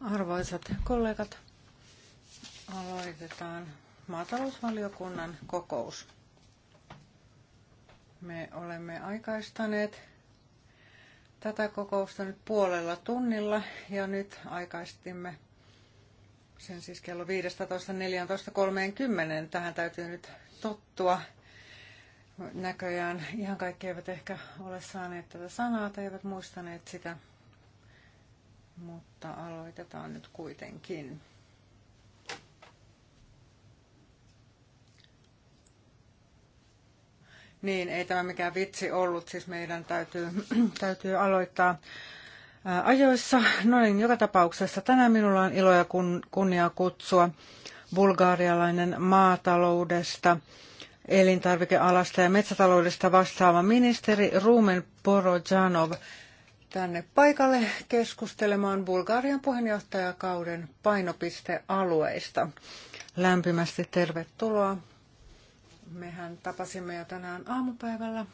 Arvoisat kollegat, aloitetaan maatalousvaliokunnan kokous. Me olemme aikaistaneet tätä kokousta nyt puolella tunnilla ja nyt aikaistimme sen siis kello 15.14.30. Tähän täytyy nyt tottua näköjään ihan kaikki eivät ehkä ole saaneet tätä sanaa tai eivät muistaneet sitä, mutta aloitetaan nyt kuitenkin. Niin, ei tämä mikään vitsi ollut, siis meidän täytyy, täytyy aloittaa ajoissa. No niin, joka tapauksessa tänään minulla on ilo ja kun, kunnia kutsua bulgaarialainen maataloudesta – elintarvikealasta ja metsätaloudesta vastaava ministeri Rumen Porojanov tänne paikalle keskustelemaan Bulgarian puheenjohtajakauden painopistealueista. Lämpimästi tervetuloa. Mehän tapasimme jo tänään aamupäivällä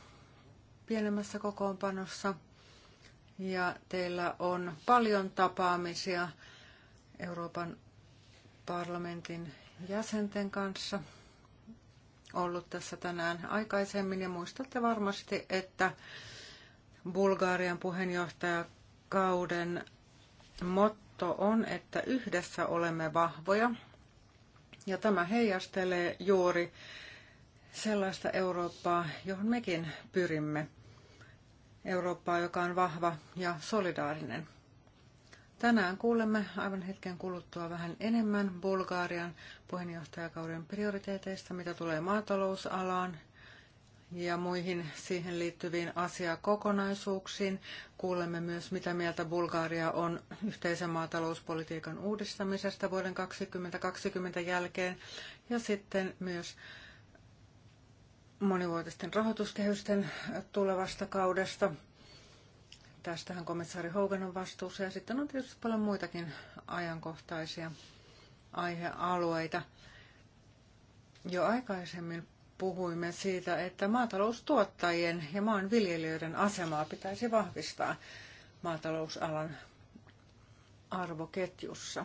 pienemmässä kokoonpanossa ja teillä on paljon tapaamisia Euroopan parlamentin jäsenten kanssa – ollut tässä tänään aikaisemmin ja muistatte varmasti, että Bulgarian puheenjohtajakauden motto on, että yhdessä olemme vahvoja. Ja tämä heijastelee juuri sellaista Eurooppaa, johon mekin pyrimme. Eurooppaa, joka on vahva ja solidaarinen. Tänään kuulemme aivan hetken kuluttua vähän enemmän Bulgarian puheenjohtajakauden prioriteeteista, mitä tulee maatalousalaan ja muihin siihen liittyviin asiakokonaisuuksiin. Kuulemme myös, mitä mieltä Bulgaria on yhteisen maatalouspolitiikan uudistamisesta vuoden 2020 jälkeen ja sitten myös monivuotisten rahoituskehysten tulevasta kaudesta. Tästähän komissaari Hogan on vastuussa ja sitten on tietysti paljon muitakin ajankohtaisia aihealueita. Jo aikaisemmin puhuimme siitä, että maataloustuottajien ja maanviljelijöiden asemaa pitäisi vahvistaa maatalousalan arvoketjussa.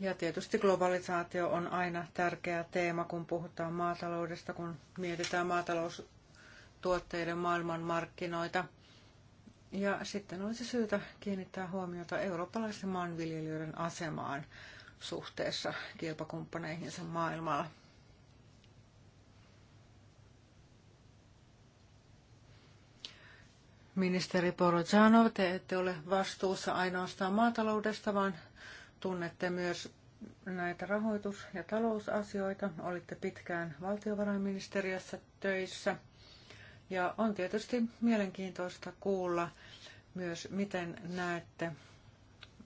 Ja tietysti globalisaatio on aina tärkeä teema, kun puhutaan maataloudesta, kun mietitään maatalous, tuotteiden maailmanmarkkinoita. Ja sitten olisi syytä kiinnittää huomiota eurooppalaisten maanviljelijöiden asemaan suhteessa kilpakumppaneihinsa maailmalla. Ministeri Porojanov, te ette ole vastuussa ainoastaan maataloudesta, vaan tunnette myös näitä rahoitus- ja talousasioita. Olitte pitkään valtiovarainministeriössä töissä – ja on tietysti mielenkiintoista kuulla myös, miten näette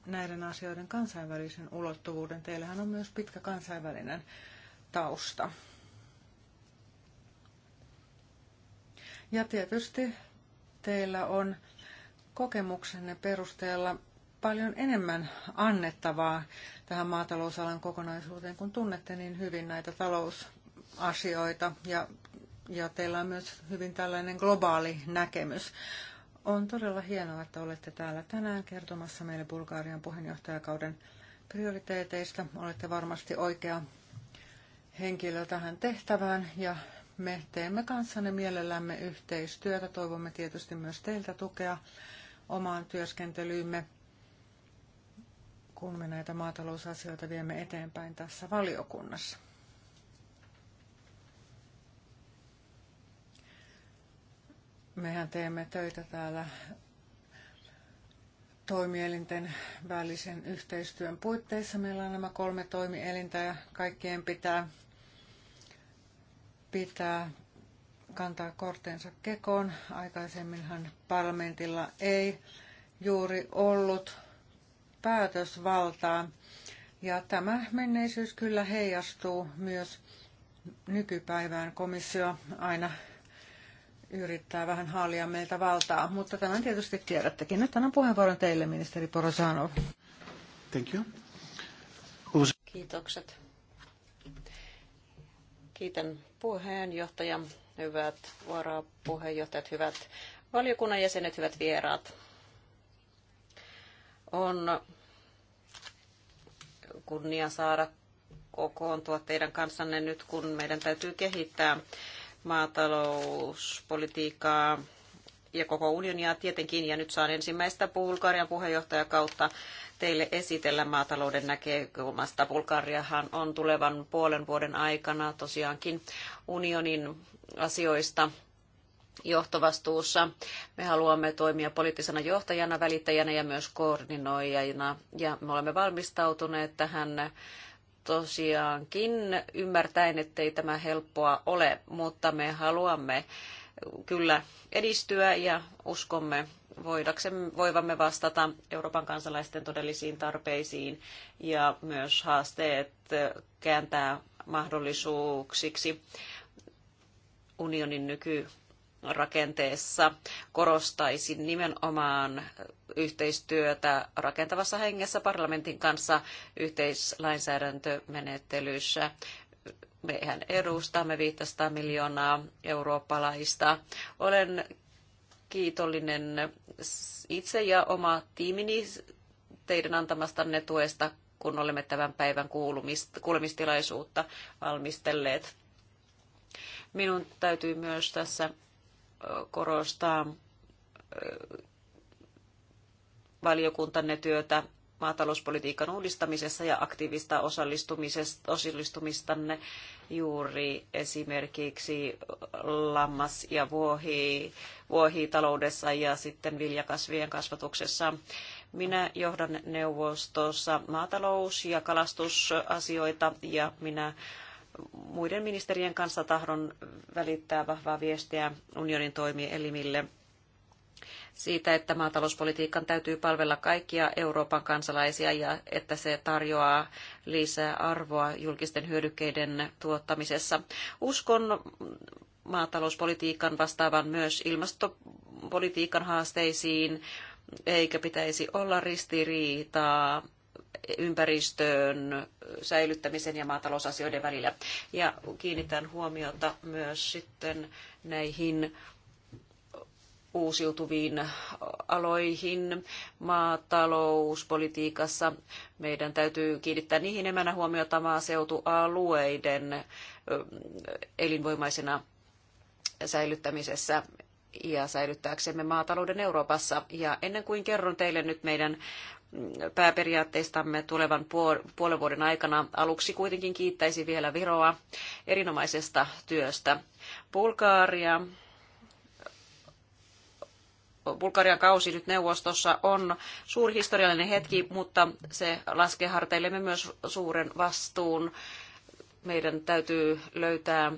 näiden asioiden kansainvälisen ulottuvuuden. Teillähän on myös pitkä kansainvälinen tausta. Ja tietysti teillä on kokemuksenne perusteella paljon enemmän annettavaa tähän maatalousalan kokonaisuuteen, kun tunnette niin hyvin näitä talousasioita ja ja teillä on myös hyvin tällainen globaali näkemys. On todella hienoa, että olette täällä tänään kertomassa meille Bulgarian puheenjohtajakauden prioriteeteista. Olette varmasti oikea henkilö tähän tehtävään ja me teemme kanssanne mielellämme yhteistyötä. Toivomme tietysti myös teiltä tukea omaan työskentelyymme, kun me näitä maatalousasioita viemme eteenpäin tässä valiokunnassa. Mehän teemme töitä täällä toimielinten välisen yhteistyön puitteissa. Meillä on nämä kolme toimielintä ja kaikkien pitää, pitää kantaa kortensa kekoon. Aikaisemminhan parlamentilla ei juuri ollut päätösvaltaa. Ja tämä menneisyys kyllä heijastuu myös nykypäivään. Komissio aina yrittää vähän haalia meiltä valtaa, mutta tämän tietysti tiedättekin. Nyt annan puheenvuoron teille, ministeri Porosanov. Thank you. Uusi. Kiitokset. Kiitän puheenjohtaja, hyvät varapuheenjohtajat, hyvät valiokunnan jäsenet, hyvät vieraat. On kunnia saada kokoontua teidän kanssanne nyt, kun meidän täytyy kehittää maatalouspolitiikkaa ja koko unionia tietenkin. Ja nyt saan ensimmäistä Bulgarian puheenjohtajakautta teille esitellä maatalouden näkökulmasta. Bulgariahan on tulevan puolen vuoden aikana tosiaankin unionin asioista johtovastuussa. Me haluamme toimia poliittisena johtajana, välittäjänä ja myös koordinoijana. Ja me olemme valmistautuneet tähän tosiaankin ymmärtäen, ettei tämä helppoa ole, mutta me haluamme kyllä edistyä ja uskomme voivamme vastata Euroopan kansalaisten todellisiin tarpeisiin ja myös haasteet kääntää mahdollisuuksiksi unionin nyky rakenteessa korostaisin nimenomaan yhteistyötä rakentavassa hengessä parlamentin kanssa yhteislainsäädäntömenettelyssä. Mehän edustamme 500 miljoonaa eurooppalaista. Olen kiitollinen itse ja oma tiimini teidän antamastanne tuesta, kun olemme tämän päivän kuulemistilaisuutta valmistelleet. Minun täytyy myös tässä korostaa valiokuntanne työtä maatalouspolitiikan uudistamisessa ja aktiivista osallistumistanne juuri esimerkiksi lammas- ja vuohi, vuohitaloudessa ja sitten viljakasvien kasvatuksessa. Minä johdan neuvostossa maatalous- ja kalastusasioita ja minä muiden ministerien kanssa tahdon välittää vahvaa viestiä unionin toimielimille siitä, että maatalouspolitiikan täytyy palvella kaikkia Euroopan kansalaisia ja että se tarjoaa lisää arvoa julkisten hyödykkeiden tuottamisessa. Uskon maatalouspolitiikan vastaavan myös ilmastopolitiikan haasteisiin, eikä pitäisi olla ristiriitaa ympäristön säilyttämisen ja maatalousasioiden välillä. Ja kiinnitän huomiota myös sitten näihin uusiutuviin aloihin maatalouspolitiikassa. Meidän täytyy kiinnittää niihin enemmän huomiota maaseutualueiden elinvoimaisena säilyttämisessä ja säilyttääksemme maatalouden Euroopassa. Ja ennen kuin kerron teille nyt meidän pääperiaatteistamme tulevan puolen vuoden aikana. Aluksi kuitenkin kiittäisin vielä Viroa erinomaisesta työstä. Bulgaaria Bulgarian kausi nyt neuvostossa on suuri historiallinen hetki, mutta se laskee harteillemme myös suuren vastuun. Meidän täytyy löytää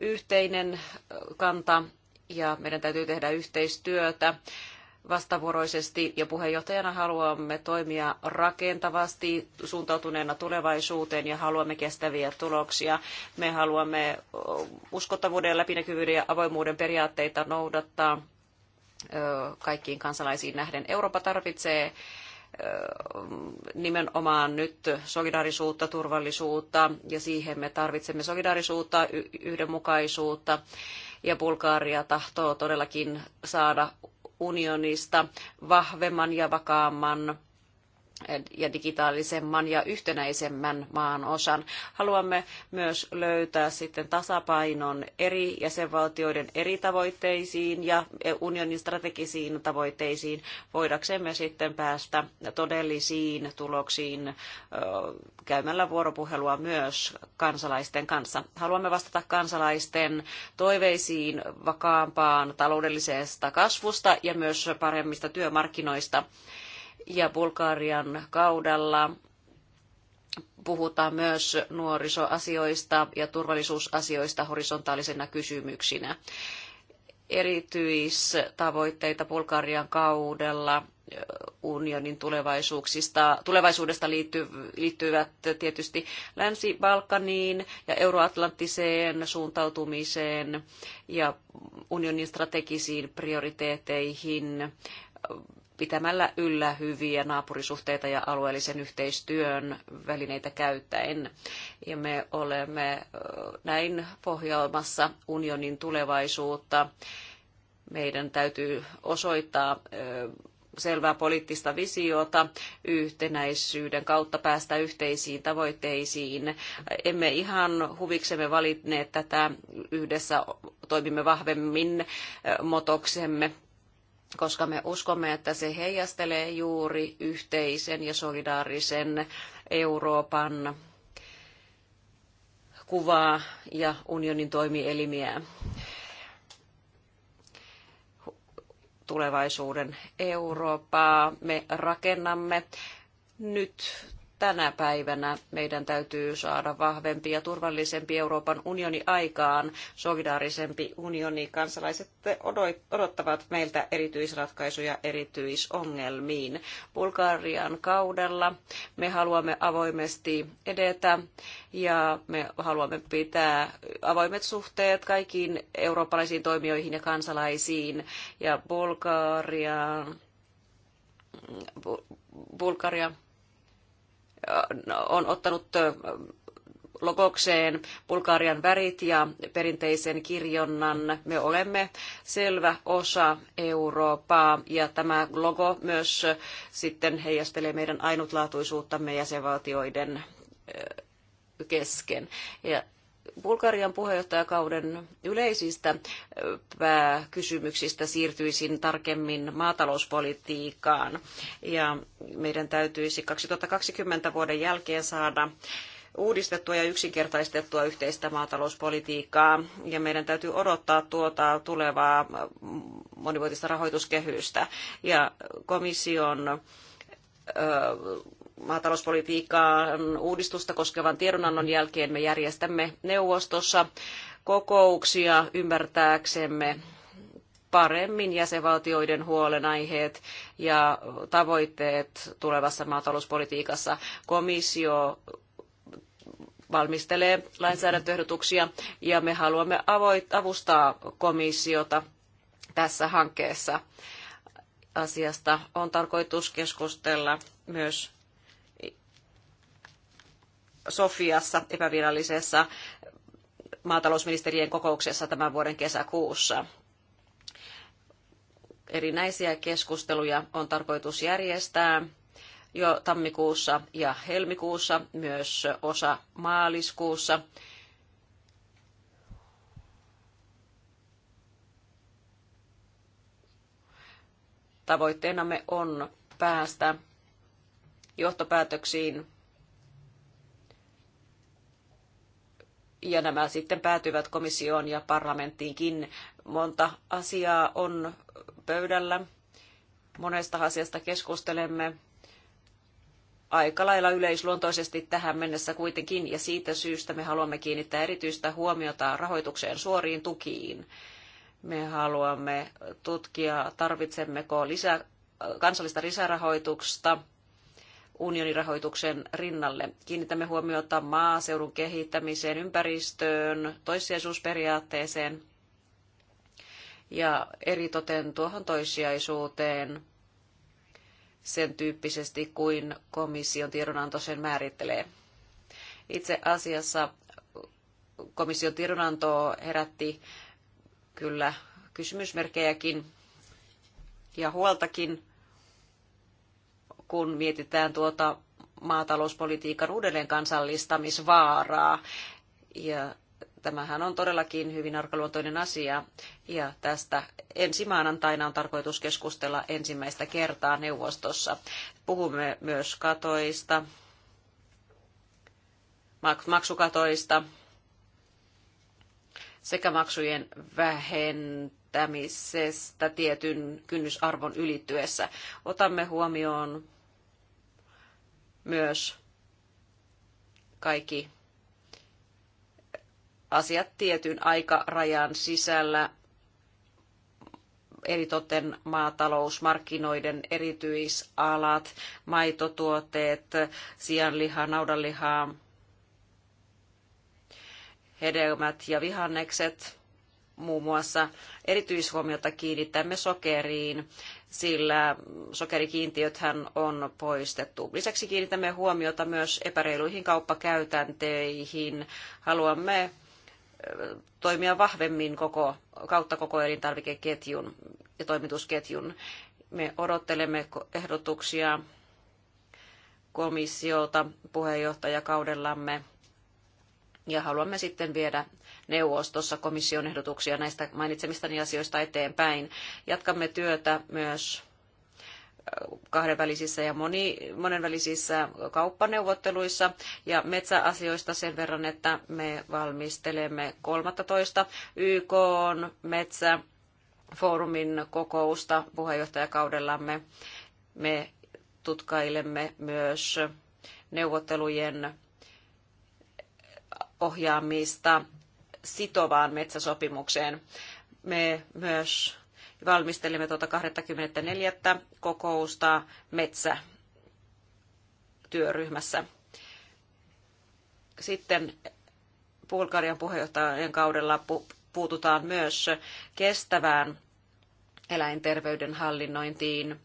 yhteinen kanta ja meidän täytyy tehdä yhteistyötä vastavuoroisesti ja puheenjohtajana haluamme toimia rakentavasti suuntautuneena tulevaisuuteen ja haluamme kestäviä tuloksia. Me haluamme uskottavuuden, läpinäkyvyyden ja avoimuuden periaatteita noudattaa kaikkiin kansalaisiin nähden. Eurooppa tarvitsee nimenomaan nyt solidaarisuutta, turvallisuutta ja siihen me tarvitsemme solidaarisuutta, yhdenmukaisuutta ja Bulgaria tahtoo todellakin saada unionista vahvemman ja vakaamman ja digitaalisemman ja yhtenäisemmän maan osan. Haluamme myös löytää sitten tasapainon eri jäsenvaltioiden eri tavoitteisiin ja unionin strategisiin tavoitteisiin, voidaksemme sitten päästä todellisiin tuloksiin käymällä vuoropuhelua myös kansalaisten kanssa. Haluamme vastata kansalaisten toiveisiin vakaampaan taloudellisesta kasvusta ja myös paremmista työmarkkinoista ja Bulgarian kaudella puhutaan myös nuorisoasioista ja turvallisuusasioista horisontaalisena kysymyksinä. Erityistavoitteita Bulgarian kaudella unionin tulevaisuuksista, tulevaisuudesta liittyy, liittyvät tietysti Länsi-Balkaniin ja euroatlanttiseen suuntautumiseen ja unionin strategisiin prioriteeteihin pitämällä yllä hyviä naapurisuhteita ja alueellisen yhteistyön välineitä käyttäen. Ja me olemme näin pohjaamassa unionin tulevaisuutta. Meidän täytyy osoittaa selvää poliittista visiota yhtenäisyyden kautta päästä yhteisiin tavoitteisiin. Emme ihan huviksemme valinneet tätä, yhdessä toimimme vahvemmin motoksemme koska me uskomme, että se heijastelee juuri yhteisen ja solidaarisen Euroopan kuvaa ja unionin toimielimiä. Tulevaisuuden Eurooppaa me rakennamme nyt tänä päivänä meidän täytyy saada vahvempi ja turvallisempi Euroopan unioni aikaan, solidaarisempi unioni. Kansalaiset odottavat meiltä erityisratkaisuja erityisongelmiin. Bulgarian kaudella me haluamme avoimesti edetä ja me haluamme pitää avoimet suhteet kaikkiin eurooppalaisiin toimijoihin ja kansalaisiin. Ja bulgaria Bulgaria on ottanut logokseen Bulgarian värit ja perinteisen kirjonnan. Me olemme selvä osa Eurooppaa ja tämä logo myös sitten heijastelee meidän ainutlaatuisuuttamme jäsenvaltioiden kesken. Ja Bulgarian puheenjohtajakauden yleisistä pääkysymyksistä siirtyisin tarkemmin maatalouspolitiikkaan. Ja meidän täytyisi 2020 vuoden jälkeen saada uudistettua ja yksinkertaistettua yhteistä maatalouspolitiikkaa ja meidän täytyy odottaa tuota tulevaa monivuotista rahoituskehystä ja komission maatalouspolitiikan uudistusta koskevan tiedonannon jälkeen me järjestämme neuvostossa kokouksia ymmärtääksemme paremmin jäsenvaltioiden huolenaiheet ja tavoitteet tulevassa maatalouspolitiikassa. Komissio valmistelee lainsäädäntöehdotuksia ja me haluamme avustaa komissiota tässä hankkeessa. Asiasta on tarkoitus keskustella myös Sofiassa epävirallisessa maatalousministerien kokouksessa tämän vuoden kesäkuussa. Erinäisiä keskusteluja on tarkoitus järjestää jo tammikuussa ja helmikuussa, myös osa maaliskuussa. Tavoitteenamme on päästä johtopäätöksiin ja nämä sitten päätyvät komissioon ja parlamenttiinkin. Monta asiaa on pöydällä. Monesta asiasta keskustelemme aika lailla yleisluontoisesti tähän mennessä kuitenkin, ja siitä syystä me haluamme kiinnittää erityistä huomiota rahoitukseen suoriin tukiin. Me haluamme tutkia, tarvitsemmeko lisää kansallista lisärahoitusta unionin rahoituksen rinnalle. Kiinnitämme huomiota maaseudun kehittämiseen, ympäristöön, toissijaisuusperiaatteeseen ja eritoten tuohon toissijaisuuteen sen tyyppisesti kuin komission tiedonanto sen määrittelee. Itse asiassa komission tiedonanto herätti kyllä kysymysmerkejäkin ja huoltakin kun mietitään tuota maatalouspolitiikan uudelleen kansallistamisvaaraa. Ja tämähän on todellakin hyvin arkaluontoinen asia ja tästä ensi maanantaina on tarkoitus keskustella ensimmäistä kertaa neuvostossa. Puhumme myös katoista, maksukatoista sekä maksujen vähentämisestä tietyn kynnysarvon ylittyessä. Otamme huomioon myös kaikki asiat tietyn aikarajan sisällä eritoten maatalousmarkkinoiden erityisalat, maitotuotteet, sianliha, naudanliha, hedelmät ja vihannekset muun muassa. Erityishuomiota kiinnitämme sokeriin sillä sokerikiintiöthän on poistettu. Lisäksi kiinnitämme huomiota myös epäreiluihin kauppakäytänteihin. Haluamme toimia vahvemmin koko, kautta koko elintarvikeketjun ja toimitusketjun. Me odottelemme ehdotuksia komissiolta puheenjohtajakaudellamme ja haluamme sitten viedä neuvostossa komission ehdotuksia näistä mainitsemistani asioista eteenpäin. Jatkamme työtä myös äh, kahdenvälisissä ja moni, monenvälisissä kauppaneuvotteluissa ja metsäasioista sen verran, että me valmistelemme 13 YK on metsäfoorumin kokousta puheenjohtajakaudellamme. Me tutkailemme myös neuvottelujen ohjaamista sitovaan metsäsopimukseen. Me myös valmistelimme tuota 24. kokousta metsätyöryhmässä. Sitten Bulgarian puheenjohtajan kaudella puututaan myös kestävään eläinterveyden hallinnointiin.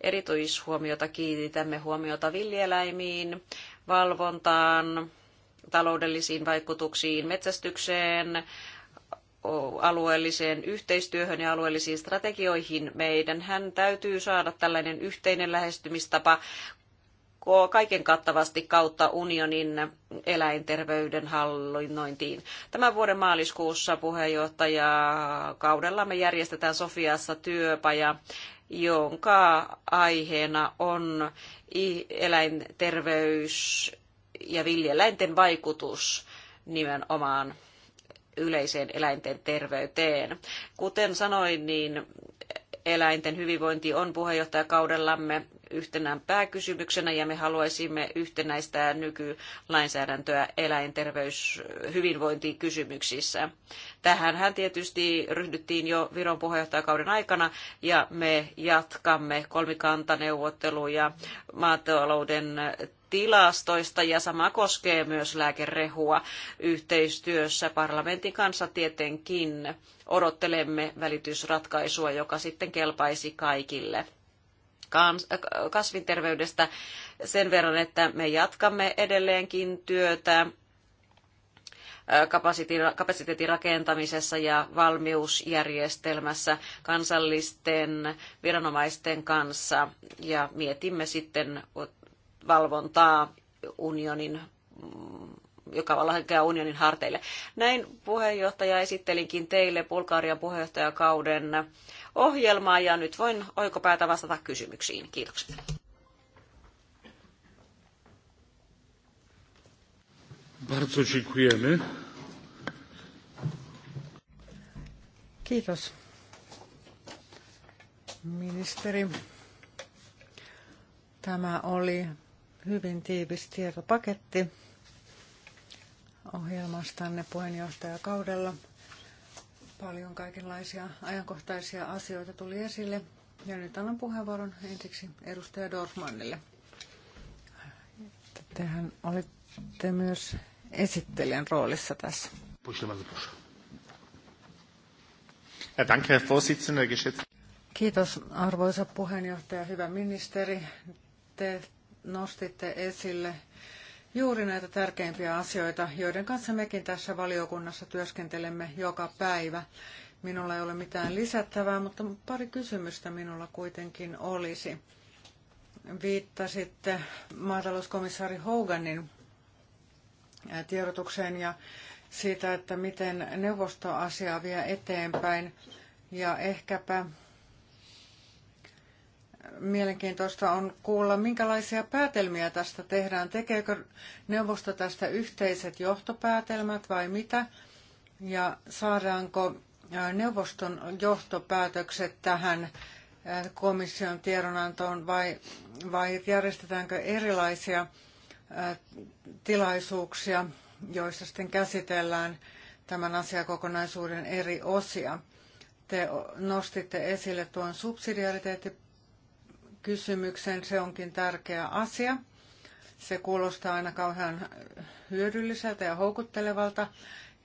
Erityishuomiota kiinnitämme huomiota villieläimiin, valvontaan, taloudellisiin vaikutuksiin metsästykseen, alueelliseen yhteistyöhön ja alueellisiin strategioihin. hän täytyy saada tällainen yhteinen lähestymistapa kaiken kattavasti kautta unionin eläinterveyden hallinnointiin. Tämän vuoden maaliskuussa kaudella me järjestetään Sofiassa työpaja, jonka aiheena on eläinterveys ja villieläinten vaikutus nimenomaan yleiseen eläinten terveyteen. Kuten sanoin, niin eläinten hyvinvointi on puheenjohtajakaudellamme yhtenä pääkysymyksenä ja me haluaisimme yhtenäistää nykylainsäädäntöä eläinterveys hyvinvointikysymyksissä. Tähänhän tietysti ryhdyttiin jo Viron puheenjohtajakauden aikana ja me jatkamme kolmikantaneuvotteluja maatalouden tilastoista ja sama koskee myös lääkerehua yhteistyössä parlamentin kanssa tietenkin. Odottelemme välitysratkaisua, joka sitten kelpaisi kaikille äh, kasvinterveydestä sen verran, että me jatkamme edelleenkin työtä äh, kapasiteetin rakentamisessa ja valmiusjärjestelmässä kansallisten viranomaisten kanssa ja mietimme sitten valvontaa unionin joka lähtee unionin harteille. Näin puheenjohtaja esittelinkin teille Bulgarian puheenjohtajakauden ohjelmaa ja nyt voin oikopäätä vastata kysymyksiin. Kiitokset. Bardzo dziękujemy. Kiitos. Ministeri, tämä oli hyvin tiivis tietopaketti ohjelmastanne puheenjohtajakaudella. Paljon kaikenlaisia ajankohtaisia asioita tuli esille. Ja nyt annan puheenvuoron ensiksi edustaja Dorfmannille. Tehän olitte myös esittelijän roolissa tässä. Kiitos arvoisa puheenjohtaja, hyvä ministeri. Te nostitte esille juuri näitä tärkeimpiä asioita, joiden kanssa mekin tässä valiokunnassa työskentelemme joka päivä. Minulla ei ole mitään lisättävää, mutta pari kysymystä minulla kuitenkin olisi. Viittasitte maatalouskomissaari Hoganin tiedotukseen ja siitä, että miten neuvosto asiaa vie eteenpäin. Ja ehkäpä mielenkiintoista on kuulla, minkälaisia päätelmiä tästä tehdään. Tekeekö neuvosto tästä yhteiset johtopäätelmät vai mitä? Ja saadaanko neuvoston johtopäätökset tähän komission tiedonantoon vai, vai järjestetäänkö erilaisia tilaisuuksia, joissa sitten käsitellään tämän asiakokonaisuuden eri osia? Te nostitte esille tuon subsidiariteettiperiaatteen kysymyksen. Se onkin tärkeä asia. Se kuulostaa aina kauhean hyödylliseltä ja houkuttelevalta.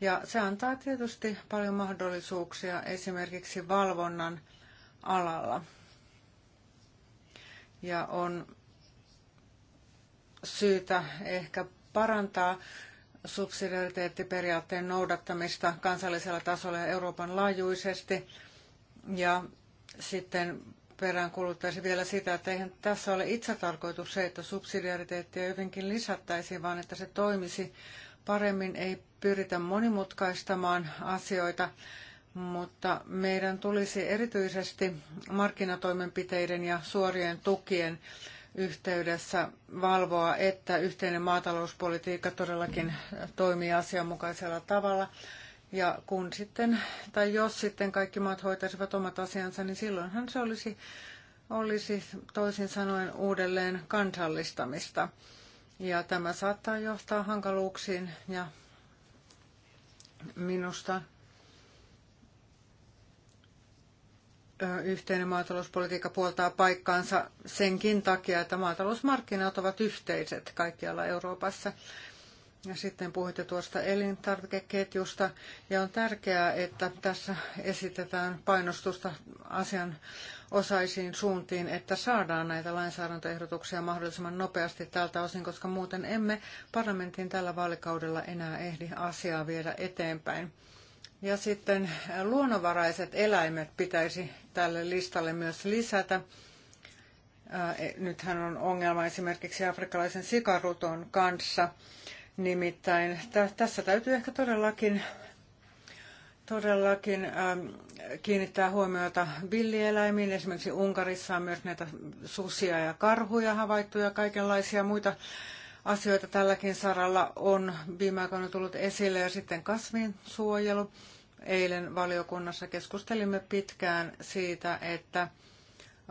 Ja se antaa tietysti paljon mahdollisuuksia esimerkiksi valvonnan alalla. Ja on syytä ehkä parantaa subsidiariteettiperiaatteen noudattamista kansallisella tasolla ja Euroopan laajuisesti. Ja sitten peräänkuuluttaisin vielä sitä, että eihän tässä ole itsetarkoitus se, että subsidiariteettia jotenkin lisättäisiin, vaan että se toimisi paremmin, ei pyritä monimutkaistamaan asioita, mutta meidän tulisi erityisesti markkinatoimenpiteiden ja suorien tukien yhteydessä valvoa, että yhteinen maatalouspolitiikka todellakin toimii asianmukaisella tavalla – ja kun sitten, tai jos sitten kaikki maat hoitaisivat omat asiansa, niin silloinhan se olisi, olisi toisin sanoen uudelleen kansallistamista. Ja tämä saattaa johtaa hankaluuksiin ja minusta yhteinen maatalouspolitiikka puoltaa paikkaansa senkin takia, että maatalousmarkkinat ovat yhteiset kaikkialla Euroopassa. Ja sitten puhuitte tuosta elintarvikeketjusta ja on tärkeää, että tässä esitetään painostusta asian osaisiin suuntiin, että saadaan näitä lainsäädäntöehdotuksia mahdollisimman nopeasti tältä osin, koska muuten emme parlamentin tällä vaalikaudella enää ehdi asiaa viedä eteenpäin. Ja sitten luonnonvaraiset eläimet pitäisi tälle listalle myös lisätä. E, nythän on ongelma esimerkiksi afrikkalaisen sikaruton kanssa. Nimittäin tässä täytyy ehkä todellakin, todellakin ähm, kiinnittää huomiota villieläimiin. Esimerkiksi Unkarissa on myös näitä susia ja karhuja havaittu ja kaikenlaisia muita asioita tälläkin saralla on viime aikoina tullut esille. Ja sitten kasvinsuojelu. Eilen valiokunnassa keskustelimme pitkään siitä, että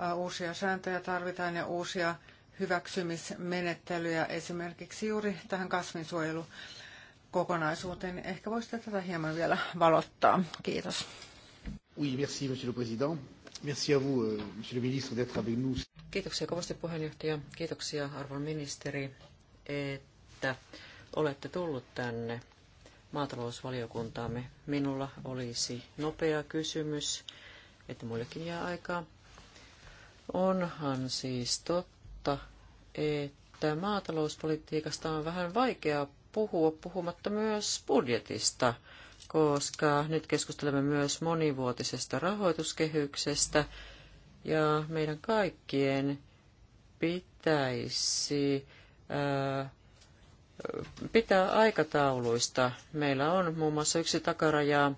äh, uusia sääntöjä tarvitaan ja uusia hyväksymismenettelyjä esimerkiksi juuri tähän kasvinsuojelukokonaisuuteen. Ehkä voisitte tätä hieman vielä valottaa. Kiitos. Oui, merci, monsieur le président. Merci à vous, euh, monsieur le ministre, d'être avec nous. Kiitoksia kovasti puheenjohtaja. Kiitoksia arvon ministeri, että olette tullut tänne maatalousvaliokuntaamme. Minulla olisi nopea kysymys, että muillekin jää aikaa. Onhan siis totta totta, että maatalouspolitiikasta on vähän vaikea puhua puhumatta myös budjetista, koska nyt keskustelemme myös monivuotisesta rahoituskehyksestä ja meidän kaikkien pitäisi ää, pitää aikatauluista. Meillä on muun muassa yksi takaraja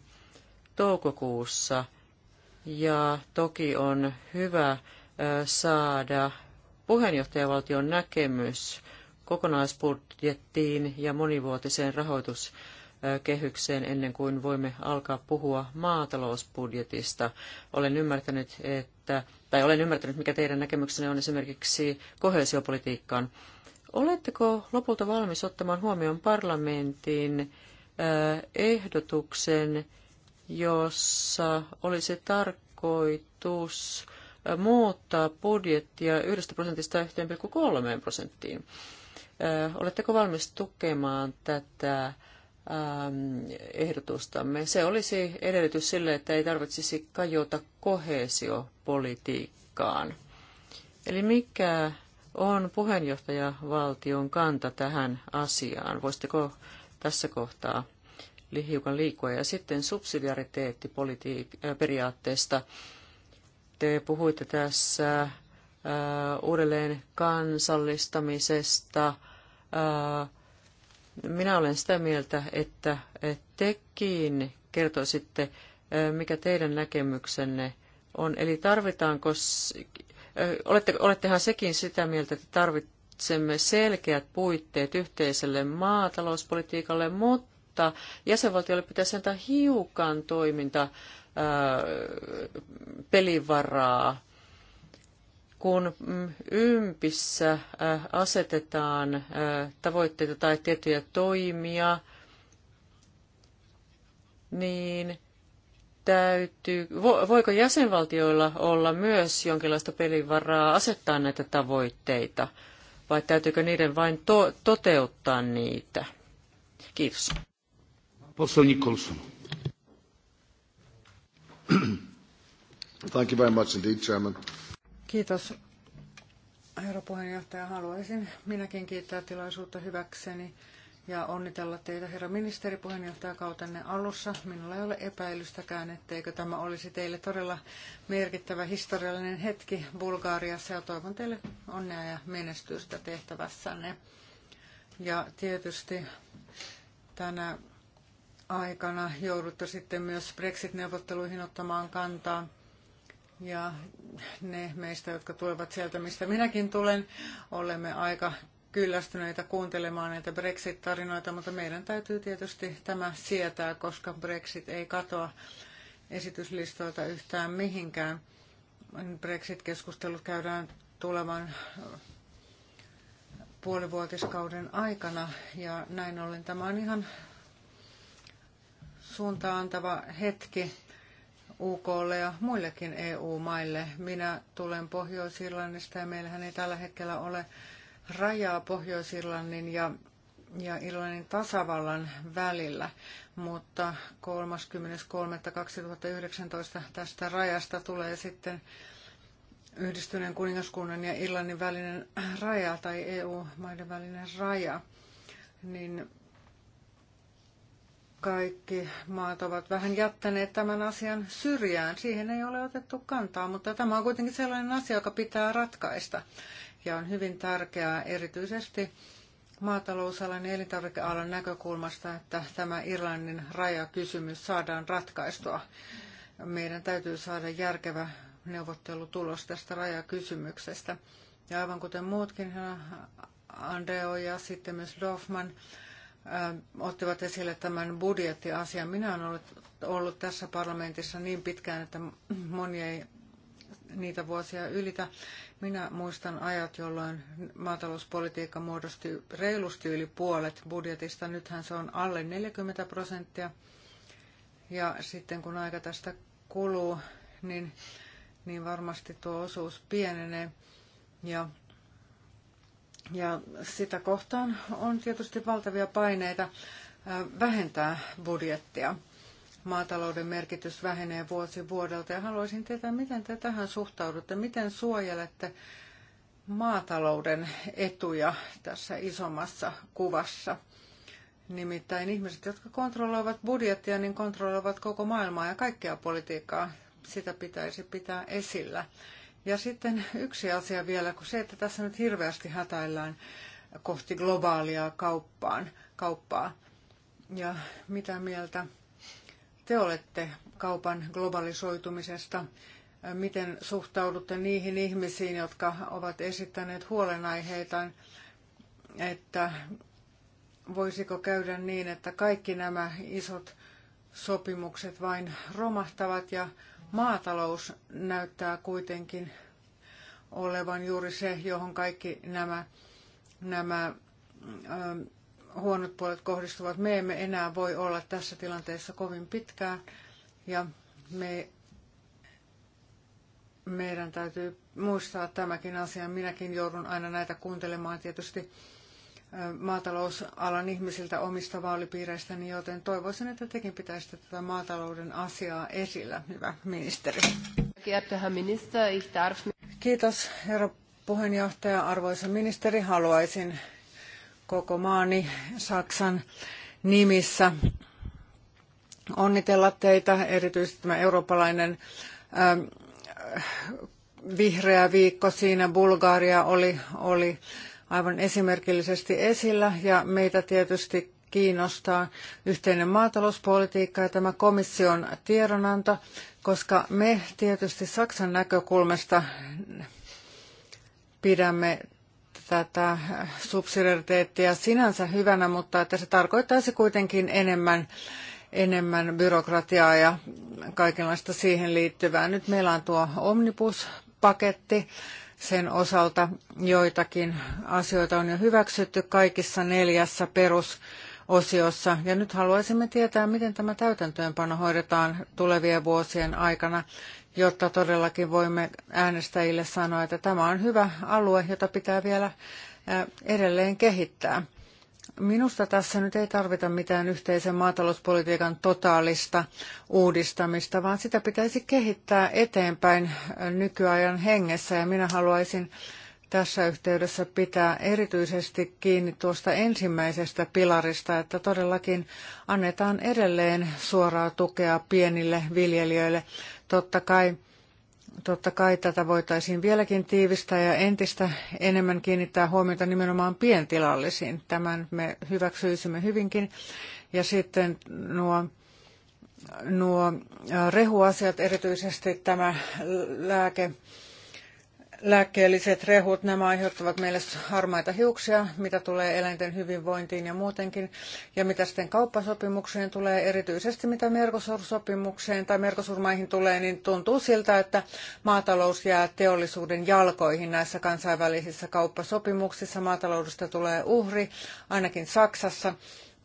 toukokuussa ja toki on hyvä saada puheenjohtajavaltion näkemys kokonaisbudjettiin ja monivuotiseen rahoituskehykseen ennen kuin voimme alkaa puhua maatalousbudjetista. Olen ymmärtänyt, että, tai olen ymmärtänyt, mikä teidän näkemyksenne on esimerkiksi kohesiopolitiikkaan. Oletteko lopulta valmis ottamaan huomioon parlamentin ehdotuksen, jossa olisi tarkoitus muuttaa budjettia 1 prosentista 1,3 prosenttiin. Oletteko valmis tukemaan tätä ehdotustamme? Se olisi edellytys sille, että ei tarvitsisi kajota kohesiopolitiikkaan. Eli mikä on puheenjohtajavaltion kanta tähän asiaan? Voisitteko tässä kohtaa hiukan liikkua? Ja sitten subsidiariteettiperiaatteesta. Äh, te puhuitte tässä äh, uudelleen kansallistamisesta. Äh, minä olen sitä mieltä, että tekin kertoisitte, äh, mikä teidän näkemyksenne on. Eli tarvitaanko, olette, olettehan sekin sitä mieltä, että tarvitsemme selkeät puitteet yhteiselle maatalouspolitiikalle, mutta jäsenvaltiolle pitäisi antaa hiukan toiminta pelivaraa. Kun mm, ympissä asetetaan tavoitteita tai tiettyjä toimia, niin täytyy, voiko jäsenvaltioilla olla myös jonkinlaista pelivaraa asettaa näitä tavoitteita, vai täytyykö niiden vain to, toteuttaa niitä? Kiitos. Posso Nicholson. Thank you very much indeed, Chairman. Kiitos, herra puheenjohtaja. Haluaisin minäkin kiittää tilaisuutta hyväkseni ja onnitella teitä, herra ministeri, puheenjohtajakautenne alussa. Minulla ei ole epäilystäkään, etteikö tämä olisi teille todella merkittävä historiallinen hetki Bulgaariassa ja toivon teille onnea ja menestystä tehtävässänne. Ja tietysti tänä aikana joudutte sitten myös Brexit-neuvotteluihin ottamaan kantaa. Ja ne meistä, jotka tulevat sieltä, mistä minäkin tulen, olemme aika kyllästyneitä kuuntelemaan näitä Brexit-tarinoita, mutta meidän täytyy tietysti tämä sietää, koska Brexit ei katoa esityslistoilta yhtään mihinkään. Brexit-keskustelut käydään tulevan puolivuotiskauden aikana ja näin ollen tämä on ihan suuntaan antava hetki UKlle ja muillekin EU-maille. Minä tulen Pohjois-Irlannista ja meillähän ei tällä hetkellä ole rajaa Pohjois-Irlannin ja ja Irlannin tasavallan välillä, mutta 30.3.2019 tästä rajasta tulee sitten yhdistyneen kuningaskunnan ja Irlannin välinen raja tai EU-maiden välinen raja, niin kaikki maat ovat vähän jättäneet tämän asian syrjään. Siihen ei ole otettu kantaa, mutta tämä on kuitenkin sellainen asia, joka pitää ratkaista. Ja on hyvin tärkeää erityisesti maatalousalan ja elintarvikealan näkökulmasta, että tämä Irlannin rajakysymys saadaan ratkaistua. Meidän täytyy saada järkevä neuvottelutulos tästä rajakysymyksestä. Ja aivan kuten muutkin, Andreo ja sitten myös Dorfman, ottivat esille tämän budjettiasian. Minä olen ollut, ollut tässä parlamentissa niin pitkään, että moni ei niitä vuosia ylitä. Minä muistan ajat, jolloin maatalouspolitiikka muodosti reilusti yli puolet budjetista. Nythän se on alle 40 prosenttia. Ja sitten kun aika tästä kuluu, niin, niin varmasti tuo osuus pienenee. Ja ja sitä kohtaan on tietysti valtavia paineita vähentää budjettia. Maatalouden merkitys vähenee vuosi vuodelta ja haluaisin tietää, miten te tähän suhtaudutte, miten suojelette maatalouden etuja tässä isommassa kuvassa. Nimittäin ihmiset, jotka kontrolloivat budjettia, niin kontrolloivat koko maailmaa ja kaikkea politiikkaa. Sitä pitäisi pitää esillä. Ja sitten yksi asia vielä, kun se, että tässä nyt hirveästi hätäillään kohti globaalia kauppaan, kauppaa. Ja mitä mieltä te olette kaupan globalisoitumisesta? Miten suhtaudutte niihin ihmisiin, jotka ovat esittäneet huolenaiheita, että voisiko käydä niin, että kaikki nämä isot sopimukset vain romahtavat ja Maatalous näyttää kuitenkin olevan juuri se, johon kaikki nämä, nämä ö, ähm, huonot puolet kohdistuvat. Me emme enää voi olla tässä tilanteessa kovin pitkään ja me, meidän täytyy muistaa tämäkin asia. Minäkin joudun aina näitä kuuntelemaan tietysti maatalousalan ihmisiltä omista vaalipiireistäni, joten toivoisin, että tekin pitäisitte tätä maatalouden asiaa esillä, hyvä ministeri. Kiitos, herra puheenjohtaja. Arvoisa ministeri, haluaisin koko maani Saksan nimissä onnitella teitä, erityisesti tämä eurooppalainen vihreä viikko siinä Bulgaria oli, oli aivan esimerkillisesti esillä ja meitä tietysti kiinnostaa yhteinen maatalouspolitiikka ja tämä komission tiedonanto, koska me tietysti Saksan näkökulmasta pidämme tätä subsidiariteettia sinänsä hyvänä, mutta että se tarkoittaisi kuitenkin enemmän, enemmän byrokratiaa ja kaikenlaista siihen liittyvää. Nyt meillä on tuo omnibus paketti sen osalta joitakin asioita on jo hyväksytty kaikissa neljässä perusosiossa. Ja nyt haluaisimme tietää, miten tämä täytäntöönpano hoidetaan tulevien vuosien aikana, jotta todellakin voimme äänestäjille sanoa, että tämä on hyvä alue, jota pitää vielä edelleen kehittää. Minusta tässä nyt ei tarvita mitään yhteisen maatalouspolitiikan totaalista uudistamista, vaan sitä pitäisi kehittää eteenpäin nykyajan hengessä. Ja minä haluaisin tässä yhteydessä pitää erityisesti kiinni tuosta ensimmäisestä pilarista, että todellakin annetaan edelleen suoraa tukea pienille viljelijöille. Totta kai Totta kai tätä voitaisiin vieläkin tiivistää ja entistä enemmän kiinnittää huomiota nimenomaan pientilallisiin. Tämän me hyväksyisimme hyvinkin. Ja sitten nuo nuo rehuasiat, erityisesti tämä lääke, lääkkeelliset rehut, nämä aiheuttavat meille harmaita hiuksia, mitä tulee eläinten hyvinvointiin ja muutenkin. Ja mitä sitten kauppasopimukseen tulee, erityisesti mitä Mercosur-sopimukseen tai Mercosur-maihin tulee, niin tuntuu siltä, että maatalous jää teollisuuden jalkoihin näissä kansainvälisissä kauppasopimuksissa. Maataloudesta tulee uhri, ainakin Saksassa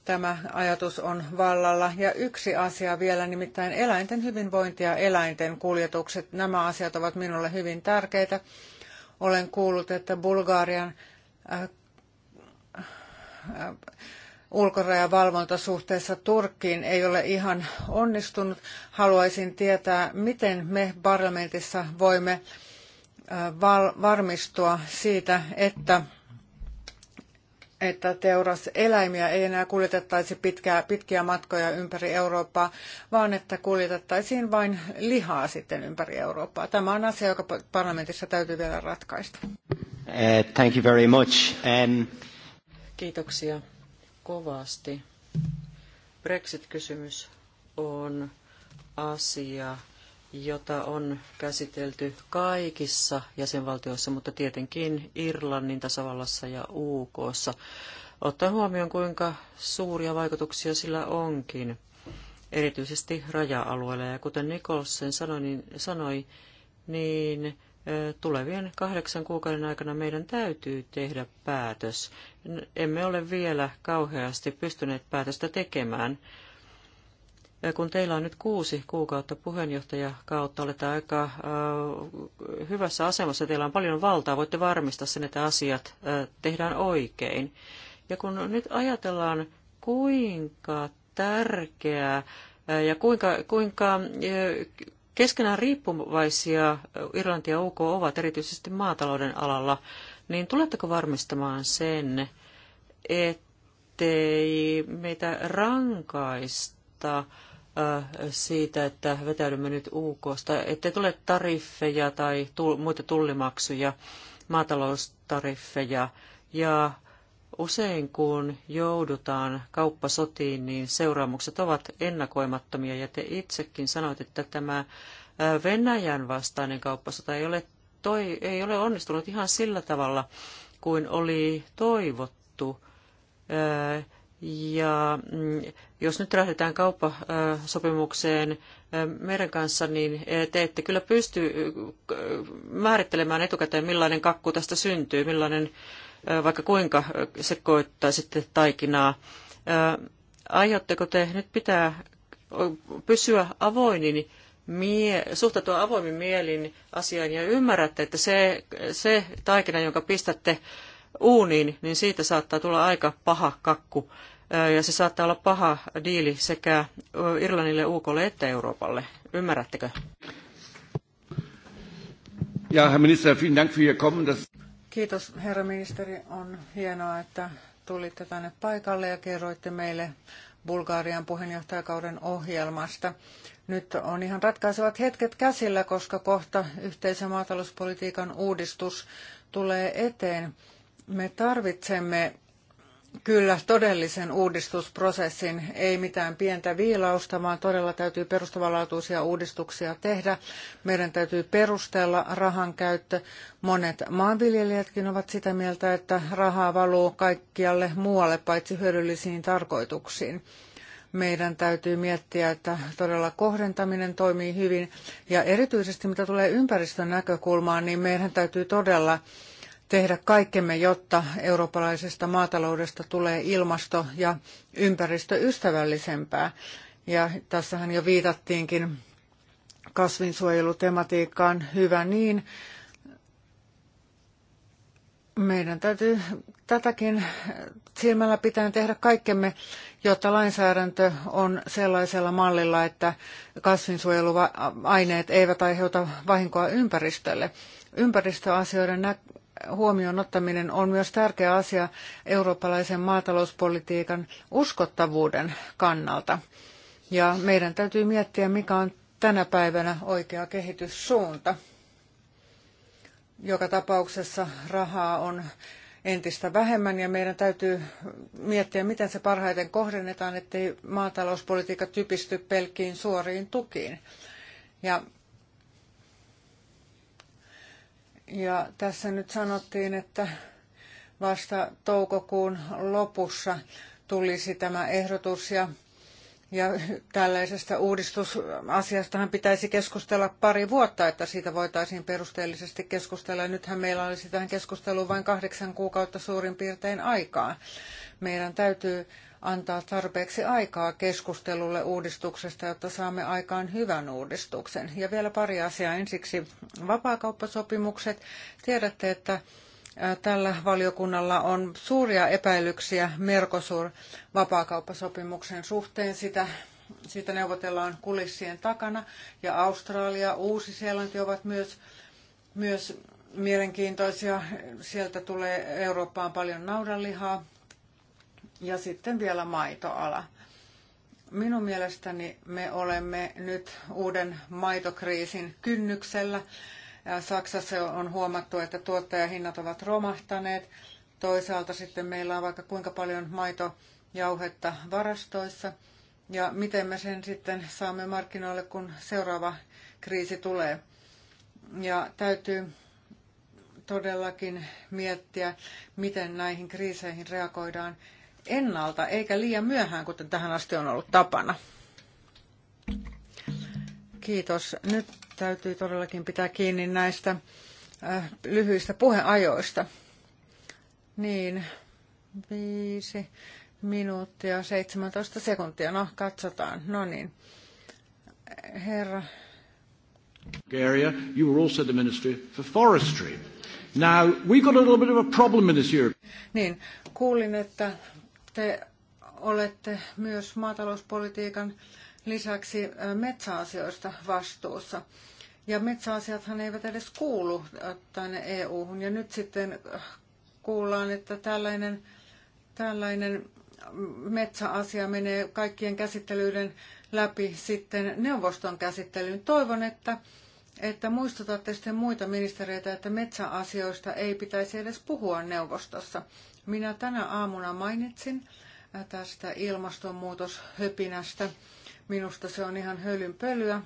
tämä ajatus on vallalla. Ja yksi asia vielä, nimittäin eläinten hyvinvointi ja eläinten kuljetukset. Nämä asiat ovat minulle hyvin tärkeitä. Olen kuullut, että Bulgarian äh, äh, ulkorajavalvonta suhteessa Turkkiin ei ole ihan onnistunut. Haluaisin tietää, miten me parlamentissa voimme äh, varmistua siitä, että että teuraseläimiä ei enää kuljetettaisi pitkää, pitkiä matkoja ympäri Eurooppaa, vaan että kuljetettaisiin vain lihaa sitten ympäri Eurooppaa. Tämä on asia, joka parlamentissa täytyy vielä ratkaista. Uh, thank you very much. Um... Kiitoksia kovasti. Brexit-kysymys on asia, jota on käsitelty kaikissa jäsenvaltioissa, mutta tietenkin Irlannin tasavallassa ja UKssa. Ottaen huomioon, kuinka suuria vaikutuksia sillä onkin, erityisesti raja-alueella. Ja kuten Nikolsen sanoi, niin, sanoi, niin tulevien kahdeksan kuukauden aikana meidän täytyy tehdä päätös. Emme ole vielä kauheasti pystyneet päätöstä tekemään kun teillä on nyt kuusi kuukautta kautta, olette aika äh, hyvässä asemassa, teillä on paljon valtaa, voitte varmistaa sen, että asiat äh, tehdään oikein. Ja kun nyt ajatellaan, kuinka tärkeää äh, ja kuinka, kuinka äh, keskenään riippuvaisia Irlanti ja UK ovat, erityisesti maatalouden alalla, niin tuletteko varmistamaan sen, ettei meitä rankaista – Äh, siitä, että vetäydymme nyt UKsta, ettei tule tariffeja tai muita tullimaksuja, maataloustariffeja. Ja usein kun joudutaan kauppasotiin, niin seuraamukset ovat ennakoimattomia. Ja te itsekin sanoit, että tämä äh, Venäjän vastainen kauppasota ei ole, toi, ei ole onnistunut ihan sillä tavalla kuin oli toivottu. Äh, ja mm, jos nyt lähdetään kauppasopimukseen meidän kanssa, niin te ette kyllä pysty määrittelemään etukäteen, millainen kakku tästä syntyy, millainen vaikka kuinka sekoittaisitte taikinaa. Aiotteko te nyt pitää pysyä avoinin mie- suhtautua avoimin mielin asiaan ja ymmärrätte, että se, se taikina, jonka pistätte uuniin, niin siitä saattaa tulla aika paha kakku. Ja se saattaa olla paha diili sekä Irlannille, UKlle että Euroopalle. Ymmärrättekö? Ja, herr Minister, vielen Dank für Ihr Kommen. Das... Kiitos, herra ministeri. On hienoa, että tulitte tänne paikalle ja kerroitte meille Bulgarian puheenjohtajakauden ohjelmasta. Nyt on ihan ratkaisevat hetket käsillä, koska kohta yhteisen maatalouspolitiikan uudistus tulee eteen. Me tarvitsemme kyllä todellisen uudistusprosessin, ei mitään pientä viilausta, vaan todella täytyy perustavanlaatuisia uudistuksia tehdä. Meidän täytyy perustella rahan käyttö. Monet maanviljelijätkin ovat sitä mieltä, että rahaa valuu kaikkialle muualle paitsi hyödyllisiin tarkoituksiin meidän täytyy miettiä, että todella kohdentaminen toimii hyvin. Ja erityisesti mitä tulee ympäristön näkökulmaan, niin meidän täytyy todella tehdä kaikkemme, jotta eurooppalaisesta maataloudesta tulee ilmasto- ja ympäristöystävällisempää. Ja tässähän jo viitattiinkin kasvinsuojelutematiikkaan. Hyvä niin. Meidän täytyy tätäkin silmällä pitäen tehdä kaikkemme, jotta lainsäädäntö on sellaisella mallilla, että kasvinsuojeluaineet eivät aiheuta vahinkoa ympäristölle. Ympäristöasioiden huomioon ottaminen on myös tärkeä asia eurooppalaisen maatalouspolitiikan uskottavuuden kannalta. Ja meidän täytyy miettiä, mikä on tänä päivänä oikea kehityssuunta. Joka tapauksessa rahaa on entistä vähemmän ja meidän täytyy miettiä, miten se parhaiten kohdennetaan, ettei maatalouspolitiikka typisty pelkkiin suoriin tukiin. Ja Ja tässä nyt sanottiin, että vasta toukokuun lopussa tulisi tämä ehdotus ja, ja tällaisesta uudistusasiastahan pitäisi keskustella pari vuotta, että siitä voitaisiin perusteellisesti keskustella. Nythän meillä olisi tähän keskusteluun vain kahdeksan kuukautta suurin piirtein aikaa. Meidän täytyy antaa tarpeeksi aikaa keskustelulle uudistuksesta, jotta saamme aikaan hyvän uudistuksen. Ja vielä pari asiaa ensiksi. Vapaakauppasopimukset. Tiedätte, että tällä valiokunnalla on suuria epäilyksiä Mercosur-vapaakauppasopimuksen suhteen. Sitä sitä neuvotellaan kulissien takana ja Australia, Uusi-Seelanti ovat myös, myös mielenkiintoisia. Sieltä tulee Eurooppaan paljon naudanlihaa ja sitten vielä maitoala. Minun mielestäni me olemme nyt uuden maitokriisin kynnyksellä. Saksassa on huomattu, että tuottajahinnat ovat romahtaneet. Toisaalta sitten meillä on vaikka kuinka paljon maitojauhetta varastoissa. Ja miten me sen sitten saamme markkinoille, kun seuraava kriisi tulee. Ja täytyy todellakin miettiä, miten näihin kriiseihin reagoidaan ennalta eikä liian myöhään, kuten tähän asti on ollut tapana. Kiitos. Nyt täytyy todellakin pitää kiinni näistä äh, lyhyistä puheajoista. Niin, viisi minuuttia, 17 sekuntia. No, katsotaan. No niin. Herra. Bulgaria, you were also the Ministry for Forestry. Now, we got a little bit of a problem in this Europe. Niin, kuulin, että te olette myös maatalouspolitiikan lisäksi metsäasioista vastuussa. Ja metsäasiathan eivät edes kuulu tänne EU-hun. Ja nyt sitten kuullaan, että tällainen, tällainen metsäasia menee kaikkien käsittelyiden läpi sitten neuvoston käsittelyyn. Toivon, että, että muistutatte sitten muita ministereitä, että metsäasioista ei pitäisi edes puhua neuvostossa. Minä tänä aamuna mainitsin äh, tästä ilmastonmuutoshöpinästä. Minusta se on ihan hölynpölyä.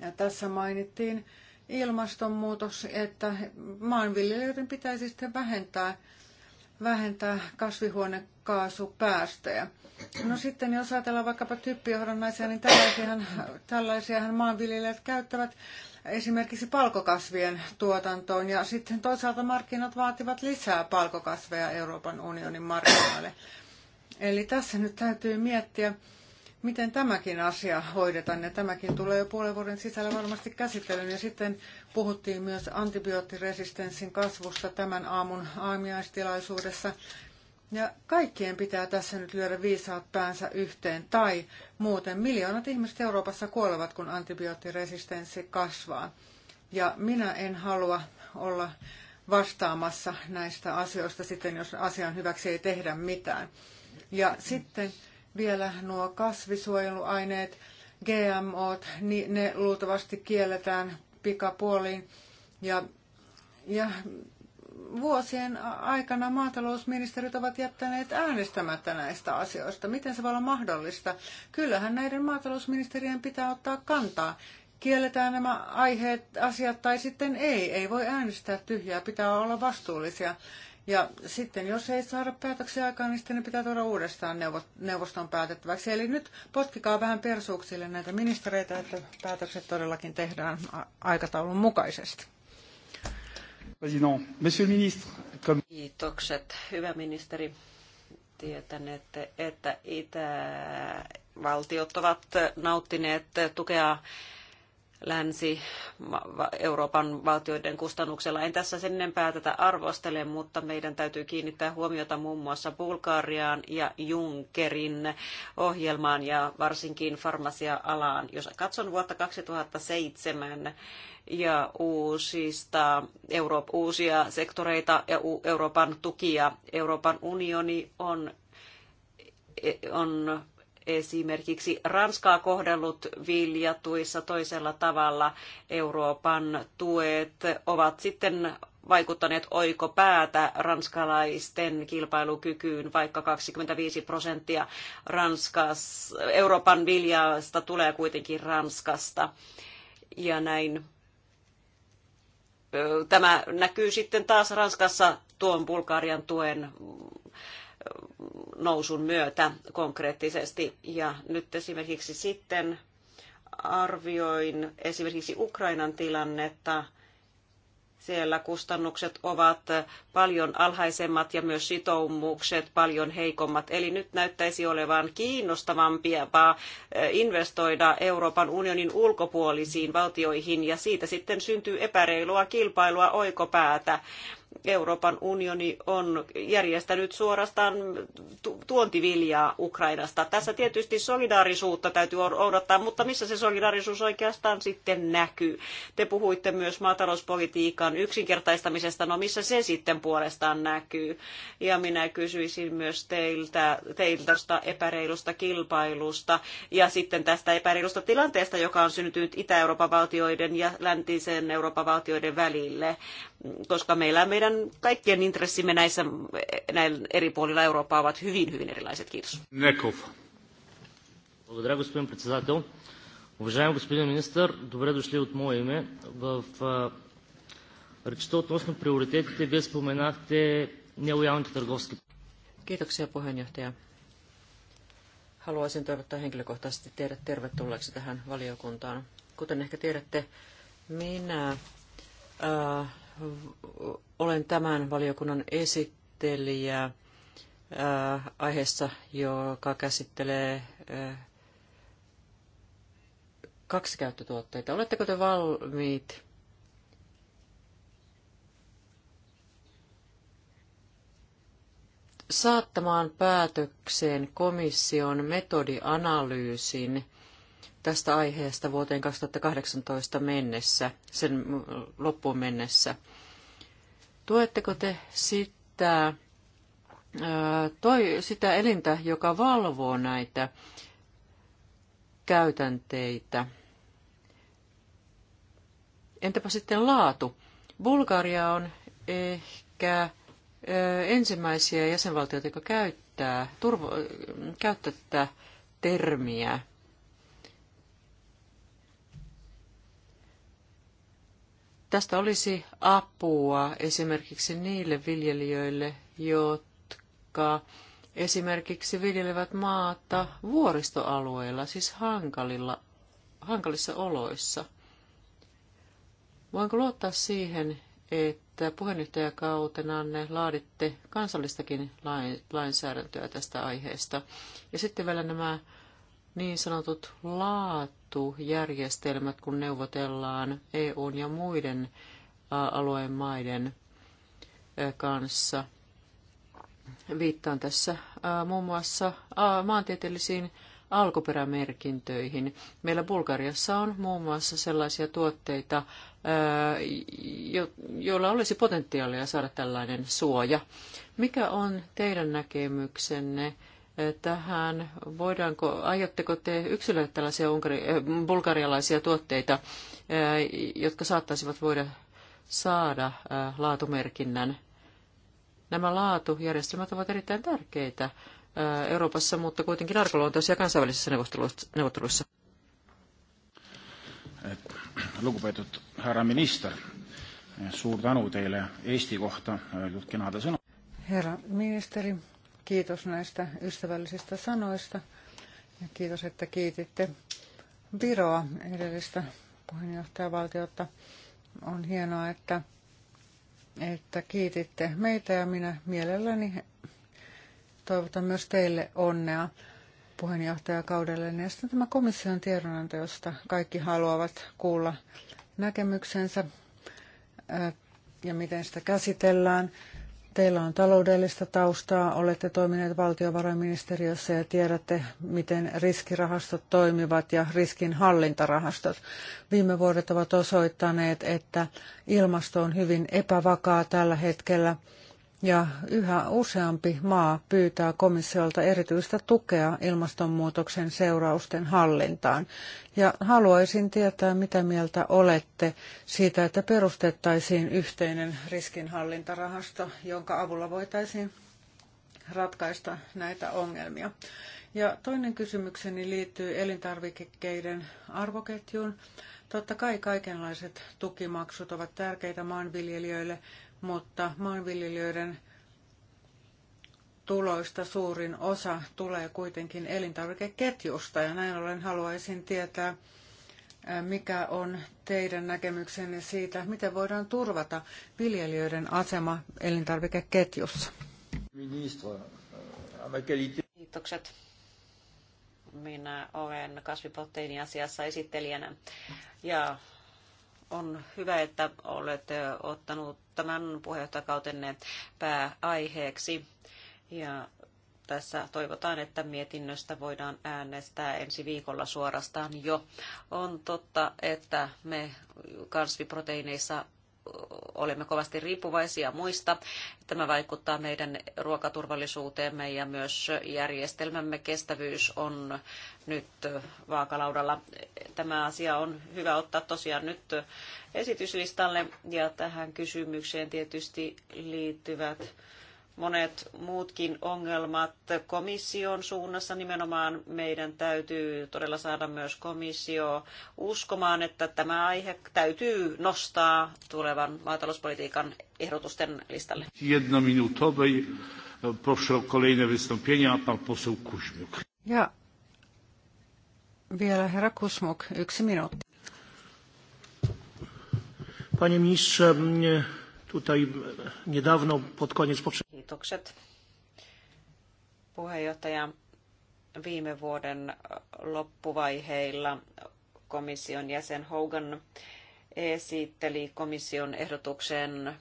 Ja tässä mainittiin ilmastonmuutos, että maanviljelijöiden pitäisi sitten vähentää, vähentää kasvihuonekaasupäästöjä. No sitten jos ajatellaan vaikkapa typpijohdannaisia, niin tällaisia maanviljelijät käyttävät esimerkiksi palkokasvien tuotantoon ja sitten toisaalta markkinat vaativat lisää palkokasveja Euroopan unionin markkinoille. Eli tässä nyt täytyy miettiä, miten tämäkin asia hoidetaan ja tämäkin tulee jo puolen vuoden sisällä varmasti käsittelyyn. Ja sitten puhuttiin myös antibioottiresistenssin kasvusta tämän aamun aamiaistilaisuudessa. Ja kaikkien pitää tässä nyt lyödä viisaat päänsä yhteen, tai muuten miljoonat ihmiset Euroopassa kuolevat, kun antibioottiresistenssi kasvaa. Ja minä en halua olla vastaamassa näistä asioista sitten, jos asian hyväksi ei tehdä mitään. Ja sitten vielä nuo kasvisuojeluaineet, GMO, niin ne luultavasti kielletään pikapuoliin. Ja, ja vuosien aikana maatalousministerit ovat jättäneet äänestämättä näistä asioista. Miten se voi olla mahdollista? Kyllähän näiden maatalousministerien pitää ottaa kantaa. Kielletään nämä aiheet, asiat tai sitten ei. Ei voi äänestää tyhjää, pitää olla vastuullisia. Ja sitten jos ei saada päätöksiä aikaan, niin sitten ne pitää tuoda uudestaan neuvoston päätettäväksi. Eli nyt potkikaa vähän persuuksille näitä ministereitä, että päätökset todellakin tehdään aikataulun mukaisesti. Kiitokset, hyvä ministeri. Tietänette, että itävaltiot ovat nauttineet tukea Länsi-Euroopan valtioiden kustannuksella. En tässä sen enempää tätä arvostele, mutta meidän täytyy kiinnittää huomiota muun muassa Bulgariaan ja Junckerin ohjelmaan ja varsinkin farmasia-alaan. Jos katson vuotta 2007, ja uusista Euro- uusia sektoreita ja Euroopan tukia. Euroopan unioni on, on esimerkiksi Ranskaa kohdellut viljatuissa toisella tavalla. Euroopan tuet ovat sitten vaikuttaneet oikopäätä ranskalaisten kilpailukykyyn, vaikka 25 prosenttia Ranskas, Euroopan viljasta tulee kuitenkin Ranskasta. Ja näin Tämä näkyy sitten taas Ranskassa tuon Bulgarian tuen nousun myötä konkreettisesti. Ja nyt esimerkiksi sitten arvioin esimerkiksi Ukrainan tilannetta siellä kustannukset ovat paljon alhaisemmat ja myös sitoumukset paljon heikommat. Eli nyt näyttäisi olevan kiinnostavampia eh, investoida Euroopan unionin ulkopuolisiin valtioihin ja siitä sitten syntyy epäreilua kilpailua oikopäätä. Euroopan unioni on järjestänyt suorastaan tuontiviljaa Ukrainasta. Tässä tietysti solidaarisuutta täytyy odottaa, mutta missä se solidaarisuus oikeastaan sitten näkyy? Te puhuitte myös maatalouspolitiikan yksinkertaistamisesta, no missä se sitten puolestaan näkyy? Ja minä kysyisin myös teiltä, teiltä epäreilusta kilpailusta ja sitten tästä epäreilusta tilanteesta, joka on syntynyt Itä-Euroopan valtioiden ja läntisen Euroopan valtioiden välille koska meillä meidän kaikkien intressimme näissä näillä eri puolilla Eurooppaa ovat hyvin, hyvin erilaiset. Kiitos. Nekov. Благодаря, господин председател. Уважаеми господин министр, добре дошли от мое име. В речта относно приоритетите вие споменахте нелоялните търговски. Kiitoksia puheenjohtaja. Haluaisin toivottaa henkilökohtaisesti teidät tervetulleeksi tähän valiokuntaan. Kuten ehkä tiedätte, minä äh, olen tämän valiokunnan esittelijä äh, aiheessa, joka käsittelee äh, kaksikäyttötuotteita. Oletteko te valmiit? saattamaan päätökseen komission metodianalyysin tästä aiheesta vuoteen 2018 mennessä, sen loppuun mennessä. Tuetteko te sitä, toi, sitä elintä, joka valvoo näitä käytänteitä? Entäpä sitten laatu? Bulgaria on ehkä ensimmäisiä jäsenvaltioita, joka käyttää, turvo, käyttää termiä Tästä olisi apua esimerkiksi niille viljelijöille, jotka esimerkiksi viljelevät maata vuoristoalueilla, siis hankalilla, hankalissa oloissa. Voinko luottaa siihen, että puheenjohtajakautenanne laaditte kansallistakin lainsäädäntöä tästä aiheesta? Ja sitten vielä nämä niin sanotut laatujärjestelmät, kun neuvotellaan EUn ja muiden alueen maiden kanssa. Viittaan tässä muun muassa maantieteellisiin alkuperämerkintöihin. Meillä Bulgariassa on muun muassa sellaisia tuotteita, joilla olisi potentiaalia saada tällainen suoja. Mikä on teidän näkemyksenne tähän? Voidaanko, aiotteko te yksilöidä tällaisia unkari, eh, bulgarialaisia tuotteita, eh, jotka saattaisivat voida saada eh, laatumerkinnän? Nämä laatujärjestelmät ovat erittäin tärkeitä Euroopassa, mutta kuitenkin arkaluontoisia kansainvälisissä neuvotteluissa. Lugupeetud härra minister, suur tänu teile Eesti kohta öeldud kenade sõnade. Herra ministeri, Kiitos näistä ystävällisistä sanoista ja kiitos, että kiititte Viroa edellistä puheenjohtajavaltiota. On hienoa, että, että kiititte meitä ja minä mielelläni toivotan myös teille onnea puheenjohtajakaudelle. Ja sitten tämä komission tiedonanto, josta kaikki haluavat kuulla näkemyksensä ja miten sitä käsitellään. Teillä on taloudellista taustaa, olette toimineet valtiovarainministeriössä ja tiedätte, miten riskirahastot toimivat ja riskinhallintarahastot. Viime vuodet ovat osoittaneet, että ilmasto on hyvin epävakaa tällä hetkellä ja yhä useampi maa pyytää komissiolta erityistä tukea ilmastonmuutoksen seurausten hallintaan. Ja haluaisin tietää, mitä mieltä olette siitä, että perustettaisiin yhteinen riskinhallintarahasto, jonka avulla voitaisiin ratkaista näitä ongelmia. Ja toinen kysymykseni liittyy elintarvikkeiden arvoketjuun. Totta kai kaikenlaiset tukimaksut ovat tärkeitä maanviljelijöille, mutta maanviljelijöiden tuloista suurin osa tulee kuitenkin elintarvikeketjusta ja näin ollen haluaisin tietää, mikä on teidän näkemyksenne siitä, miten voidaan turvata viljelijöiden asema elintarvikeketjussa? Kiitokset. Minä olen kasviproteiiniasiassa esittelijänä ja on hyvä, että olette ottanut tämän puheenjohtajakautenne pääaiheeksi. Ja tässä toivotaan, että mietinnöstä voidaan äänestää ensi viikolla suorastaan jo. On totta, että me kasviproteiineissa olemme kovasti riippuvaisia muista. Tämä vaikuttaa meidän ruokaturvallisuuteemme ja myös järjestelmämme kestävyys on nyt vaakalaudalla. Tämä asia on hyvä ottaa tosiaan nyt esityslistalle ja tähän kysymykseen tietysti liittyvät monet muutkin ongelmat komission suunnassa. Nimenomaan meidän täytyy todella saada myös komissio uskomaan, että tämä aihe täytyy nostaa tulevan maatalouspolitiikan ehdotusten listalle. Jedna minuutowej. Proszę kolejne wystąpienia. Pan poseł Ja vielä herra Kusmuk, yksi minuutti. Panie ministrze, mm, Tutaj niedawno pod koniec poprzedniego... Kiitokset puheenjohtaja viime vuoden loppuvaiheilla komission jäsen Hogan esitteli komission ehdotuksen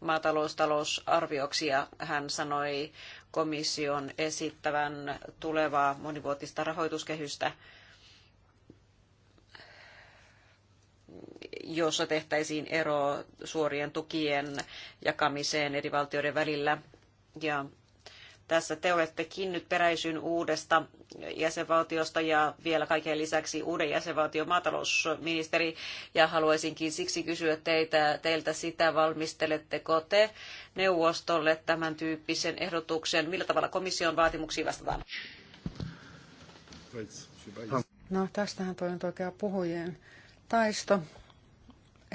maataloustalousarvioksi ja hän sanoi komission esittävän tulevaa monivuotista rahoituskehystä jossa tehtäisiin ero suorien tukien jakamiseen eri valtioiden välillä. Ja tässä te olettekin nyt peräisin uudesta jäsenvaltiosta ja vielä kaiken lisäksi uuden jäsenvaltion maatalousministeri. Ja haluaisinkin siksi kysyä teitä, teiltä sitä, valmisteletteko te neuvostolle tämän tyyppisen ehdotuksen? Millä tavalla komission vaatimuksiin vastataan? No, tästähän toi on oikea puhujien taisto.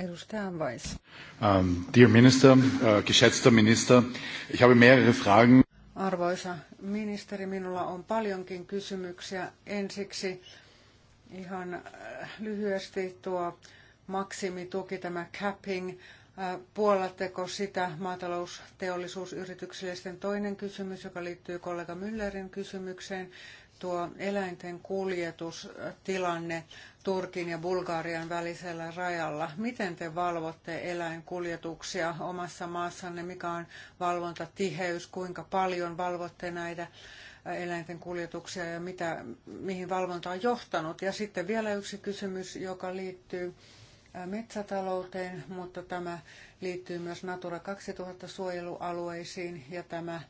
Edustaja Um, dear Minister, uh, geschätzter Minister, ich habe mehrere Fragen. Arvoisa ministeri, minulla on paljonkin kysymyksiä. Ensiksi ihan äh, lyhyesti tuo maksimituki, tämä capping. Äh, puolatteko sitä maatalousteollisuusyrityksille? Sitten toinen kysymys, joka liittyy kollega Müllerin kysymykseen tuo eläinten kuljetustilanne Turkin ja Bulgarian välisellä rajalla. Miten te valvotte eläinkuljetuksia omassa maassanne? Mikä on valvontatiheys? Kuinka paljon valvotte näitä eläinten kuljetuksia ja mitä, mihin valvonta on johtanut? Ja sitten vielä yksi kysymys, joka liittyy metsätalouteen, mutta tämä liittyy myös Natura 2000 suojelualueisiin ja tämä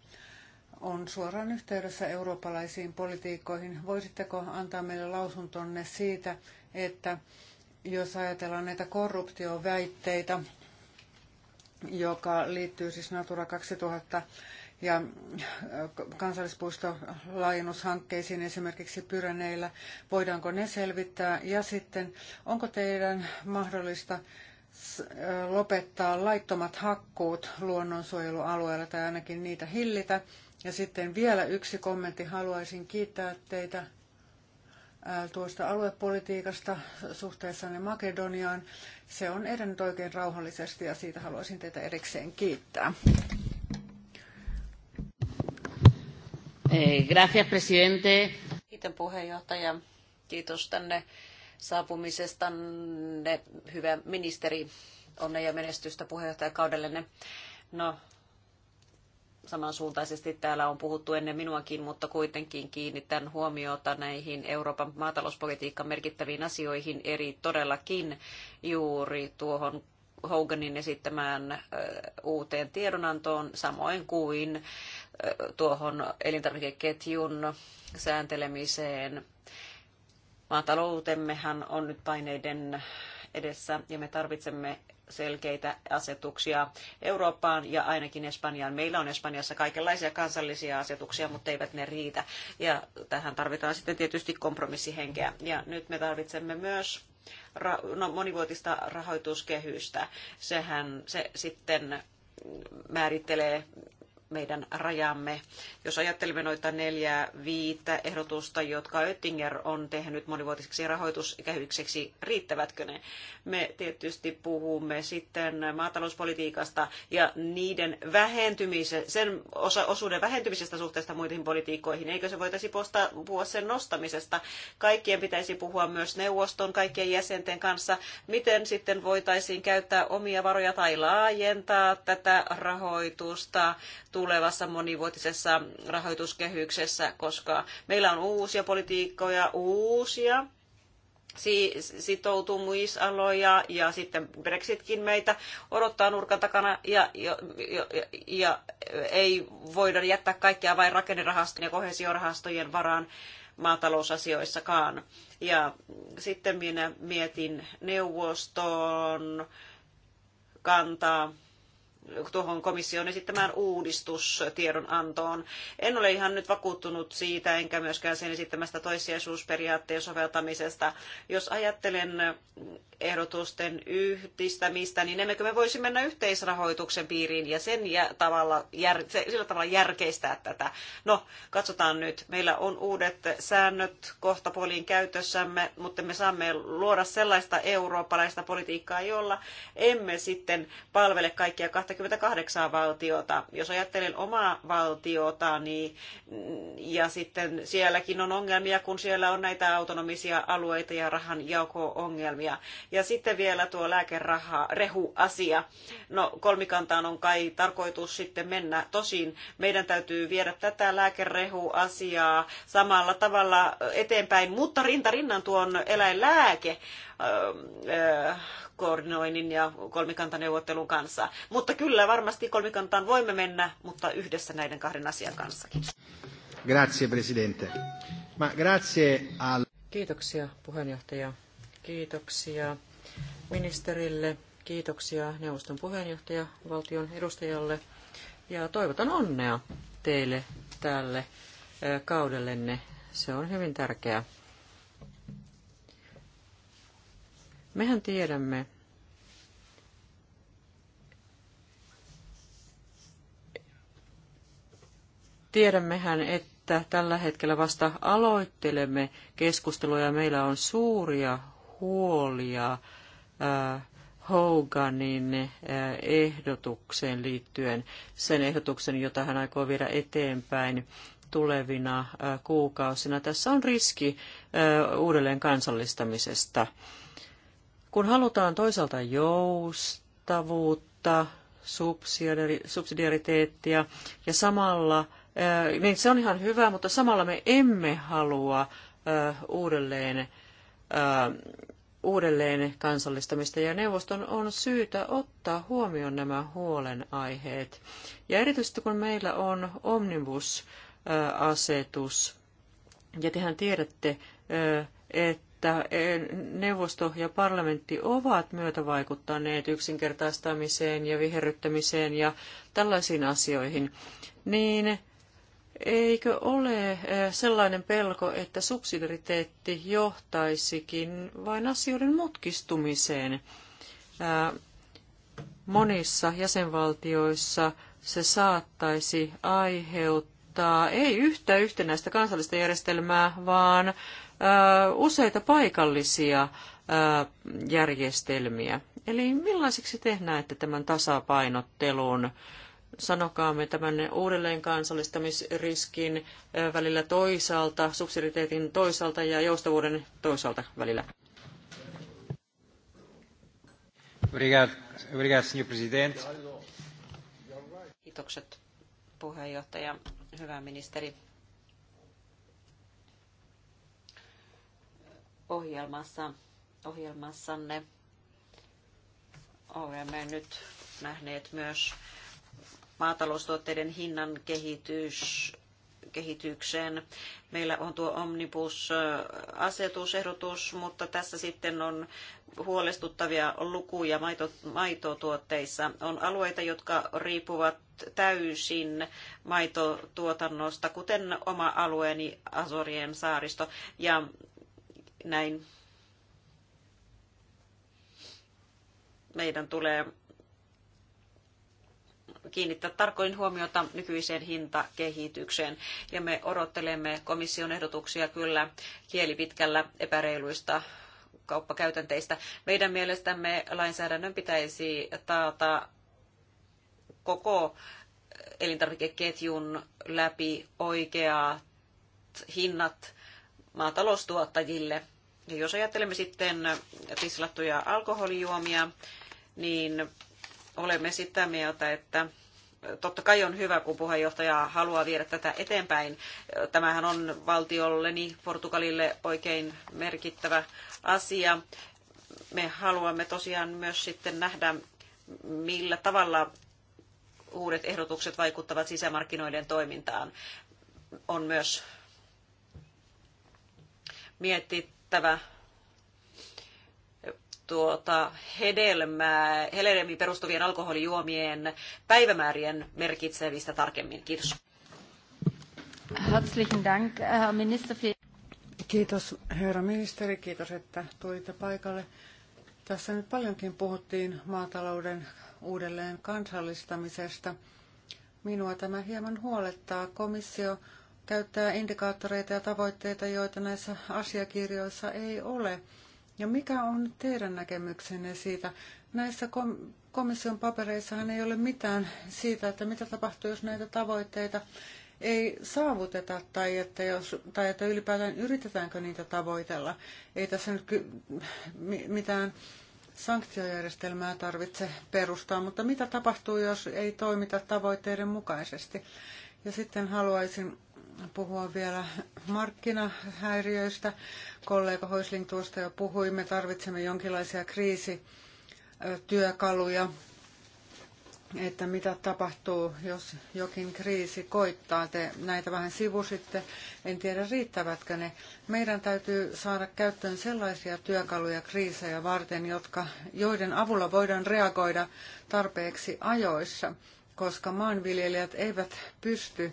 on suoraan yhteydessä eurooppalaisiin politiikkoihin. Voisitteko antaa meille lausuntonne siitä, että jos ajatellaan näitä korruptioväitteitä, joka liittyy siis Natura 2000 ja äh, kansallispuistolaajennushankkeisiin esimerkiksi Pyreneillä, voidaanko ne selvittää? Ja sitten, onko teidän mahdollista äh, lopettaa laittomat hakkuut luonnonsuojelualueella tai ainakin niitä hillitä? Ja sitten vielä yksi kommentti. Haluaisin kiittää teitä tuosta aluepolitiikasta suhteessanne Makedoniaan. Se on edennyt oikein rauhallisesti ja siitä haluaisin teitä erikseen kiittää. Eh, gracias, presidente. Kiitän puheenjohtaja. Kiitos tänne saapumisestanne, hyvä ministeri. Onnea ja menestystä puheenjohtajakaudellenne. No, samansuuntaisesti täällä on puhuttu ennen minuakin, mutta kuitenkin kiinnitän huomiota näihin Euroopan maatalouspolitiikan merkittäviin asioihin eri todellakin juuri tuohon Hoganin esittämään uuteen tiedonantoon, samoin kuin tuohon elintarvikeketjun sääntelemiseen. Maataloutemmehan on nyt paineiden edessä ja me tarvitsemme selkeitä asetuksia Eurooppaan ja ainakin Espanjaan. Meillä on Espanjassa kaikenlaisia kansallisia asetuksia, mutta eivät ne riitä. Ja tähän tarvitaan sitten tietysti kompromissihenkeä. Ja nyt me tarvitsemme myös no, monivuotista rahoituskehystä. Sehän se sitten määrittelee meidän rajamme. Jos ajattelemme noita neljää viittä ehdotusta, jotka Oettinger on tehnyt monivuotiseksi rahoituskehykseksi, riittävätkö ne? Me tietysti puhumme sitten maatalouspolitiikasta ja niiden vähentymise, sen osa, osuuden vähentymisestä suhteesta muihin politiikkoihin. Eikö se voitaisi posta, puhua sen nostamisesta? Kaikkien pitäisi puhua myös neuvoston, kaikkien jäsenten kanssa. Miten sitten voitaisiin käyttää omia varoja tai laajentaa tätä rahoitusta? tulevassa monivuotisessa rahoituskehyksessä, koska meillä on uusia politiikkoja, uusia sitoutumisaloja ja sitten Brexitkin meitä odottaa nurkan takana ja, ja, ja, ja ei voida jättää kaikkea vain rakennerahaston ja kohesiorahastojen varaan maatalousasioissakaan. Ja sitten minä mietin neuvoston kantaa tuohon komission esittämään uudistustiedonantoon. En ole ihan nyt vakuuttunut siitä, enkä myöskään sen esittämästä toissijaisuusperiaatteen soveltamisesta. Jos ajattelen ehdotusten yhdistämistä, niin emmekö me voisi mennä yhteisrahoituksen piiriin ja sen ja tavalla, jär, se, sillä tavalla järkeistää tätä. No, katsotaan nyt. Meillä on uudet säännöt kohta poliin käytössämme, mutta me saamme luoda sellaista eurooppalaista politiikkaa, jolla emme sitten palvele kaikkia 28 valtiota. Jos ajattelen omaa valtiota, niin ja sitten sielläkin on ongelmia, kun siellä on näitä autonomisia alueita ja rahan ongelmia ja sitten vielä tuo lääkeraha, rehuasia. No kolmikantaan on kai tarkoitus sitten mennä. Tosin meidän täytyy viedä tätä lääkerehuasiaa samalla tavalla eteenpäin, mutta rinta rinnan tuon eläinlääke öö, öö, koordinoinnin ja kolmikantaneuvottelun kanssa. Mutta kyllä varmasti kolmikantaan voimme mennä, mutta yhdessä näiden kahden asian kanssa. Grazie Presidente. Ma grazie al... Kiitoksia puheenjohtaja. Kiitoksia ministerille, kiitoksia neuvoston puheenjohtaja, valtion edustajalle ja toivotan onnea teille tälle kaudellenne. Se on hyvin tärkeää. Mehän tiedämme, tiedämmehän, että tällä hetkellä vasta aloittelemme keskustelua ja meillä on suuria huolia äh, Hoganin äh, ehdotukseen liittyen, sen ehdotuksen, jota hän aikoo viedä eteenpäin tulevina äh, kuukausina. Tässä on riski uudelleen kansallistamisesta. Kun halutaan toisaalta joustavuutta, subsidiariteettia ja samalla, niin se on ihan hyvä, mutta samalla me emme halua uudelleen uudelleen kansallistamista ja neuvoston on syytä ottaa huomioon nämä huolenaiheet. Ja erityisesti kun meillä on omnibus-asetus, ja tehän tiedätte, että neuvosto ja parlamentti ovat myötävaikuttaneet yksinkertaistamiseen ja viherryttämiseen ja tällaisiin asioihin, niin Eikö ole eh, sellainen pelko, että subsidiariteetti johtaisikin vain asioiden mutkistumiseen? Monissa jäsenvaltioissa se saattaisi aiheuttaa ei yhtä yhtenäistä kansallista järjestelmää, vaan useita paikallisia järjestelmiä. Eli millaiseksi te näette tämän tasapainottelun? sanokaamme tämän uudelleen kansallistamisriskin välillä toisaalta, subsiditeetin toisaalta ja joustavuuden toisaalta välillä. Kiitokset puheenjohtaja, hyvä ministeri. Ohjelmassa, ohjelmassanne olemme nyt nähneet myös maataloustuotteiden hinnan kehitys kehitykseen. Meillä on tuo omnibus-asetusehdotus, mutta tässä sitten on huolestuttavia lukuja maito, maitotuotteissa. On alueita, jotka riippuvat täysin maitotuotannosta, kuten oma alueeni Azorien saaristo ja näin. Meidän tulee kiinnittää tarkoin huomiota nykyiseen hintakehitykseen. Ja me odottelemme komission ehdotuksia kyllä kielipitkällä epäreiluista kauppakäytänteistä. Meidän mielestämme lainsäädännön pitäisi taata koko elintarvikeketjun läpi oikeat hinnat maataloustuottajille. Ja jos ajattelemme sitten tislattuja alkoholijuomia, niin olemme sitä mieltä, että totta kai on hyvä, kun puheenjohtaja haluaa viedä tätä eteenpäin. Tämähän on valtiolleni Portugalille oikein merkittävä asia. Me haluamme tosiaan myös sitten nähdä, millä tavalla uudet ehdotukset vaikuttavat sisämarkkinoiden toimintaan. On myös mietittävä tuota hedelmää, hedelmiin perustuvien alkoholijuomien päivämäärien merkitsemistä tarkemmin. Kiitos. Herzlichen Dank, äh, Herr Minister. Kiitos herra ministeri, kiitos että tulitte paikalle. Tässä nyt paljonkin puhuttiin maatalouden uudelleen kansallistamisesta. Minua tämä hieman huolettaa. Komissio käyttää indikaattoreita ja tavoitteita, joita näissä asiakirjoissa ei ole. Ja mikä on teidän näkemyksenne siitä? Näissä komission papereissahan ei ole mitään siitä, että mitä tapahtuu, jos näitä tavoitteita ei saavuteta tai että, jos, tai että ylipäätään yritetäänkö niitä tavoitella. Ei tässä nyt mitään sanktiojärjestelmää tarvitse perustaa, mutta mitä tapahtuu, jos ei toimita tavoitteiden mukaisesti? Ja sitten haluaisin puhua vielä markkinahäiriöistä. Kollega Hoisling tuosta jo puhui, me tarvitsemme jonkinlaisia kriisityökaluja, että mitä tapahtuu, jos jokin kriisi koittaa. Te näitä vähän sivusitte, en tiedä riittävätkö ne. Meidän täytyy saada käyttöön sellaisia työkaluja kriisejä varten, jotka, joiden avulla voidaan reagoida tarpeeksi ajoissa, koska maanviljelijät eivät pysty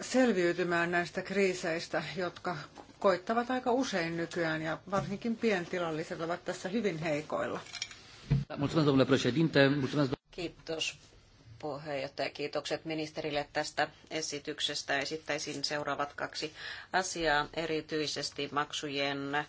selviytymään näistä kriiseistä, jotka koittavat aika usein nykyään ja varsinkin pientilalliset ovat tässä hyvin heikoilla. Kiitos puheenjohtaja. Kiitokset ministerille tästä esityksestä. Esittäisin seuraavat kaksi asiaa, erityisesti maksujen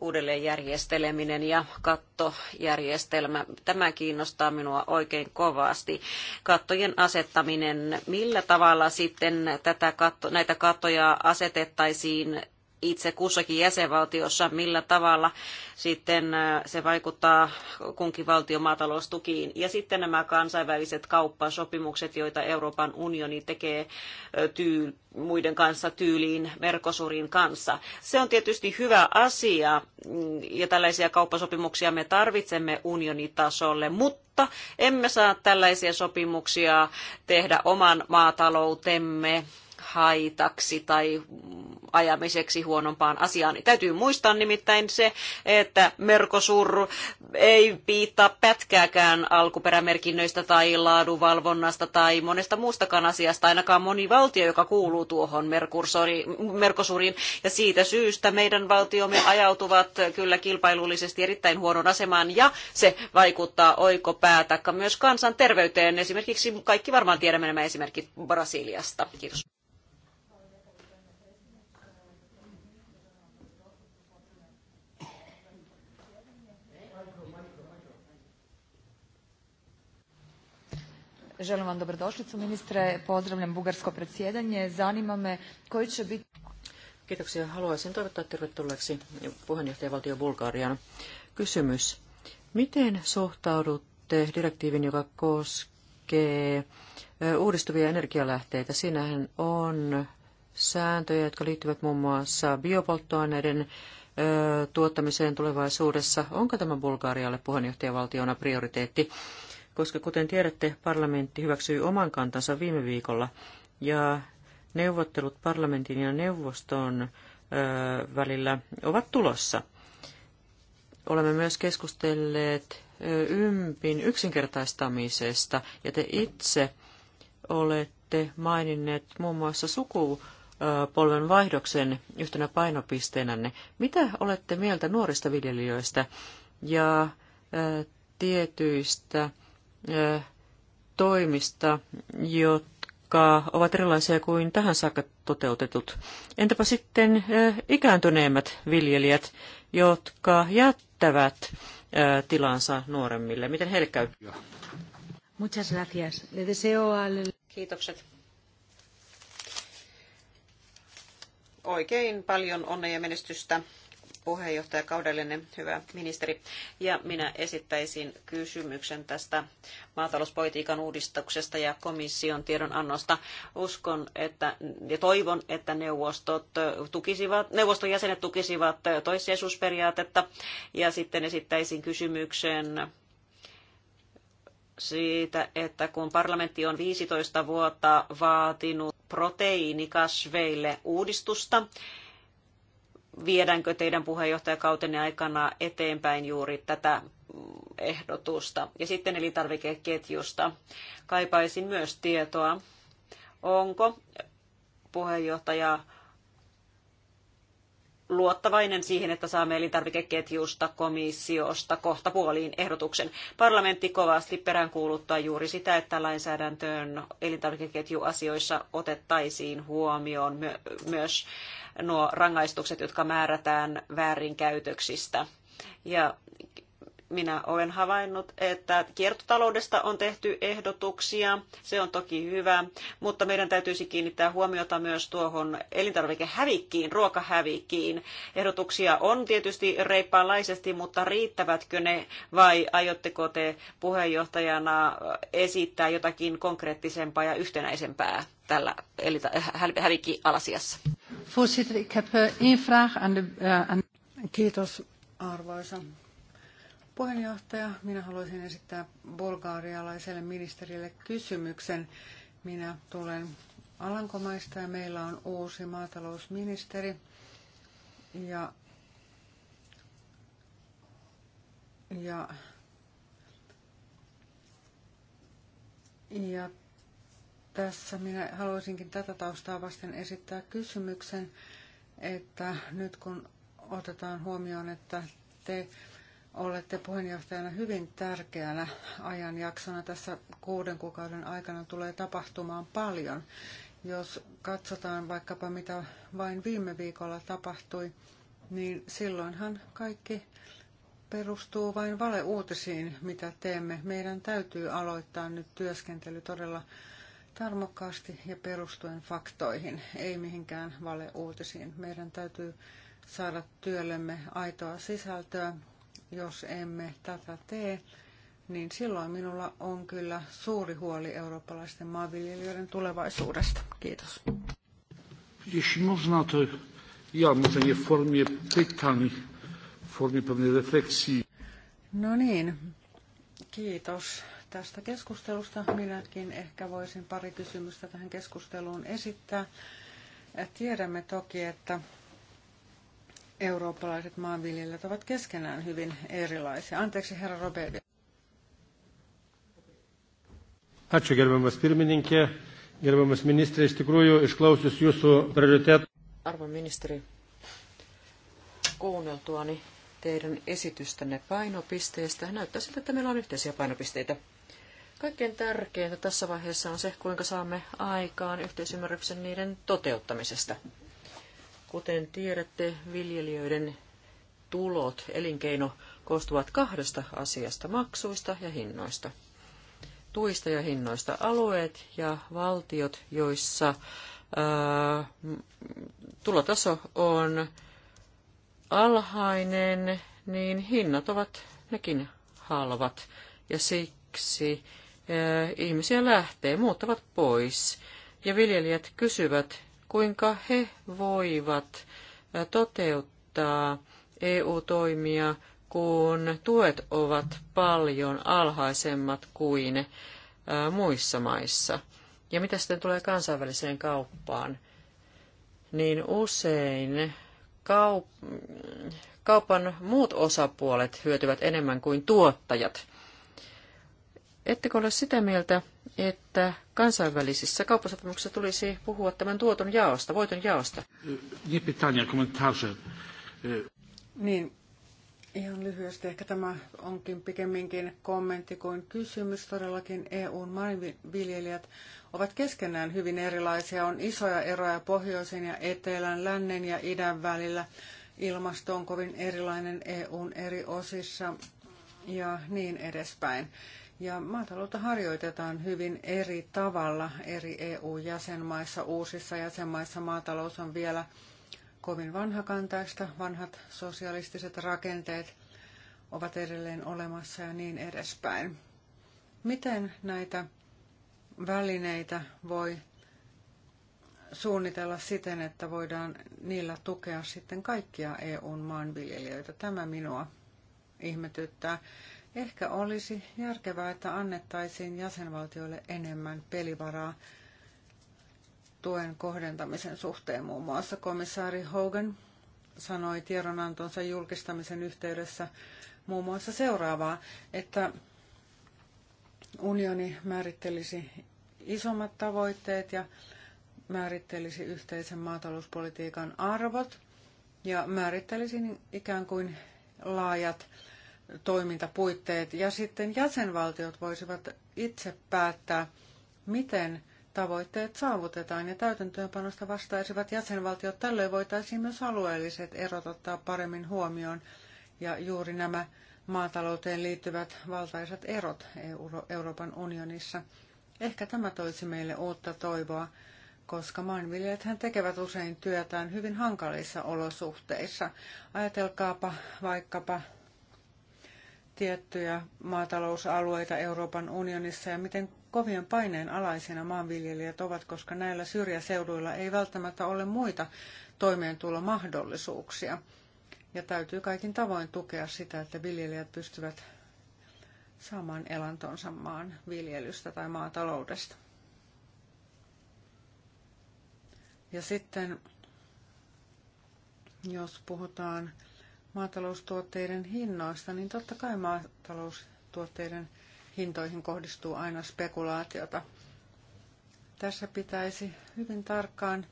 uudelleenjärjesteleminen ja kattojärjestelmä. Tämä kiinnostaa minua oikein kovasti. Kattojen asettaminen, millä tavalla sitten tätä katto, näitä kattoja asetettaisiin itse kussakin jäsenvaltiossa, millä tavalla sitten se vaikuttaa kunkin valtion maataloustukiin. Ja sitten nämä kansainväliset kauppasopimukset, joita Euroopan unioni tekee tyy, muiden kanssa tyyliin Merkosurin kanssa. Se on tietysti hyvä asia mm, ja tällaisia kauppasopimuksia me tarvitsemme unionitasolle, mutta emme saa tällaisia sopimuksia tehdä oman maataloutemme haitaksi tai ajamiseksi huonompaan asiaan. Täytyy muistaa nimittäin se, että Mercosur ei piittaa pätkääkään alkuperämerkinnöistä tai laadunvalvonnasta tai monesta muustakaan asiasta, ainakaan moni valtio, joka kuuluu tuohon Mercosuriin. Ja siitä syystä meidän valtiomme ajautuvat kyllä kilpailullisesti erittäin huonon asemaan ja se vaikuttaa oikopäätä myös kansanterveyteen. Esimerkiksi kaikki varmaan tiedämme nämä esimerkit Brasiliasta. Kiitos. Želim vam dobrodošlicu ministre, pozdravljam bugarsko predsjedanje. Zanima me koji će biti... Kiitoksia. Haluaisin toivottaa tervetulleeksi puheenjohtajavaltio Bulgarian. Kysymys. Miten suhtaudutte direktiivin, joka koskee uudistuvia energialähteitä? Siinähän on sääntöjä, jotka liittyvät muun muassa biopolttoaineiden tuottamiseen tulevaisuudessa. Onko tämä Bulgarialle puheenjohtajavaltiona prioriteetti? koska kuten tiedätte, parlamentti hyväksyi oman kantansa viime viikolla ja neuvottelut parlamentin ja neuvoston välillä ovat tulossa. Olemme myös keskustelleet ympin yksinkertaistamisesta ja te itse olette maininneet muun muassa suku polven vaihdoksen yhtenä painopisteenänne. Mitä olette mieltä nuorista viljelijöistä ja tietyistä toimista, jotka ovat erilaisia kuin tähän saakka toteutetut. Entäpä sitten ikääntyneemmät viljelijät, jotka jättävät tilansa nuoremmille? Miten heille käy? Muchas gracias. Le deseo al... Kiitokset. Oikein paljon onnea ja menestystä puheenjohtajakaudellenne, hyvä ministeri. Ja minä esittäisin kysymyksen tästä maatalouspolitiikan uudistuksesta ja komission tiedonannosta. Uskon että, ja toivon, että neuvostot tukisivat, neuvoston jäsenet tukisivat toissijaisuusperiaatetta. Ja sitten esittäisin kysymyksen siitä, että kun parlamentti on 15 vuotta vaatinut proteiinikasveille uudistusta, viedäänkö teidän puheenjohtajakautenne aikana eteenpäin juuri tätä ehdotusta. Ja sitten elintarvikeketjusta. Kaipaisin myös tietoa, onko puheenjohtaja luottavainen siihen, että saamme elintarvikeketjusta komissiosta kohta puoliin ehdotuksen. Parlamentti kovasti peräänkuuluttaa juuri sitä, että lainsäädäntöön elintarvikeketjuasioissa otettaisiin huomioon myös nuo rangaistukset, jotka määrätään väärinkäytöksistä. Ja minä olen havainnut, että kiertotaloudesta on tehty ehdotuksia. Se on toki hyvä, mutta meidän täytyisi kiinnittää huomiota myös tuohon elintarvikehävikkiin, ruokahävikkiin. Ehdotuksia on tietysti reippaanlaisesti, mutta riittävätkö ne vai aiotteko te puheenjohtajana esittää jotakin konkreettisempaa ja yhtenäisempää tällä hävikkialasiassa? Eh, eh, Kiitos arvoisa puheenjohtaja. Minä haluaisin esittää bulgaarialaiselle ministerille kysymyksen. Minä tulen Alankomaista ja meillä on uusi maatalousministeri. Ja, ja, ja tässä minä haluaisinkin tätä taustaa vasten esittää kysymyksen, että nyt kun otetaan huomioon, että te olette puheenjohtajana hyvin tärkeänä ajanjaksona. Tässä kuuden kuukauden aikana tulee tapahtumaan paljon. Jos katsotaan vaikkapa mitä vain viime viikolla tapahtui, niin silloinhan kaikki perustuu vain valeuutisiin, mitä teemme. Meidän täytyy aloittaa nyt työskentely todella tarmokkaasti ja perustuen faktoihin, ei mihinkään valeuutisiin. Meidän täytyy saada työllemme aitoa sisältöä jos emme tätä tee, niin silloin minulla on kyllä suuri huoli eurooppalaisten maanviljelijöiden tulevaisuudesta. Kiitos. Jeśli można, to ja może nie w formie pytań, w formie pewnej refleksji. No niin, kiitos tästä keskustelusta. Minäkin ehkä voisin pari kysymystä tähän keskusteluun esittää. Tiedämme toki, että eurooppalaiset maanviljelijät ovat keskenään hyvin erilaisia. Anteeksi, herra Robert. Ačiū gerbiamas pirmininkė, gerbiamas ministrė, iš tikrųjų išklausius jūsų prioritetų. Arvo ministeri, kuunneltuani teidän esitystänne painopisteistä näyttää siltä, että meillä on yhteisiä painopisteitä. Kaikkein tärkeintä tässä vaiheessa on se, kuinka saamme aikaan yhteisymmärryksen niiden toteuttamisesta. Kuten tiedätte, viljelijöiden tulot, elinkeino, koostuvat kahdesta asiasta, maksuista ja hinnoista. Tuista ja hinnoista alueet ja valtiot, joissa ää, äh, tulotaso on alhainen, niin hinnat ovat nekin halvat. Ja siksi ää, äh, ihmisiä lähtee, muuttavat pois. Ja viljelijät kysyvät kuinka he voivat toteuttaa EU-toimia, kun tuet ovat paljon alhaisemmat kuin muissa maissa. Ja mitä sitten tulee kansainväliseen kauppaan, niin usein kaup- kaupan muut osapuolet hyötyvät enemmän kuin tuottajat ettekö ole sitä mieltä, että kansainvälisissä kauppasopimuksissa tulisi puhua tämän tuoton jaosta, voiton jaosta? Niin, ihan lyhyesti. Ehkä tämä onkin pikemminkin kommentti kuin kysymys. Todellakin EUn maanviljelijät ovat keskenään hyvin erilaisia. On isoja eroja pohjoisen ja etelän, lännen ja idän välillä. Ilmasto on kovin erilainen EUn eri osissa ja niin edespäin. Ja maataloutta harjoitetaan hyvin eri tavalla eri EU-jäsenmaissa. Uusissa jäsenmaissa maatalous on vielä kovin vanhakantaista. Vanhat sosialistiset rakenteet ovat edelleen olemassa ja niin edespäin. Miten näitä välineitä voi suunnitella siten, että voidaan niillä tukea sitten kaikkia eu maanviljelijöitä. Tämä minua ihmetyttää. Ehkä olisi järkevää, että annettaisiin jäsenvaltioille enemmän pelivaraa tuen kohdentamisen suhteen. Muun muassa komissaari Hogan sanoi tiedonantonsa julkistamisen yhteydessä muun muassa seuraavaa, että unioni määrittelisi isommat tavoitteet ja määrittelisi yhteisen maatalouspolitiikan arvot ja määrittelisi niin ikään kuin laajat toimintapuitteet ja sitten jäsenvaltiot voisivat itse päättää, miten tavoitteet saavutetaan ja täytäntöönpanosta vastaisivat jäsenvaltiot. Tällöin voitaisiin myös alueelliset erot ottaa paremmin huomioon ja juuri nämä maatalouteen liittyvät valtaisat erot Euro Euroopan unionissa. Ehkä tämä toisi meille uutta toivoa, koska maanviljelijäthän tekevät usein työtään hyvin hankalissa olosuhteissa. Ajatelkaapa vaikkapa tiettyjä maatalousalueita Euroopan unionissa ja miten kovien paineen alaisina maanviljelijät ovat, koska näillä syrjäseuduilla ei välttämättä ole muita toimeentulomahdollisuuksia. Ja täytyy kaikin tavoin tukea sitä, että viljelijät pystyvät saamaan elantonsa maan viljelystä tai maataloudesta. Ja sitten, jos puhutaan maataloustuotteiden hinnoista, niin totta kai maataloustuotteiden hintoihin kohdistuu aina spekulaatiota. Tässä pitäisi hyvin tarkkaan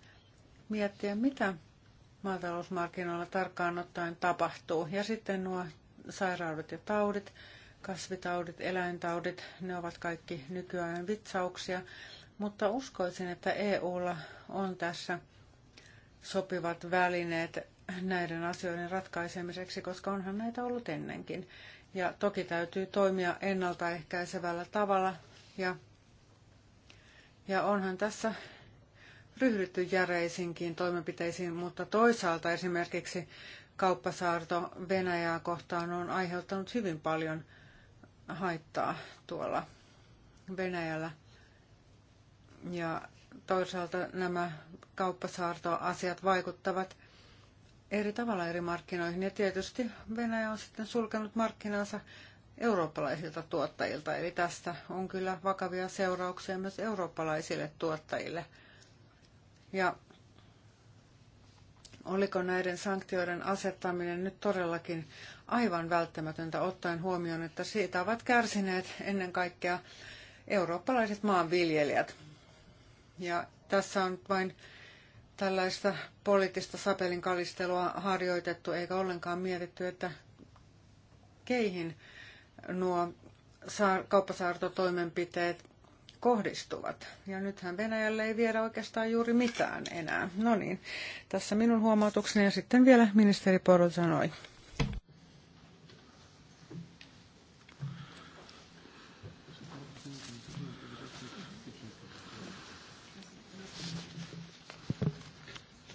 miettiä, mitä maatalousmarkkinoilla tarkkaan ottaen tapahtuu. Ja sitten nuo sairaudet ja taudit, kasvitaudit, eläintaudit, ne ovat kaikki nykyään vitsauksia. Mutta uskoisin, että EUlla on tässä sopivat välineet näiden asioiden ratkaisemiseksi, koska onhan näitä ollut ennenkin. Ja toki täytyy toimia ennaltaehkäisevällä tavalla ja, ja onhan tässä ryhdytty järeisinkin toimenpiteisiin, mutta toisaalta esimerkiksi kauppasaarto Venäjää kohtaan on aiheuttanut hyvin paljon haittaa tuolla Venäjällä. Ja toisaalta nämä kauppasaartoasiat vaikuttavat eri tavalla eri markkinoihin. Ja tietysti Venäjä on sitten sulkenut markkinansa eurooppalaisilta tuottajilta. Eli tästä on kyllä vakavia seurauksia myös eurooppalaisille tuottajille. Ja oliko näiden sanktioiden asettaminen nyt todellakin aivan välttämätöntä ottaen huomioon, että siitä ovat kärsineet ennen kaikkea eurooppalaiset maanviljelijät. Ja tässä on vain tällaista poliittista sapelinkalistelua harjoitettu eikä ollenkaan mietitty, että keihin nuo kauppasaartotoimenpiteet kohdistuvat. Ja nythän Venäjälle ei viedä oikeastaan juuri mitään enää. No niin, tässä minun huomautukseni ja sitten vielä ministeri Poro sanoi.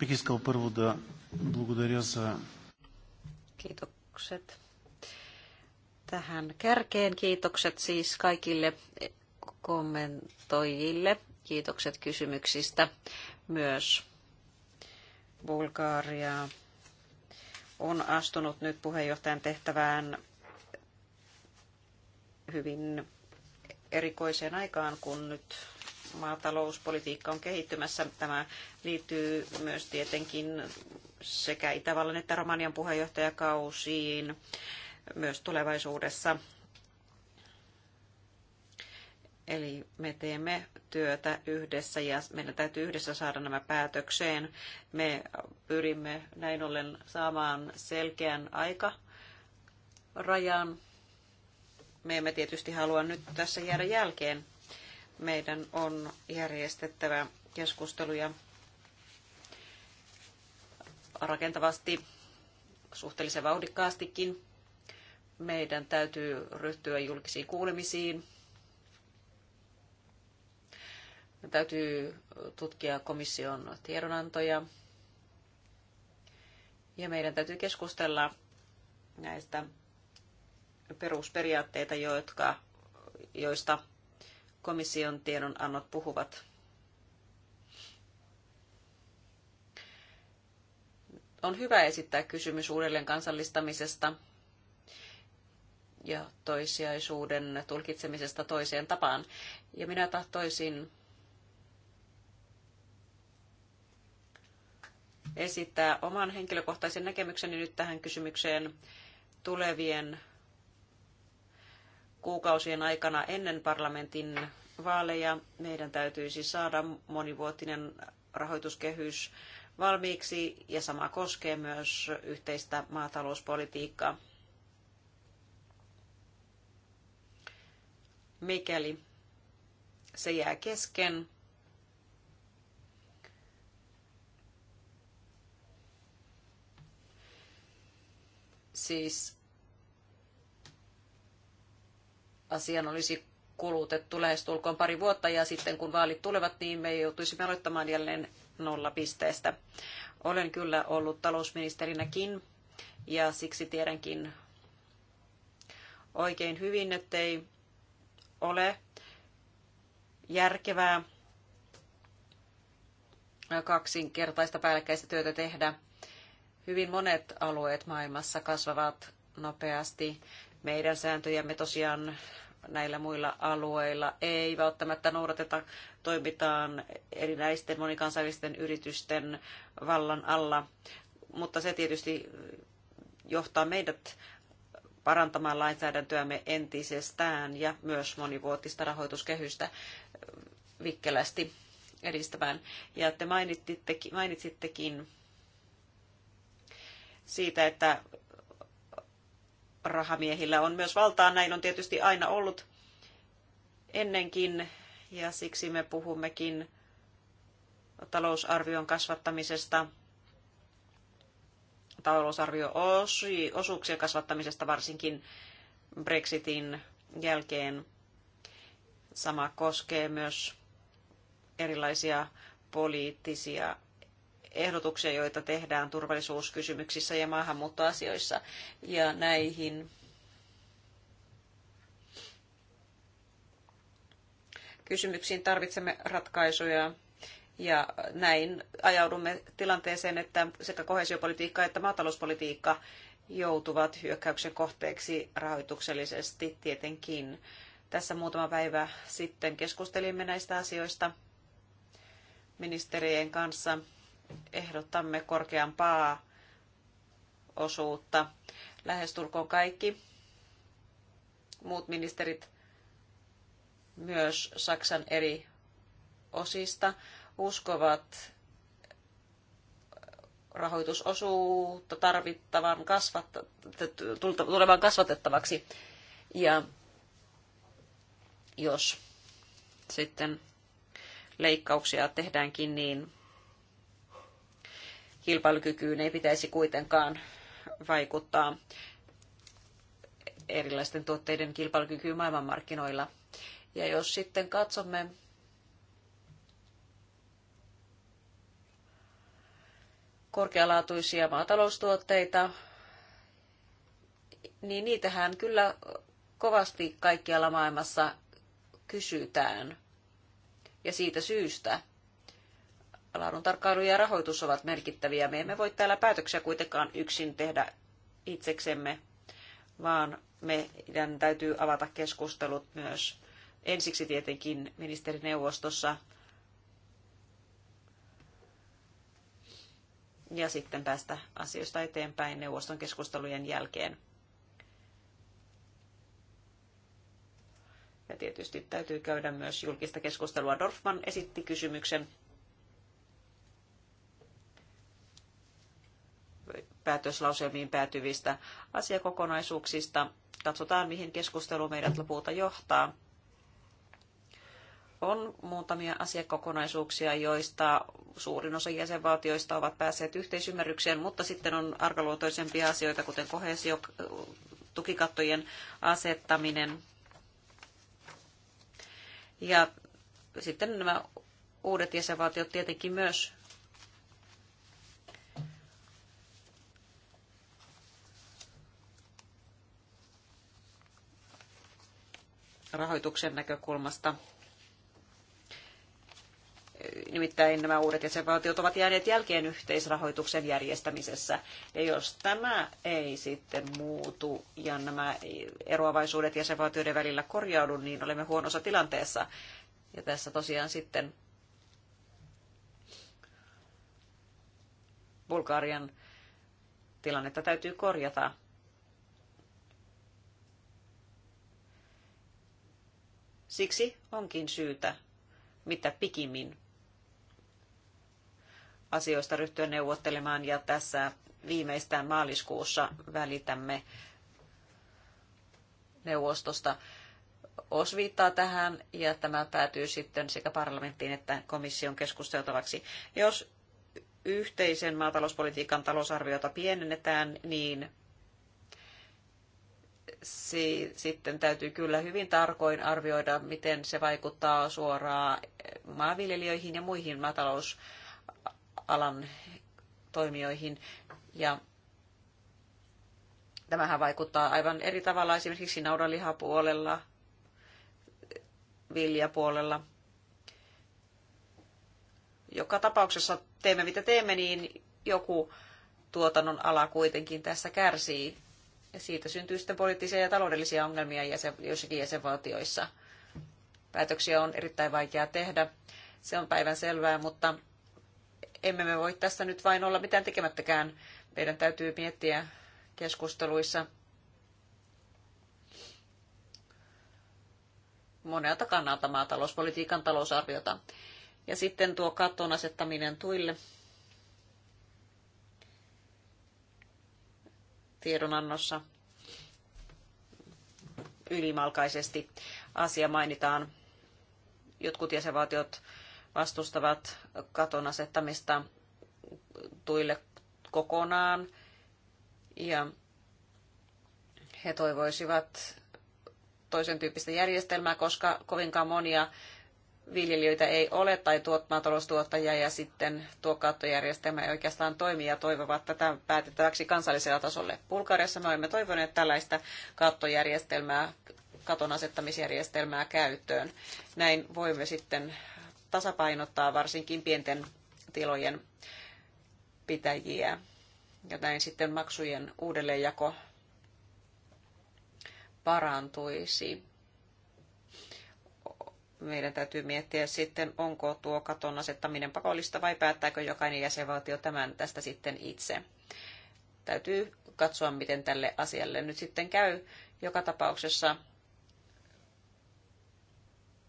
Бих искал първо да благодаря за... Kiitokset. Tähän kärkeen kiitokset siis kaikille kommentoijille. Kiitokset kysymyksistä myös. Bulgaria on astunut nyt puheenjohtajan tehtävään hyvin erikoiseen aikaan, kun nyt maatalouspolitiikka on kehittymässä. Tämä liittyy myös tietenkin sekä Itävallan että Romanian puheenjohtajakausiin myös tulevaisuudessa. Eli me teemme työtä yhdessä ja meidän täytyy yhdessä saada nämä päätökseen. Me pyrimme näin ollen saamaan selkeän aika rajan Me emme tietysti halua nyt tässä jäädä jälkeen meidän on järjestettävä keskusteluja rakentavasti, suhteellisen vauhdikkaastikin. Meidän täytyy ryhtyä julkisiin kuulemisiin. Me täytyy tutkia komission tiedonantoja. Ja meidän täytyy keskustella näistä perusperiaatteita, jotka, joista komission tiedonannot puhuvat. On hyvä esittää kysymys uudelleen kansallistamisesta ja toisiaisuuden tulkitsemisesta toiseen tapaan. Ja minä tahtoisin esittää oman henkilökohtaisen näkemykseni nyt tähän kysymykseen tulevien kuukausien aikana ennen parlamentin vaaleja meidän täytyisi saada monivuotinen rahoituskehys valmiiksi ja sama koskee myös yhteistä maatalouspolitiikkaa. Mikäli se jää kesken, siis asiaan olisi kulutettu lähestulkoon pari vuotta ja sitten kun vaalit tulevat, niin me joutuisimme aloittamaan jälleen nollapisteestä. Olen kyllä ollut talousministerinäkin ja siksi tiedänkin oikein hyvin, ettei ole järkevää kaksinkertaista päällekkäistä työtä tehdä. Hyvin monet alueet maailmassa kasvavat nopeasti. Meidän sääntöjämme tosiaan näillä muilla alueilla ei välttämättä noudateta, toimitaan erinäisten monikansallisten yritysten vallan alla, mutta se tietysti johtaa meidät parantamaan lainsäädäntöämme entisestään ja myös monivuotista rahoituskehystä vikkelästi edistämään. Ja te mainitsittekin siitä, että rahamiehillä on myös valtaa. Näin on tietysti aina ollut ennenkin ja siksi me puhummekin talousarvion kasvattamisesta, talousarvio-osuuksien kasvattamisesta varsinkin Brexitin jälkeen. Sama koskee myös erilaisia poliittisia ehdotuksia, joita tehdään turvallisuuskysymyksissä ja maahanmuuttoasioissa. Ja näihin kysymyksiin tarvitsemme ratkaisuja. Ja näin ajaudumme tilanteeseen, että sekä kohesiopolitiikka että maatalouspolitiikka joutuvat hyökkäyksen kohteeksi rahoituksellisesti tietenkin. Tässä muutama päivä sitten keskustelimme näistä asioista ministerien kanssa ehdottamme korkeampaa osuutta. Lähestulkoon kaikki muut ministerit myös Saksan eri osista uskovat rahoitusosuutta tarvittavan kasvatta, tulevan kasvatettavaksi. Ja jos sitten leikkauksia tehdäänkin, niin kilpailukykyyn ei pitäisi kuitenkaan vaikuttaa erilaisten tuotteiden kilpailukykyyn maailmanmarkkinoilla. Ja jos sitten katsomme korkealaatuisia maataloustuotteita, niin niitähän kyllä kovasti kaikkialla maailmassa kysytään. Ja siitä syystä laaduntarkkailu ja rahoitus ovat merkittäviä. Me emme voi täällä päätöksiä kuitenkaan yksin tehdä itseksemme, vaan meidän täytyy avata keskustelut myös ensiksi tietenkin ministerineuvostossa ja sitten päästä asioista eteenpäin neuvoston keskustelujen jälkeen. Ja tietysti täytyy käydä myös julkista keskustelua. Dorfman esitti kysymyksen päätöslauselmiin päätyvistä asiakokonaisuuksista. Katsotaan, mihin keskustelu meidät lopulta johtaa. On muutamia asiakokonaisuuksia, joista suurin osa jäsenvaltioista ovat päässeet yhteisymmärrykseen, mutta sitten on arkaluontoisempia asioita, kuten tukikattojen asettaminen. Ja sitten nämä uudet jäsenvaltiot tietenkin myös rahoituksen näkökulmasta. Nimittäin nämä uudet jäsenvaltiot ovat jääneet jälkeen yhteisrahoituksen järjestämisessä. Ja jos tämä ei sitten muutu ja nämä eroavaisuudet jäsenvaltioiden välillä korjaudu, niin olemme huonossa tilanteessa. Ja tässä tosiaan sitten Bulgarian tilannetta täytyy korjata Siksi onkin syytä mitä pikimmin asioista ryhtyä neuvottelemaan ja tässä viimeistään maaliskuussa välitämme neuvostosta osviittaa tähän ja tämä päätyy sitten sekä parlamenttiin että komission keskusteltavaksi. Jos yhteisen maatalouspolitiikan talousarviota pienennetään, niin si- sitten täytyy kyllä hyvin tarkoin arvioida, miten se vaikuttaa suoraan maanviljelijöihin ja muihin maatalousalan toimijoihin. Ja tämähän vaikuttaa aivan eri tavalla esimerkiksi naudanlihapuolella, viljapuolella. Joka tapauksessa teemme mitä teemme, niin joku tuotannon ala kuitenkin tässä kärsii siitä syntyy sitten poliittisia ja taloudellisia ongelmia jäsen, jossakin jäsenvaltioissa. Päätöksiä on erittäin vaikea tehdä. Se on päivän selvää, mutta emme me voi tässä nyt vain olla mitään tekemättäkään. Meidän täytyy miettiä keskusteluissa monelta kannalta maatalouspolitiikan talousarviota. Ja sitten tuo katon asettaminen tuille tiedonannossa ylimalkaisesti asia mainitaan. Jotkut jäsenvaltiot vastustavat katon asettamista tuille kokonaan ja he toivoisivat toisen tyyppistä järjestelmää, koska kovinkaan monia viljelijöitä ei ole tai tuot, maataloustuottajia ja sitten tuo kattojärjestelmä ei oikeastaan toimi ja toivovat tätä päätettäväksi kansallisella tasolle. Bulgariassa me olemme toivoneet tällaista kattojärjestelmää, katon asettamisjärjestelmää käyttöön. Näin voimme sitten tasapainottaa varsinkin pienten tilojen pitäjiä ja näin sitten maksujen uudelleenjako parantuisi meidän täytyy miettiä sitten, onko tuo katon asettaminen pakollista vai päättääkö jokainen jäsenvaltio tämän tästä sitten itse. Täytyy katsoa, miten tälle asialle nyt sitten käy. Joka tapauksessa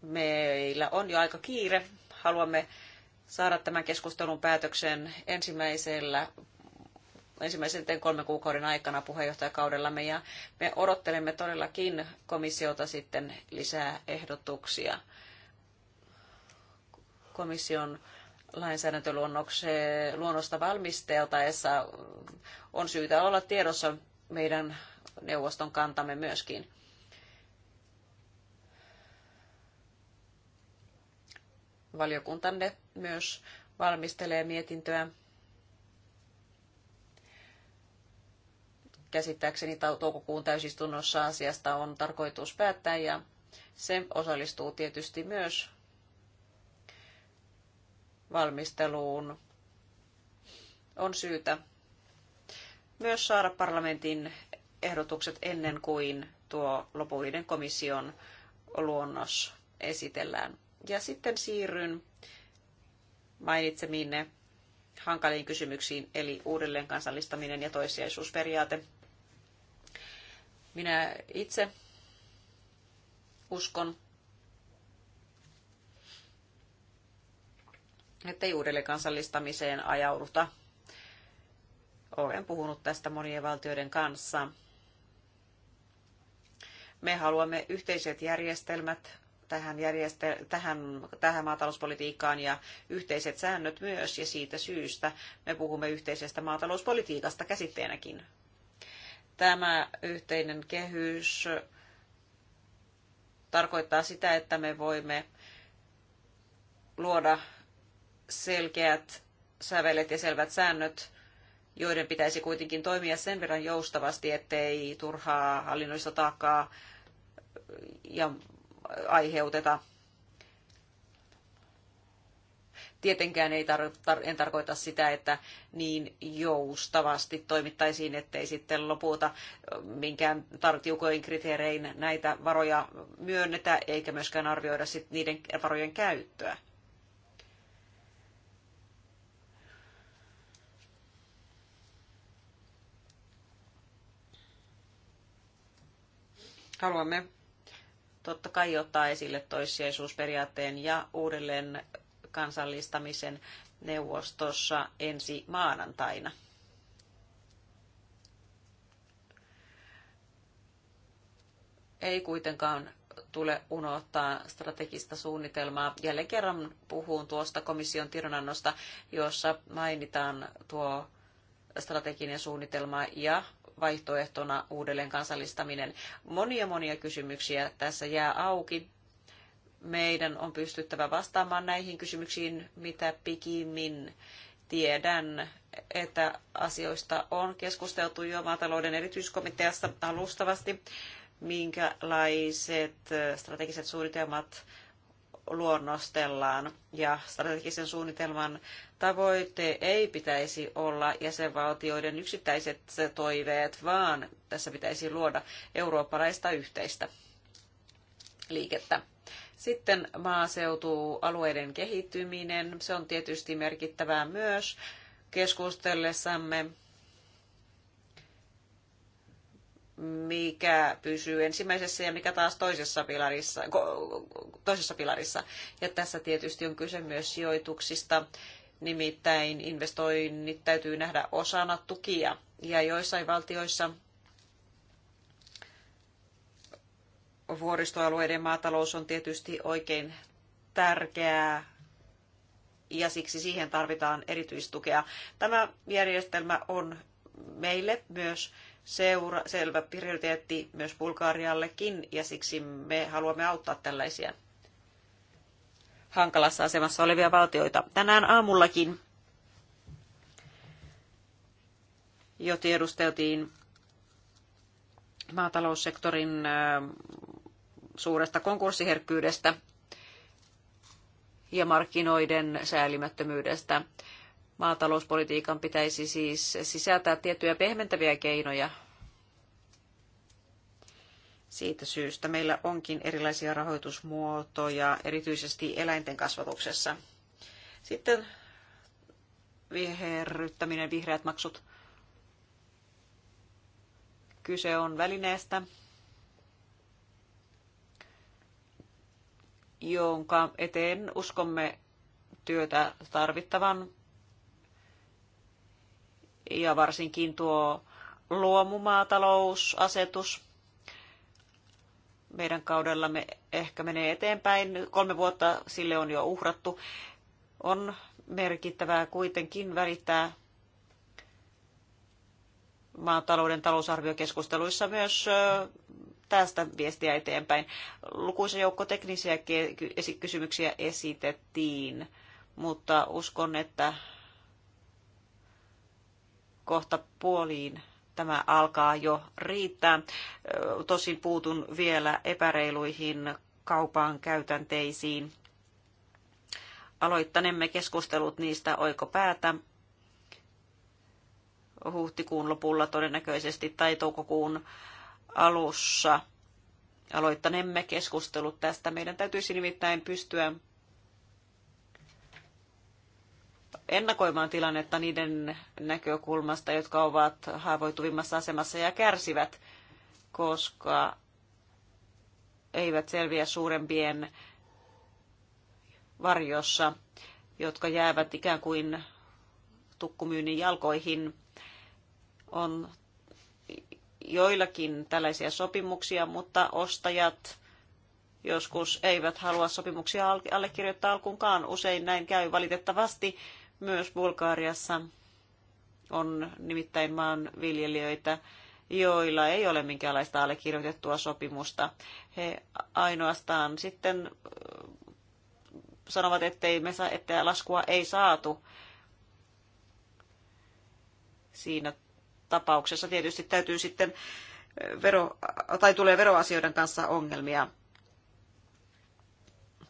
meillä on jo aika kiire. Haluamme saada tämän keskustelun päätöksen ensimmäisellä ensimmäisen kolmen kuukauden aikana puheenjohtajakaudellamme ja me odottelemme todellakin komissiota sitten lisää ehdotuksia komission lainsäädäntöluonnosta valmisteltaessa on syytä olla tiedossa meidän neuvoston kantamme myöskin. Valiokuntanne myös valmistelee mietintöä käsittääkseni toukokuun täysistunnossa asiasta on tarkoitus päättää ja se osallistuu tietysti myös valmisteluun. On syytä myös saada parlamentin ehdotukset ennen kuin tuo lopullinen komission luonnos esitellään. Ja sitten siirryn mainitseminne hankaliin kysymyksiin, eli uudelleen kansallistaminen ja toissijaisuusperiaate. Minä itse uskon, että ei uudelleen kansallistamiseen ajauduta. Olen puhunut tästä monien valtioiden kanssa. Me haluamme yhteiset järjestelmät tähän, järjestel- tähän, tähän maatalouspolitiikkaan ja yhteiset säännöt myös, ja siitä syystä me puhumme yhteisestä maatalouspolitiikasta käsitteenäkin. Tämä yhteinen kehys tarkoittaa sitä, että me voimme luoda selkeät sävelet ja selvät säännöt, joiden pitäisi kuitenkin toimia sen verran joustavasti, ettei turhaa hallinnollista taakkaa ja aiheuteta tietenkään ei tar- tar- en tarkoita sitä, että niin joustavasti toimittaisiin, ettei sitten lopulta minkään tar- tiukoin kriteerein näitä varoja myönnetä, eikä myöskään arvioida sit niiden varojen käyttöä. Haluamme totta kai ottaa esille toissijaisuusperiaatteen ja uudelleen kansallistamisen neuvostossa ensi maanantaina. Ei kuitenkaan tule unohtaa strategista suunnitelmaa. Jälleen kerran puhun tuosta komission tiedonannosta, jossa mainitaan tuo strateginen suunnitelma ja vaihtoehtona uudelleen kansallistaminen. Monia monia kysymyksiä tässä jää auki meidän on pystyttävä vastaamaan näihin kysymyksiin mitä pikimmin. Tiedän, että asioista on keskusteltu jo maatalouden erityiskomiteassa alustavasti, minkälaiset strategiset suunnitelmat luonnostellaan. Ja strategisen suunnitelman tavoite ei pitäisi olla jäsenvaltioiden yksittäiset toiveet, vaan tässä pitäisi luoda eurooppalaista yhteistä liikettä. Sitten maaseutualueiden kehittyminen, se on tietysti merkittävää myös keskustellessamme mikä pysyy ensimmäisessä ja mikä taas toisessa pilarissa, toisessa pilarissa. Ja tässä tietysti on kyse myös sijoituksista, nimittäin investoinnit täytyy nähdä osana tukia. Ja joissain valtioissa vuoristoalueiden maatalous on tietysti oikein tärkeää ja siksi siihen tarvitaan erityistukea. Tämä järjestelmä on meille myös seura, selvä prioriteetti myös Bulgariallekin ja siksi me haluamme auttaa tällaisia hankalassa asemassa olevia valtioita. Tänään aamullakin jo tiedusteltiin maataloussektorin suuresta konkurssiherkkyydestä ja markkinoiden säälimättömyydestä. Maatalouspolitiikan pitäisi siis sisältää tiettyjä pehmentäviä keinoja. Siitä syystä meillä onkin erilaisia rahoitusmuotoja, erityisesti eläinten kasvatuksessa. Sitten viherryttäminen, vihreät maksut. Kyse on välineestä, jonka eteen uskomme työtä tarvittavan. Ja varsinkin tuo luomumaatalousasetus meidän kaudellamme ehkä menee eteenpäin. Kolme vuotta sille on jo uhrattu. On merkittävää kuitenkin välittää maatalouden talousarviokeskusteluissa myös tästä viestiä eteenpäin. Lukuisa joukko teknisiä kysymyksiä esitettiin, mutta uskon, että kohta puoliin tämä alkaa jo riittää. Tosin puutun vielä epäreiluihin kaupan käytänteisiin. Aloittanemme keskustelut niistä oikopäätä huhtikuun lopulla todennäköisesti tai toukokuun alussa aloittanemme keskustelut tästä. Meidän täytyisi nimittäin pystyä ennakoimaan tilannetta niiden näkökulmasta, jotka ovat haavoittuvimmassa asemassa ja kärsivät, koska eivät selviä suurempien varjossa, jotka jäävät ikään kuin tukkumyynnin jalkoihin. On joillakin tällaisia sopimuksia, mutta ostajat joskus eivät halua sopimuksia allekirjoittaa alkuunkaan. Usein näin käy valitettavasti myös Bulgaariassa. On nimittäin maanviljelijöitä, joilla ei ole minkäänlaista allekirjoitettua sopimusta. He ainoastaan sitten sanovat, ettei me saa, että laskua ei saatu. Siinä tapauksessa tietysti täytyy sitten eh, vero, tai tulee veroasioiden kanssa ongelmia.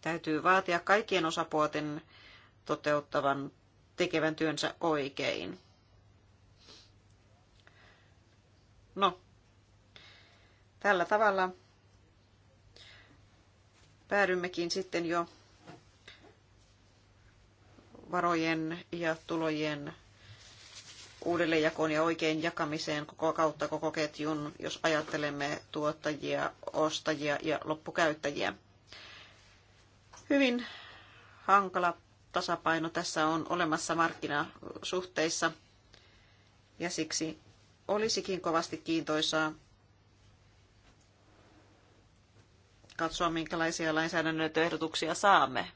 Täytyy vaatia kaikkien osapuolten toteuttavan tekevän työnsä oikein. No, tällä tavalla päädymmekin sitten jo varojen ja tulojen uudelleenjakoon ja oikein jakamiseen koko kautta koko ketjun, jos ajattelemme tuottajia, ostajia ja loppukäyttäjiä. Hyvin hankala tasapaino tässä on olemassa markkinasuhteissa ja siksi olisikin kovasti kiintoisaa katsoa, minkälaisia lainsäädännön ehdotuksia saamme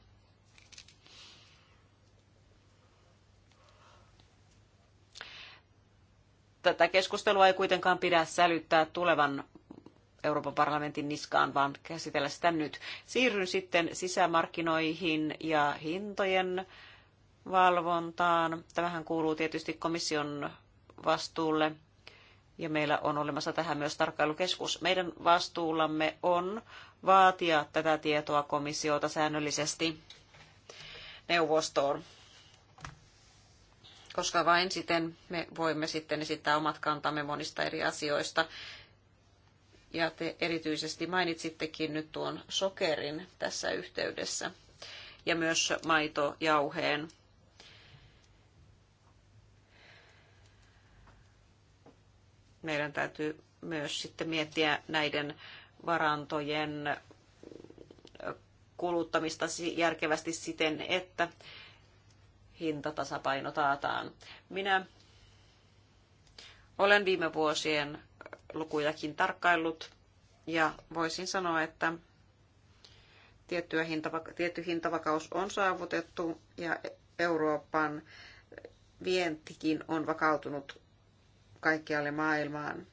tätä keskustelua ei kuitenkaan pidä sälyttää tulevan Euroopan parlamentin niskaan, vaan käsitellä sitä nyt. Siirryn sitten sisämarkkinoihin ja hintojen valvontaan. Tämähän kuuluu tietysti komission vastuulle ja meillä on olemassa tähän myös tarkkailukeskus. Meidän vastuullamme on vaatia tätä tietoa komissiota säännöllisesti neuvostoon koska vain siten me voimme sitten esittää omat kantamme monista eri asioista. Ja te erityisesti mainitsittekin nyt tuon sokerin tässä yhteydessä ja myös maitojauheen. Meidän täytyy myös sitten miettiä näiden varantojen kuluttamista järkevästi siten, että hintatasapaino taataan. Minä olen viime vuosien lukujakin tarkkaillut ja voisin sanoa, että tiettyä tietty hintavakaus on saavutettu ja Euroopan vientikin on vakautunut kaikkialle maailmaan.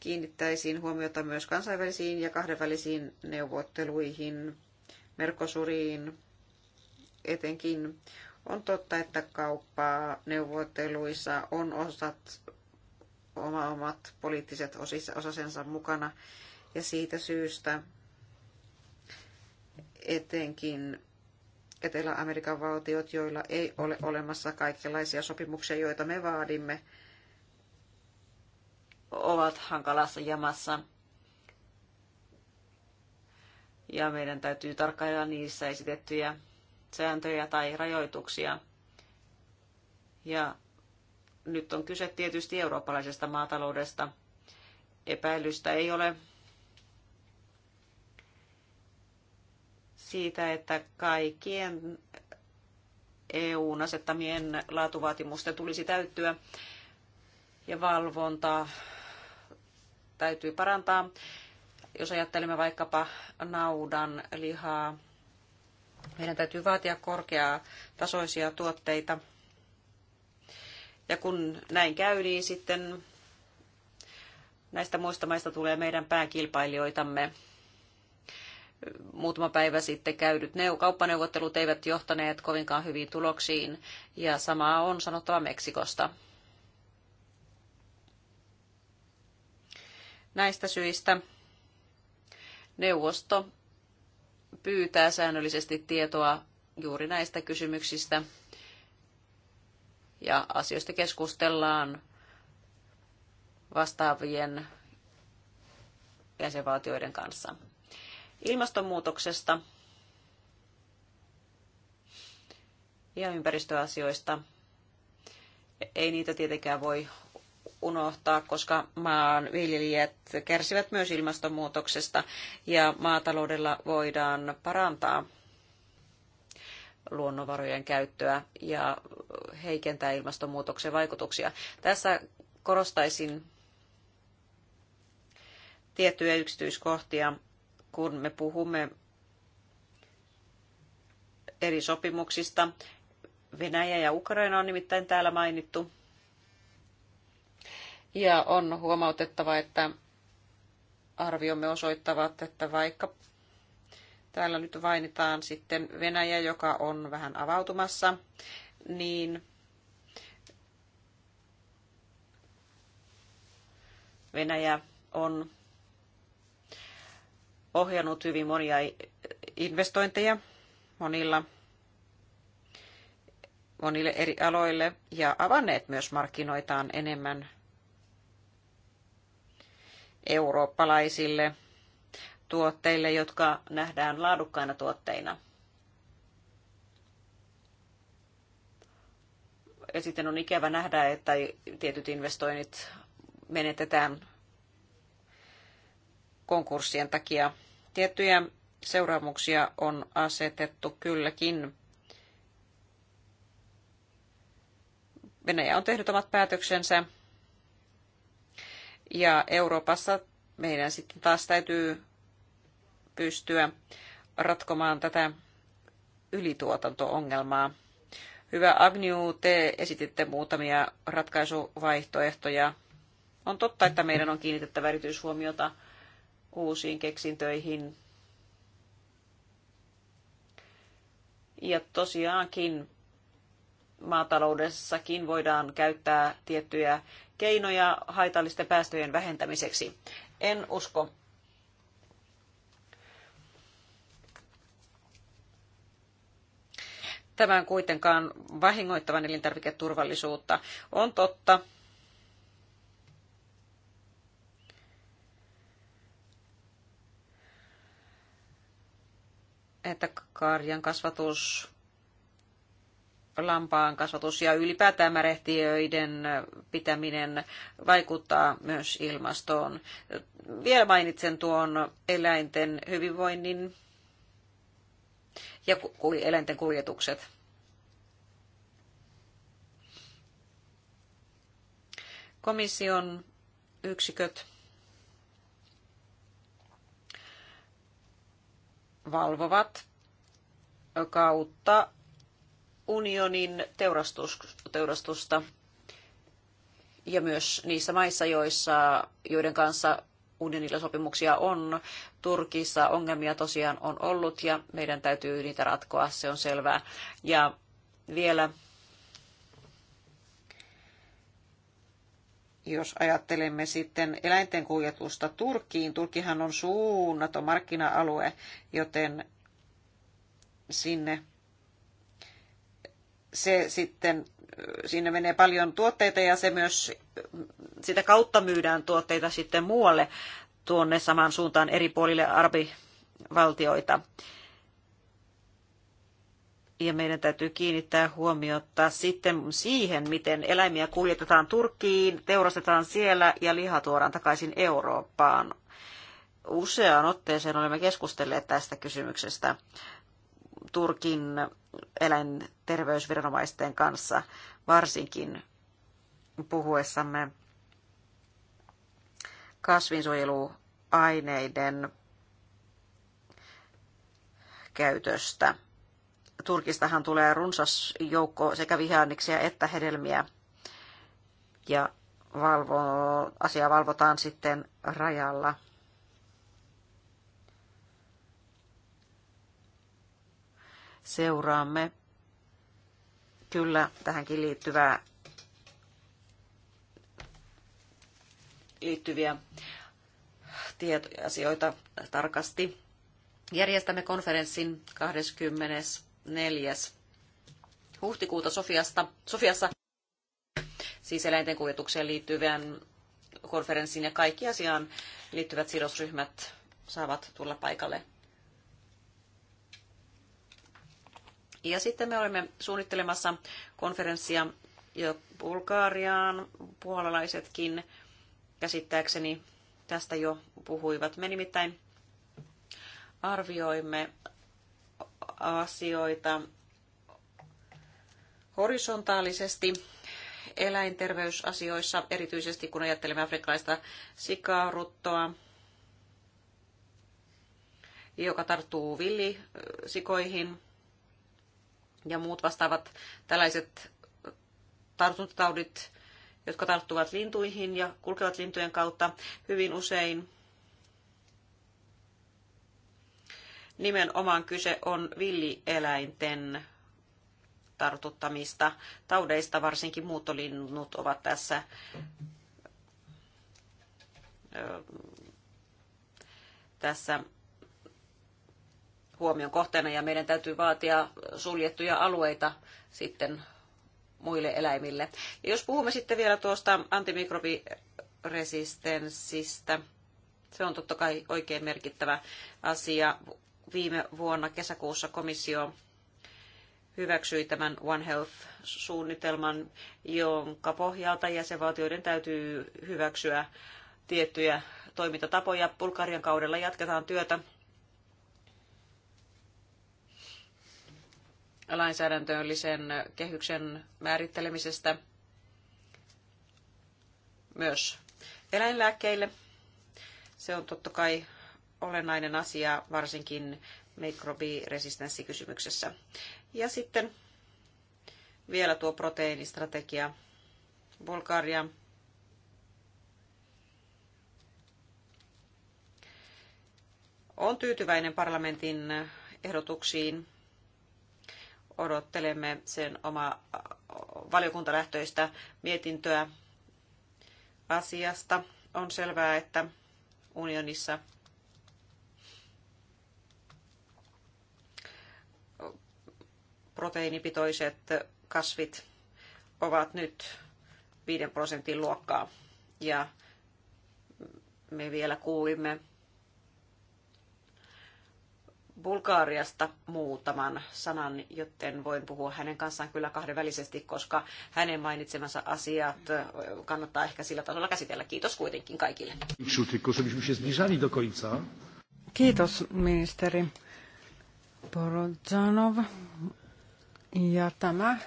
Kiinnittäisiin huomiota myös kansainvälisiin ja kahdenvälisiin neuvotteluihin, Merkosuriin, etenkin. On totta, että kauppaa neuvotteluissa on osat, oma omat poliittiset osasensa mukana. Ja siitä syystä etenkin Etelä-Amerikan valtiot, joilla ei ole olemassa kaikenlaisia sopimuksia, joita me vaadimme, ovat hankalassa jamassa. Ja meidän täytyy tarkkailla niissä esitettyjä sääntöjä tai rajoituksia. Ja nyt on kyse tietysti eurooppalaisesta maataloudesta. Epäilystä ei ole siitä, että kaikkien EUn asettamien laatuvaatimusten tulisi täyttyä ja valvontaa täytyy parantaa. Jos ajattelemme vaikkapa naudan lihaa, meidän täytyy vaatia korkeaa tasoisia tuotteita. Ja kun näin käy, niin sitten näistä muista maista tulee meidän pääkilpailijoitamme. Muutama päivä sitten käydyt neu- kauppaneuvottelut eivät johtaneet kovinkaan hyviin tuloksiin, ja samaa on sanottava Meksikosta. Näistä syistä neuvosto pyytää säännöllisesti tietoa juuri näistä kysymyksistä ja asioista keskustellaan vastaavien jäsenvaltioiden kanssa. Ilmastonmuutoksesta ja ympäristöasioista. Ei niitä tietenkään voi unohtaa, koska maanviljelijät kärsivät myös ilmastonmuutoksesta ja maataloudella voidaan parantaa luonnonvarojen käyttöä ja heikentää ilmastonmuutoksen vaikutuksia. Tässä korostaisin tiettyjä yksityiskohtia, kun me puhumme eri sopimuksista. Venäjä ja Ukraina on nimittäin täällä mainittu. Ja on huomautettava, että arviomme osoittavat, että vaikka täällä nyt vainitaan sitten Venäjä, joka on vähän avautumassa, niin Venäjä on ohjannut hyvin monia investointeja monilla, monille eri aloille ja avanneet myös markkinoitaan enemmän eurooppalaisille tuotteille, jotka nähdään laadukkaina tuotteina. Ja sitten on ikävä nähdä, että tietyt investoinnit menetetään konkurssien takia. Tiettyjä seuraamuksia on asetettu kylläkin. Venäjä on tehnyt omat päätöksensä ja Euroopassa meidän sitten taas täytyy pystyä ratkomaan tätä ylituotanto-ongelmaa. Hyvä Agnew, te esititte muutamia ratkaisuvaihtoehtoja. On totta, että meidän on kiinnitettävä erityishuomiota uusiin keksintöihin. Ja tosiaankin maataloudessakin voidaan käyttää tiettyjä keinoja haitallisten päästöjen vähentämiseksi. En usko. Tämän kuitenkaan vahingoittavan elintarviketurvallisuutta on totta, että karjan kasvatus lampaan kasvatus ja ylipäätään märehtiöiden pitäminen vaikuttaa myös ilmastoon. Vielä mainitsen tuon eläinten hyvinvoinnin ja eläinten kuljetukset. Komission yksiköt valvovat kautta unionin teurastus, teurastusta ja myös niissä maissa, joissa, joiden kanssa unionilla sopimuksia on. Turkissa ongelmia tosiaan on ollut ja meidän täytyy niitä ratkoa, se on selvää. Ja vielä, jos ajattelemme sitten eläinten kuljetusta Turkkiin, Turkihan on suunnaton markkina-alue, joten sinne se sitten, siinä menee paljon tuotteita ja se myös, sitä kautta myydään tuotteita sitten muualle tuonne samaan suuntaan eri puolille arbivaltioita. Ja meidän täytyy kiinnittää huomiota sitten siihen, miten eläimiä kuljetetaan Turkkiin, teurastetaan siellä ja liha tuodaan takaisin Eurooppaan. Useaan otteeseen olemme keskustelleet tästä kysymyksestä. Turkin eläinterveysviranomaisten kanssa, varsinkin puhuessamme kasvinsuojeluaineiden käytöstä. Turkistahan tulee runsas joukko sekä vihanneksia että hedelmiä. Ja valvo, asiaa valvotaan sitten rajalla. seuraamme kyllä tähänkin liittyvää, liittyviä tietoja, asioita tarkasti. Järjestämme konferenssin 24. huhtikuuta Sofiasta, Sofiassa, siis eläinten kuljetukseen liittyvän konferenssin ja kaikki asiaan liittyvät sidosryhmät saavat tulla paikalle Ja sitten me olemme suunnittelemassa konferenssia jo Bulgaariaan, puolalaisetkin käsittääkseni tästä jo puhuivat. Me nimittäin arvioimme asioita horisontaalisesti eläinterveysasioissa, erityisesti kun ajattelemme afrikkalaista sikaruttoa, joka tarttuu villisikoihin ja muut vastaavat tällaiset tartuntataudit, jotka tarttuvat lintuihin ja kulkevat lintujen kautta hyvin usein. Nimenomaan kyse on villieläinten tartuttamista taudeista, varsinkin muuttolinnut ovat tässä tässä huomion kohteena ja meidän täytyy vaatia suljettuja alueita sitten muille eläimille. Ja jos puhumme sitten vielä tuosta antimikrobiresistenssistä, se on totta kai oikein merkittävä asia. Viime vuonna kesäkuussa komissio hyväksyi tämän One Health-suunnitelman, jonka pohjalta jäsenvaltioiden täytyy hyväksyä tiettyjä toimintatapoja. Bulgarian kaudella jatketaan työtä lainsäädäntöllisen kehyksen määrittelemisestä myös eläinlääkkeille. Se on totta kai olennainen asia, varsinkin mikrobiresistenssikysymyksessä. Ja sitten vielä tuo proteiinistrategia. Bulgaria on tyytyväinen parlamentin ehdotuksiin odottelemme sen oma valiokuntalähtöistä mietintöä asiasta. On selvää, että unionissa proteiinipitoiset kasvit ovat nyt 5 prosentin luokkaa. Ja me vielä kuulimme Bulgaariasta muutaman sanan, joten voin puhua hänen kanssaan kyllä kahdenvälisesti, koska hänen mainitsemansa asiat kannattaa ehkä sillä tasolla käsitellä. Kiitos kuitenkin kaikille. Kiitos ministeri Porodzanov. Ja tämä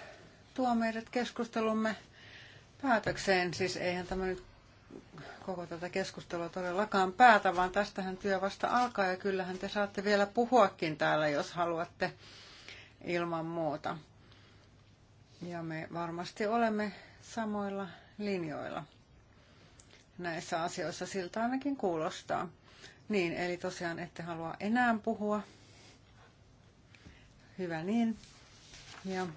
tuo meidät keskustelumme päätökseen. Siis eihän tämä nyt koko tätä keskustelua todellakaan päätä, vaan tästähän työ vasta alkaa ja kyllähän te saatte vielä puhuakin täällä, jos haluatte ilman muuta. Ja me varmasti olemme samoilla linjoilla näissä asioissa, siltä ainakin kuulostaa. Niin, eli tosiaan ette halua enää puhua. Hyvä niin. Ja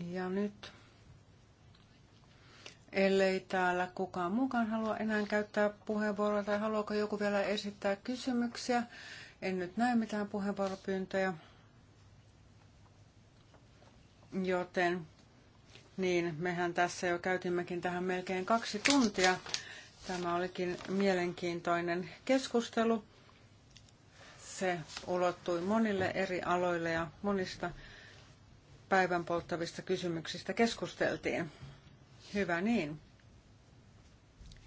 Ja nyt, ellei täällä kukaan mukaan halua enää käyttää puheenvuoroa tai haluaako joku vielä esittää kysymyksiä, en nyt näe mitään puheenvuoropyyntöjä. Joten niin, mehän tässä jo käytimmekin tähän melkein kaksi tuntia. Tämä olikin mielenkiintoinen keskustelu. Se ulottui monille eri aloille ja monista päivän polttavista kysymyksistä keskusteltiin. Hyvä niin.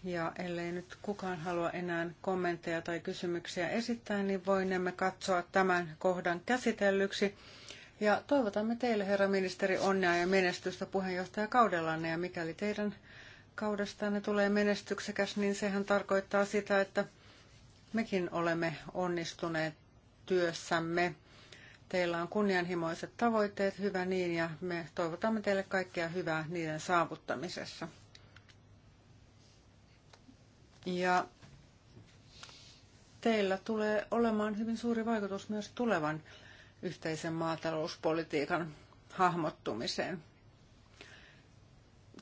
Ja ellei nyt kukaan halua enää kommentteja tai kysymyksiä esittää, niin voinemme katsoa tämän kohdan käsitellyksi. Ja toivotamme teille, herra ministeri, onnea ja menestystä puheenjohtajakaudellanne. Ja mikäli teidän kaudestanne tulee menestyksekäs, niin sehän tarkoittaa sitä, että mekin olemme onnistuneet työssämme. Teillä on kunnianhimoiset tavoitteet, hyvä niin, ja me toivotamme teille kaikkea hyvää niiden saavuttamisessa. Ja teillä tulee olemaan hyvin suuri vaikutus myös tulevan yhteisen maatalouspolitiikan hahmottumiseen.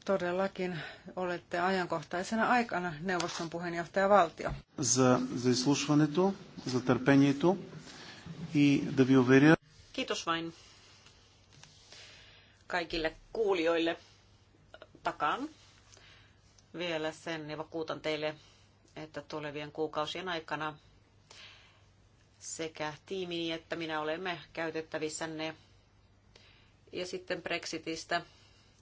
Todellakin olette ajankohtaisena aikana neuvoston puheenjohtajavaltio. За, за изслушването, за търпението и да ви уверя... Kiitos vain kaikille kuulijoille takaan vielä sen ja vakuutan teille, että tulevien kuukausien aikana sekä tiimini että minä olemme käytettävissänne. Ja sitten Brexitistä.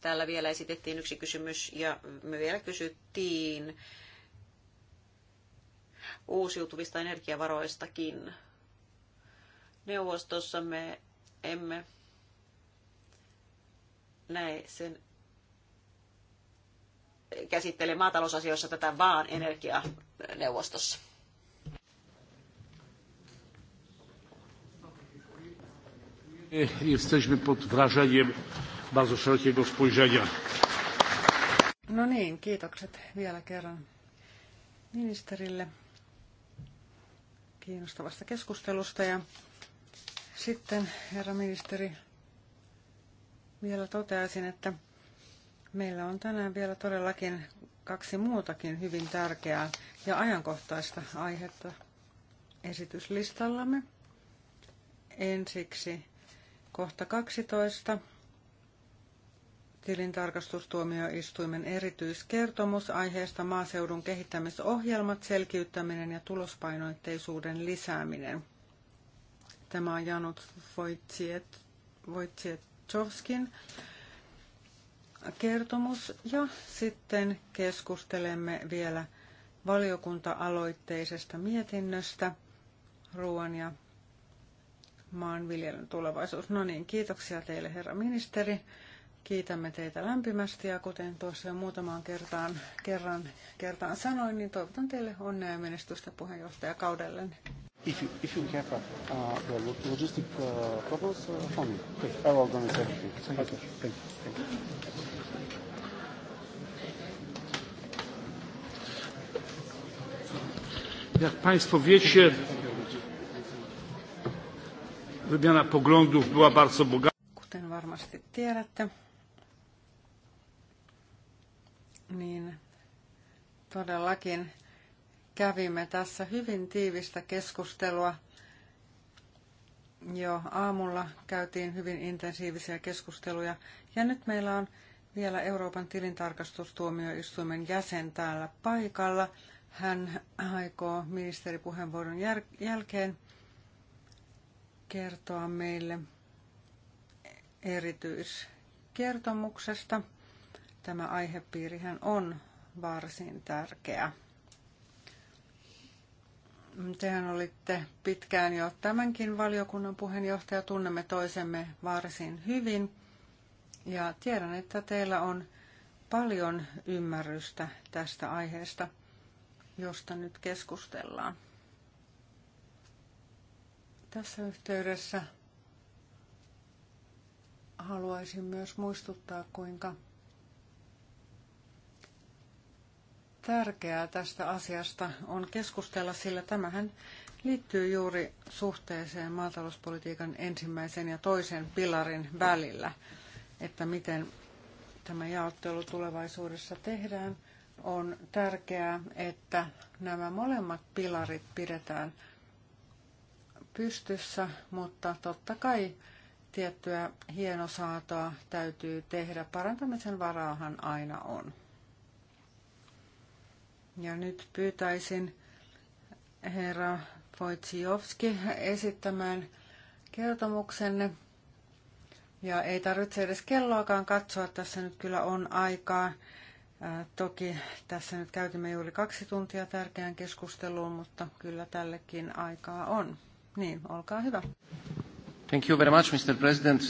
Täällä vielä esitettiin yksi kysymys ja me vielä kysyttiin uusiutuvista energiavaroistakin. Neuvostossa me emme näe sen käsittele maatalousasioissa tätä vaan energianeuvostossa. Jesteśmy pod wrażeniem bardzo szerokiego spojrzenia. No niin, kiitokset vielä kerran ministerille kiinnostavasta keskustelusta ja sitten, herra ministeri, vielä toteaisin, että meillä on tänään vielä todellakin kaksi muutakin hyvin tärkeää ja ajankohtaista aihetta esityslistallamme. Ensiksi kohta 12. Tilintarkastustuomioistuimen erityiskertomus aiheesta maaseudun kehittämisohjelmat, selkiyttäminen ja tulospainoitteisuuden lisääminen. Tämä on Janut Wojciechowskin kertomus ja sitten keskustelemme vielä valiokunta-aloitteisesta mietinnöstä ruoan ja maanviljelyn tulevaisuus. No niin, kiitoksia teille herra ministeri. Kiitämme teitä lämpimästi ja kuten tuossa jo muutamaan kertaan, kerran, kertaan sanoin, niin toivotan teille onnea ja menestystä puheenjohtajakaudelle if you, if you have a, uh, the logistic uh, problems, uh, phone me. Okay. I will organize everything. Thank okay. you. Thank you. Thank you. Jak Państwo wiecie, wymiana poglądów była bardzo bogata. Kuten varmasti tiedätte, niin todellakin kävimme tässä hyvin tiivistä keskustelua. Jo aamulla käytiin hyvin intensiivisiä keskusteluja ja nyt meillä on vielä Euroopan tilintarkastustuomioistuimen jäsen täällä paikalla. Hän aikoo ministeripuheenvuoron jär- jälkeen kertoa meille erityiskertomuksesta. Tämä aihepiirihän on varsin tärkeä. Tehän olitte pitkään jo tämänkin valiokunnan puheenjohtaja. Tunnemme toisemme varsin hyvin ja tiedän, että teillä on paljon ymmärrystä tästä aiheesta, josta nyt keskustellaan. Tässä yhteydessä haluaisin myös muistuttaa, kuinka tärkeää tästä asiasta on keskustella, sillä tämähän liittyy juuri suhteeseen maatalouspolitiikan ensimmäisen ja toisen pilarin välillä, että miten tämä jaottelu tulevaisuudessa tehdään. On tärkeää, että nämä molemmat pilarit pidetään pystyssä, mutta totta kai tiettyä hienosaatoa täytyy tehdä. Parantamisen varaahan aina on. Ja nyt pyytäisin herra Wojciowski esittämään kertomuksenne. Ja ei tarvitse edes kelloakaan katsoa, tässä nyt kyllä on aikaa. Äh, toki tässä nyt käytimme juuri kaksi tuntia tärkeään keskusteluun, mutta kyllä tällekin aikaa on. Niin, olkaa hyvä. Thank you very much, Mr. President.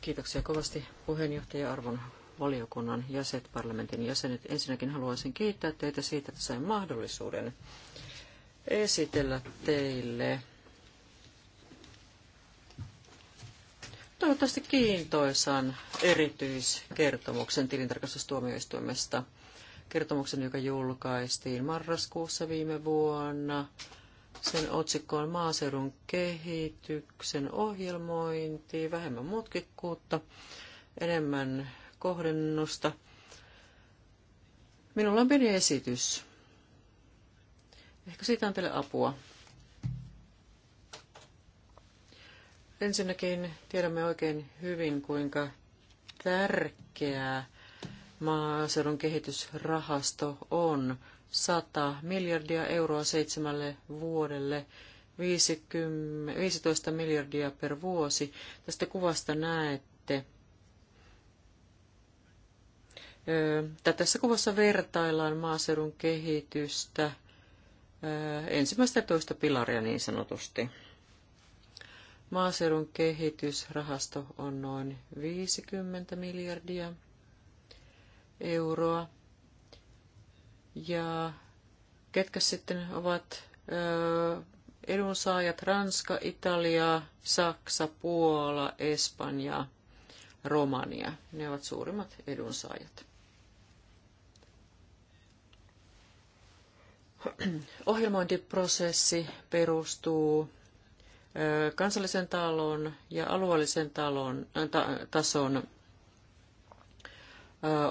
Kiitoksia kovasti puheenjohtaja Arvon valiokunnan jäsenet, parlamentin jäsenet. Ensinnäkin haluaisin kiittää teitä siitä, että sain mahdollisuuden esitellä teille toivottavasti kiintoisan erityiskertomuksen tilintarkastustuomioistuimesta. Kertomuksen, joka julkaistiin marraskuussa viime vuonna. Sen otsikko on maaseudun kehityksen ohjelmointi, vähemmän mutkikkuutta, enemmän kohdennusta. Minulla on pieni esitys. Ehkä siitä on teille apua. Ensinnäkin tiedämme oikein hyvin, kuinka tärkeää maaseudun kehitysrahasto on. 100 miljardia euroa seitsemälle vuodelle, 50, 15 miljardia per vuosi. Tästä kuvasta näette, tai tässä kuvassa vertaillaan maaseudun kehitystä ensimmäistä ja toista pilaria niin sanotusti. Maaseudun kehitysrahasto on noin 50 miljardia euroa. Ja ketkä sitten ovat edunsaajat? Ranska, Italia, Saksa, Puola, Espanja, Romania. Ne ovat suurimmat edunsaajat. Ohjelmointiprosessi perustuu kansallisen talon ja alueellisen talon, ta, tason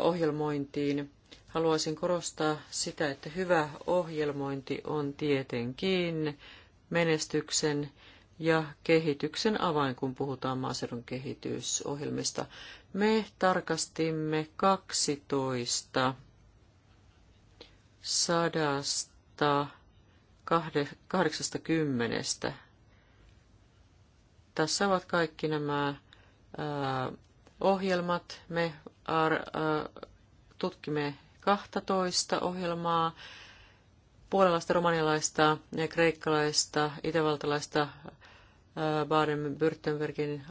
ohjelmointiin. Haluaisin korostaa sitä, että hyvä ohjelmointi on tietenkin menestyksen ja kehityksen avain, kun puhutaan maaseudun kehitysohjelmista. Me tarkastimme 12 sadasta kymmenestä Tässä ovat kaikki nämä ää, ohjelmat. Me ar, ää, tutkimme 12 ohjelmaa puolalaista, romanialaista, kreikkalaista, itävaltalaista, Baden-Württembergin,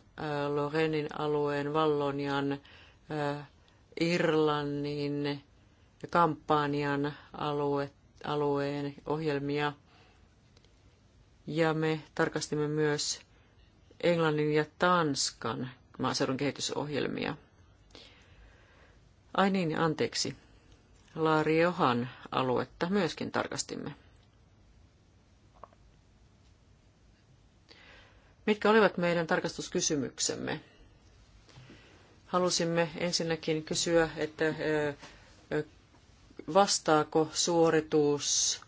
Lorenin alueen, Vallonian, Irlannin ja Kampanjan aluetta alueen ohjelmia. Ja me tarkastimme myös Englannin ja Tanskan maaseudun kehitysohjelmia. Ai niin, anteeksi. Laariohan aluetta myöskin tarkastimme. Mitkä olivat meidän tarkastuskysymyksemme? Halusimme ensinnäkin kysyä, että vastaako suoritus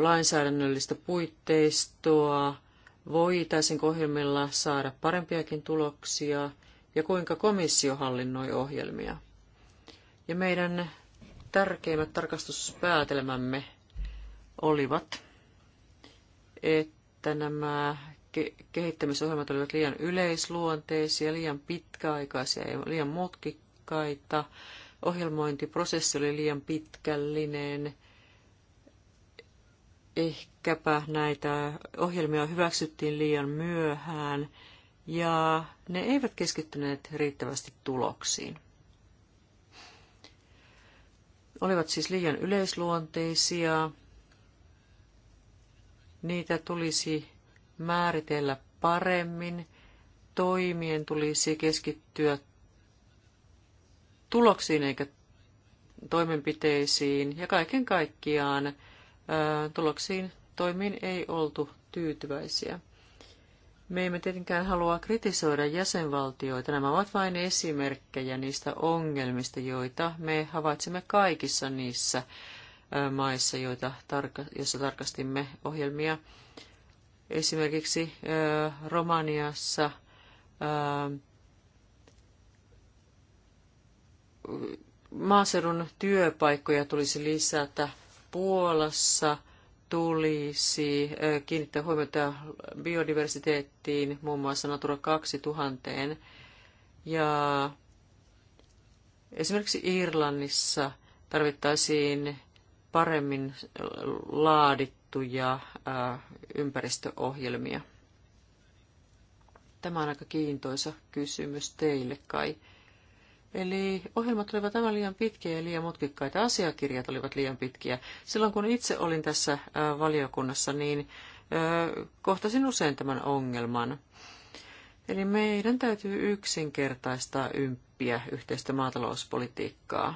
lainsäädännöllistä puitteistoa, voitaisiinko ohjelmilla saada parempiakin tuloksia ja kuinka komissio hallinnoi ohjelmia. Ja meidän tärkeimmät tarkastuspäätelmämme olivat, että nämä kehittämisohjelmat olivat liian yleisluonteisia, liian pitkäaikaisia ja liian mutkikkaita ohjelmointiprosessi oli liian pitkällinen. Ehkäpä näitä ohjelmia hyväksyttiin liian myöhään ja ne eivät keskittyneet riittävästi tuloksiin. Olivat siis liian yleisluonteisia. Niitä tulisi määritellä paremmin. Toimien tulisi keskittyä tuloksiin eikä toimenpiteisiin ja kaiken kaikkiaan tuloksiin toimiin ei oltu tyytyväisiä. Me emme tietenkään halua kritisoida jäsenvaltioita. Nämä ovat vain esimerkkejä niistä ongelmista, joita me havaitsemme kaikissa niissä maissa, joita tarka- joissa tarkastimme ohjelmia. Esimerkiksi Romaniassa maaseudun työpaikkoja tulisi lisätä. Puolassa tulisi kiinnittää huomiota biodiversiteettiin, muun muassa Natura 2000. Ja esimerkiksi Irlannissa tarvittaisiin paremmin laadittuja ympäristöohjelmia. Tämä on aika kiintoisa kysymys teille kai. Eli ohjelmat olivat aivan liian pitkiä ja liian mutkikkaita. Asiakirjat olivat liian pitkiä. Silloin kun itse olin tässä äh, valiokunnassa, niin äh, kohtasin usein tämän ongelman. Eli meidän täytyy yksinkertaistaa ymppiä yhteistä maatalouspolitiikkaa.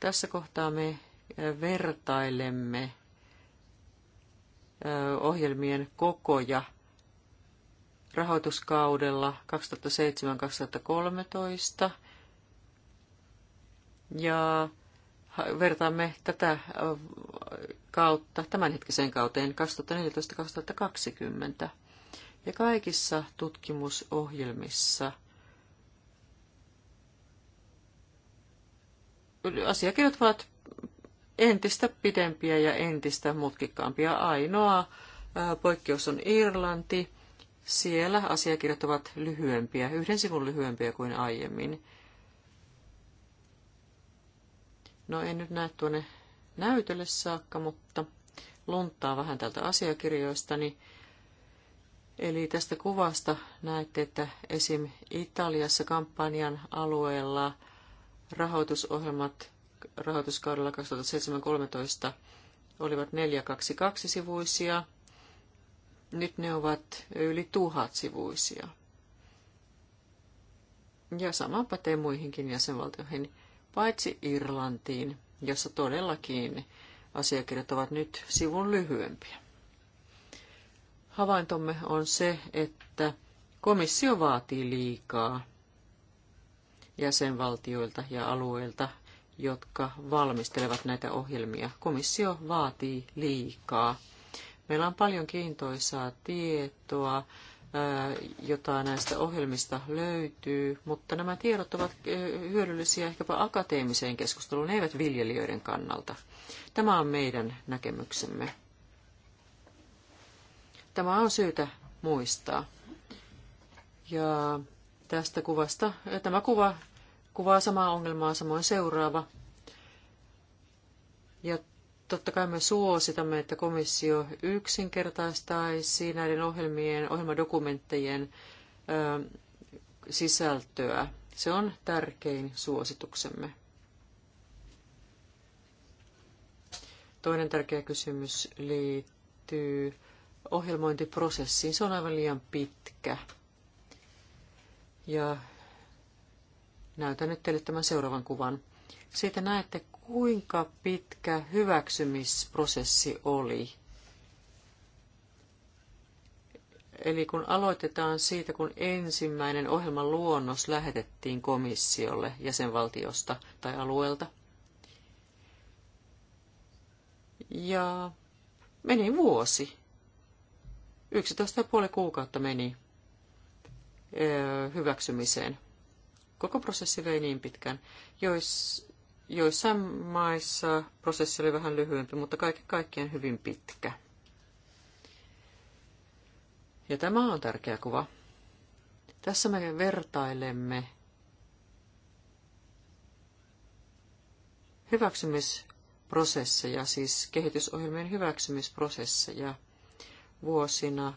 Tässä kohtaa me äh, vertailemme ohjelmien kokoja rahoituskaudella 2007-2013 ja vertaamme tätä kautta tämänhetkiseen kauteen 2014-2020. Ja kaikissa tutkimusohjelmissa asiakirjat ovat entistä pidempiä ja entistä mutkikkaampia. Ainoa poikkeus on Irlanti. Siellä asiakirjat ovat lyhyempiä, yhden sivun lyhyempiä kuin aiemmin. No en nyt näe tuonne näytölle saakka, mutta lunttaa vähän tältä asiakirjoistani. Eli tästä kuvasta näette, että esim. Italiassa kampanjan alueella rahoitusohjelmat rahoituskaudella 2013 olivat 422 sivuisia. Nyt ne ovat yli tuhat sivuisia. Ja sama pätee muihinkin jäsenvaltioihin paitsi Irlantiin, jossa todellakin asiakirjat ovat nyt sivun lyhyempiä. Havaintomme on se, että komissio vaatii liikaa jäsenvaltioilta ja alueilta, jotka valmistelevat näitä ohjelmia. Komissio vaatii liikaa. Meillä on paljon kiintoisaa tietoa jota näistä ohjelmista löytyy, mutta nämä tiedot ovat hyödyllisiä ehkäpä akateemiseen keskusteluun, eivät viljelijöiden kannalta. Tämä on meidän näkemyksemme. Tämä on syytä muistaa. Ja tästä kuvasta, tämä kuva kuvaa samaa ongelmaa, samoin seuraava. Ja Totta kai me suositamme, että komissio yksinkertaistaisi näiden ohjelmien, ohjelmadokumenttien ö, sisältöä. Se on tärkein suosituksemme. Toinen tärkeä kysymys liittyy ohjelmointiprosessiin. Se on aivan liian pitkä. Ja näytän nyt teille tämän seuraavan kuvan. Siitä näette, Kuinka pitkä hyväksymisprosessi oli? Eli kun aloitetaan siitä, kun ensimmäinen ohjelman luonnos lähetettiin komissiolle jäsenvaltiosta tai alueelta. Ja meni vuosi. 11,5 kuukautta meni hyväksymiseen. Koko prosessi vei niin pitkään. Jos Joissain maissa prosessi oli vähän lyhyempi, mutta kaiken kaikkiaan hyvin pitkä. Ja tämä on tärkeä kuva. Tässä me vertailemme hyväksymisprosesseja, siis kehitysohjelmien hyväksymisprosesseja vuosina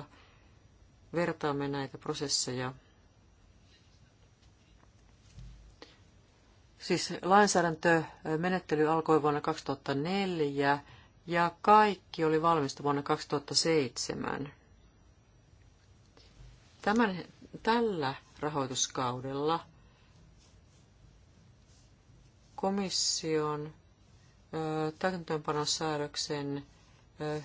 2007-2013. Vertaamme näitä prosesseja Siis lainsäädäntömenettely alkoi vuonna 2004 ja kaikki oli valmista vuonna 2007. Tämän, tällä rahoituskaudella komission täytäntöönpanosäädöksen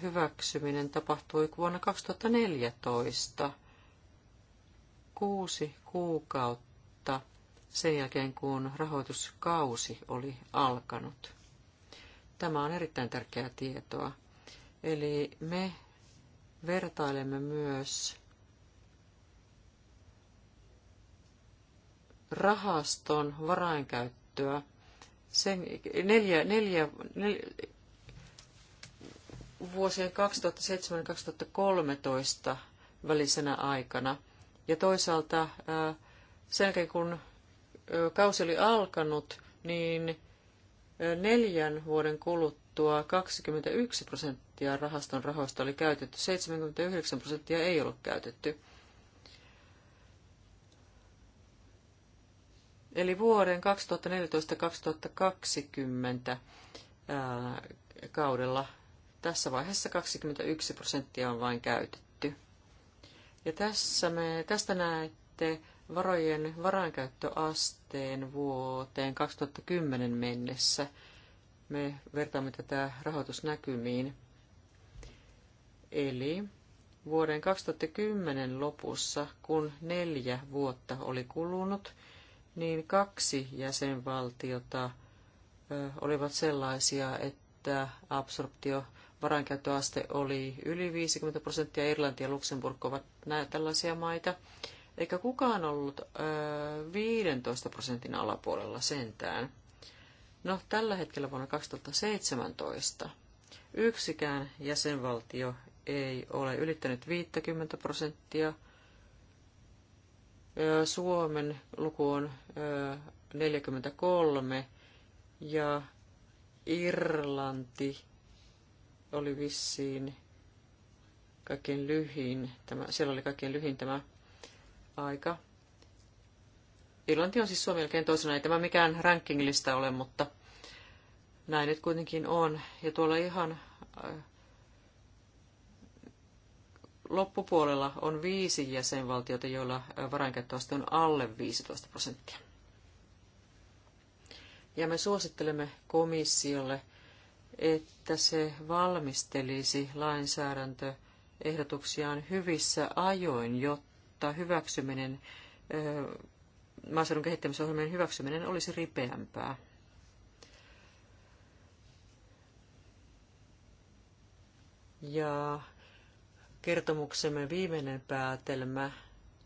hyväksyminen tapahtui vuonna 2014, kuusi kuukautta sen jälkeen, kun rahoituskausi oli alkanut. Tämä on erittäin tärkeää tietoa. Eli me vertailemme myös rahaston varainkäyttöä sen neljä, neljä, neljä, vuosien 2007-2013 välisenä aikana. Ja toisaalta sen jälkeen, kun kausi oli alkanut, niin neljän vuoden kuluttua 21 prosenttia rahaston rahoista oli käytetty, 79 prosenttia ei ollut käytetty. Eli vuoden 2014-2020 kaudella tässä vaiheessa 21 prosenttia on vain käytetty. Ja tässä me, tästä näette varojen varainkäyttöasteen vuoteen 2010 mennessä. Me vertaamme tätä rahoitusnäkymiin. Eli vuoden 2010 lopussa, kun neljä vuotta oli kulunut, niin kaksi jäsenvaltiota olivat sellaisia, että absorptio varainkäyttöaste oli yli 50 prosenttia. Irlanti ja Luxemburg ovat nää, tällaisia maita eikä kukaan ollut ö, 15 prosentin alapuolella sentään. No, tällä hetkellä vuonna 2017 yksikään jäsenvaltio ei ole ylittänyt 50 prosenttia. Suomen luku on 43 ja Irlanti oli vissiin kaikkein lyhin, tämä, siellä oli kaikkein lyhin tämä aika. Irlanti on siis Suomi, melkein toisena. Ei tämä mikään rankinglista ole, mutta näin nyt kuitenkin on. Ja tuolla ihan äh, loppupuolella on viisi jäsenvaltiota, joilla äh, varainkäyttöaste on alle 15 prosenttia. Ja me suosittelemme komissiolle, että se valmistelisi lainsäädäntöehdotuksiaan hyvissä ajoin, jotta mutta hyväksyminen, maaseudun kehittämisohjelmien hyväksyminen olisi ripeämpää. Ja kertomuksemme viimeinen päätelmä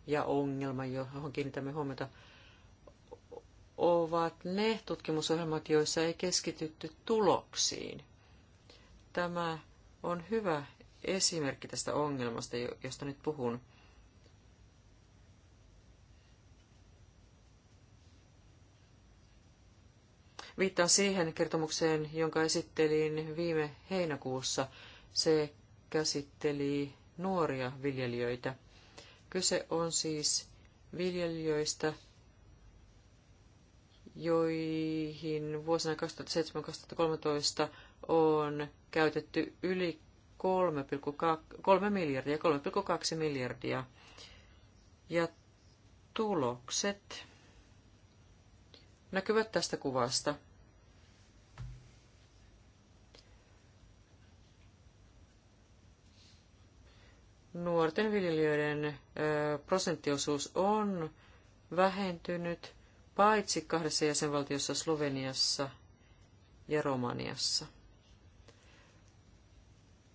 ja ongelma, johon kiinnitämme huomiota, ovat ne tutkimusohjelmat, joissa ei keskitytty tuloksiin. Tämä on hyvä esimerkki tästä ongelmasta, josta nyt puhun. Viittaan siihen kertomukseen, jonka esittelin viime heinäkuussa. Se käsitteli nuoria viljelijöitä. Kyse on siis viljelijöistä, joihin vuosina 2007-2013 on käytetty yli 3,2 miljardia, 3,2 miljardia. Ja tulokset näkyvät tästä kuvasta – nuorten viljelijöiden prosenttiosuus on vähentynyt paitsi kahdessa jäsenvaltiossa Sloveniassa ja Romaniassa.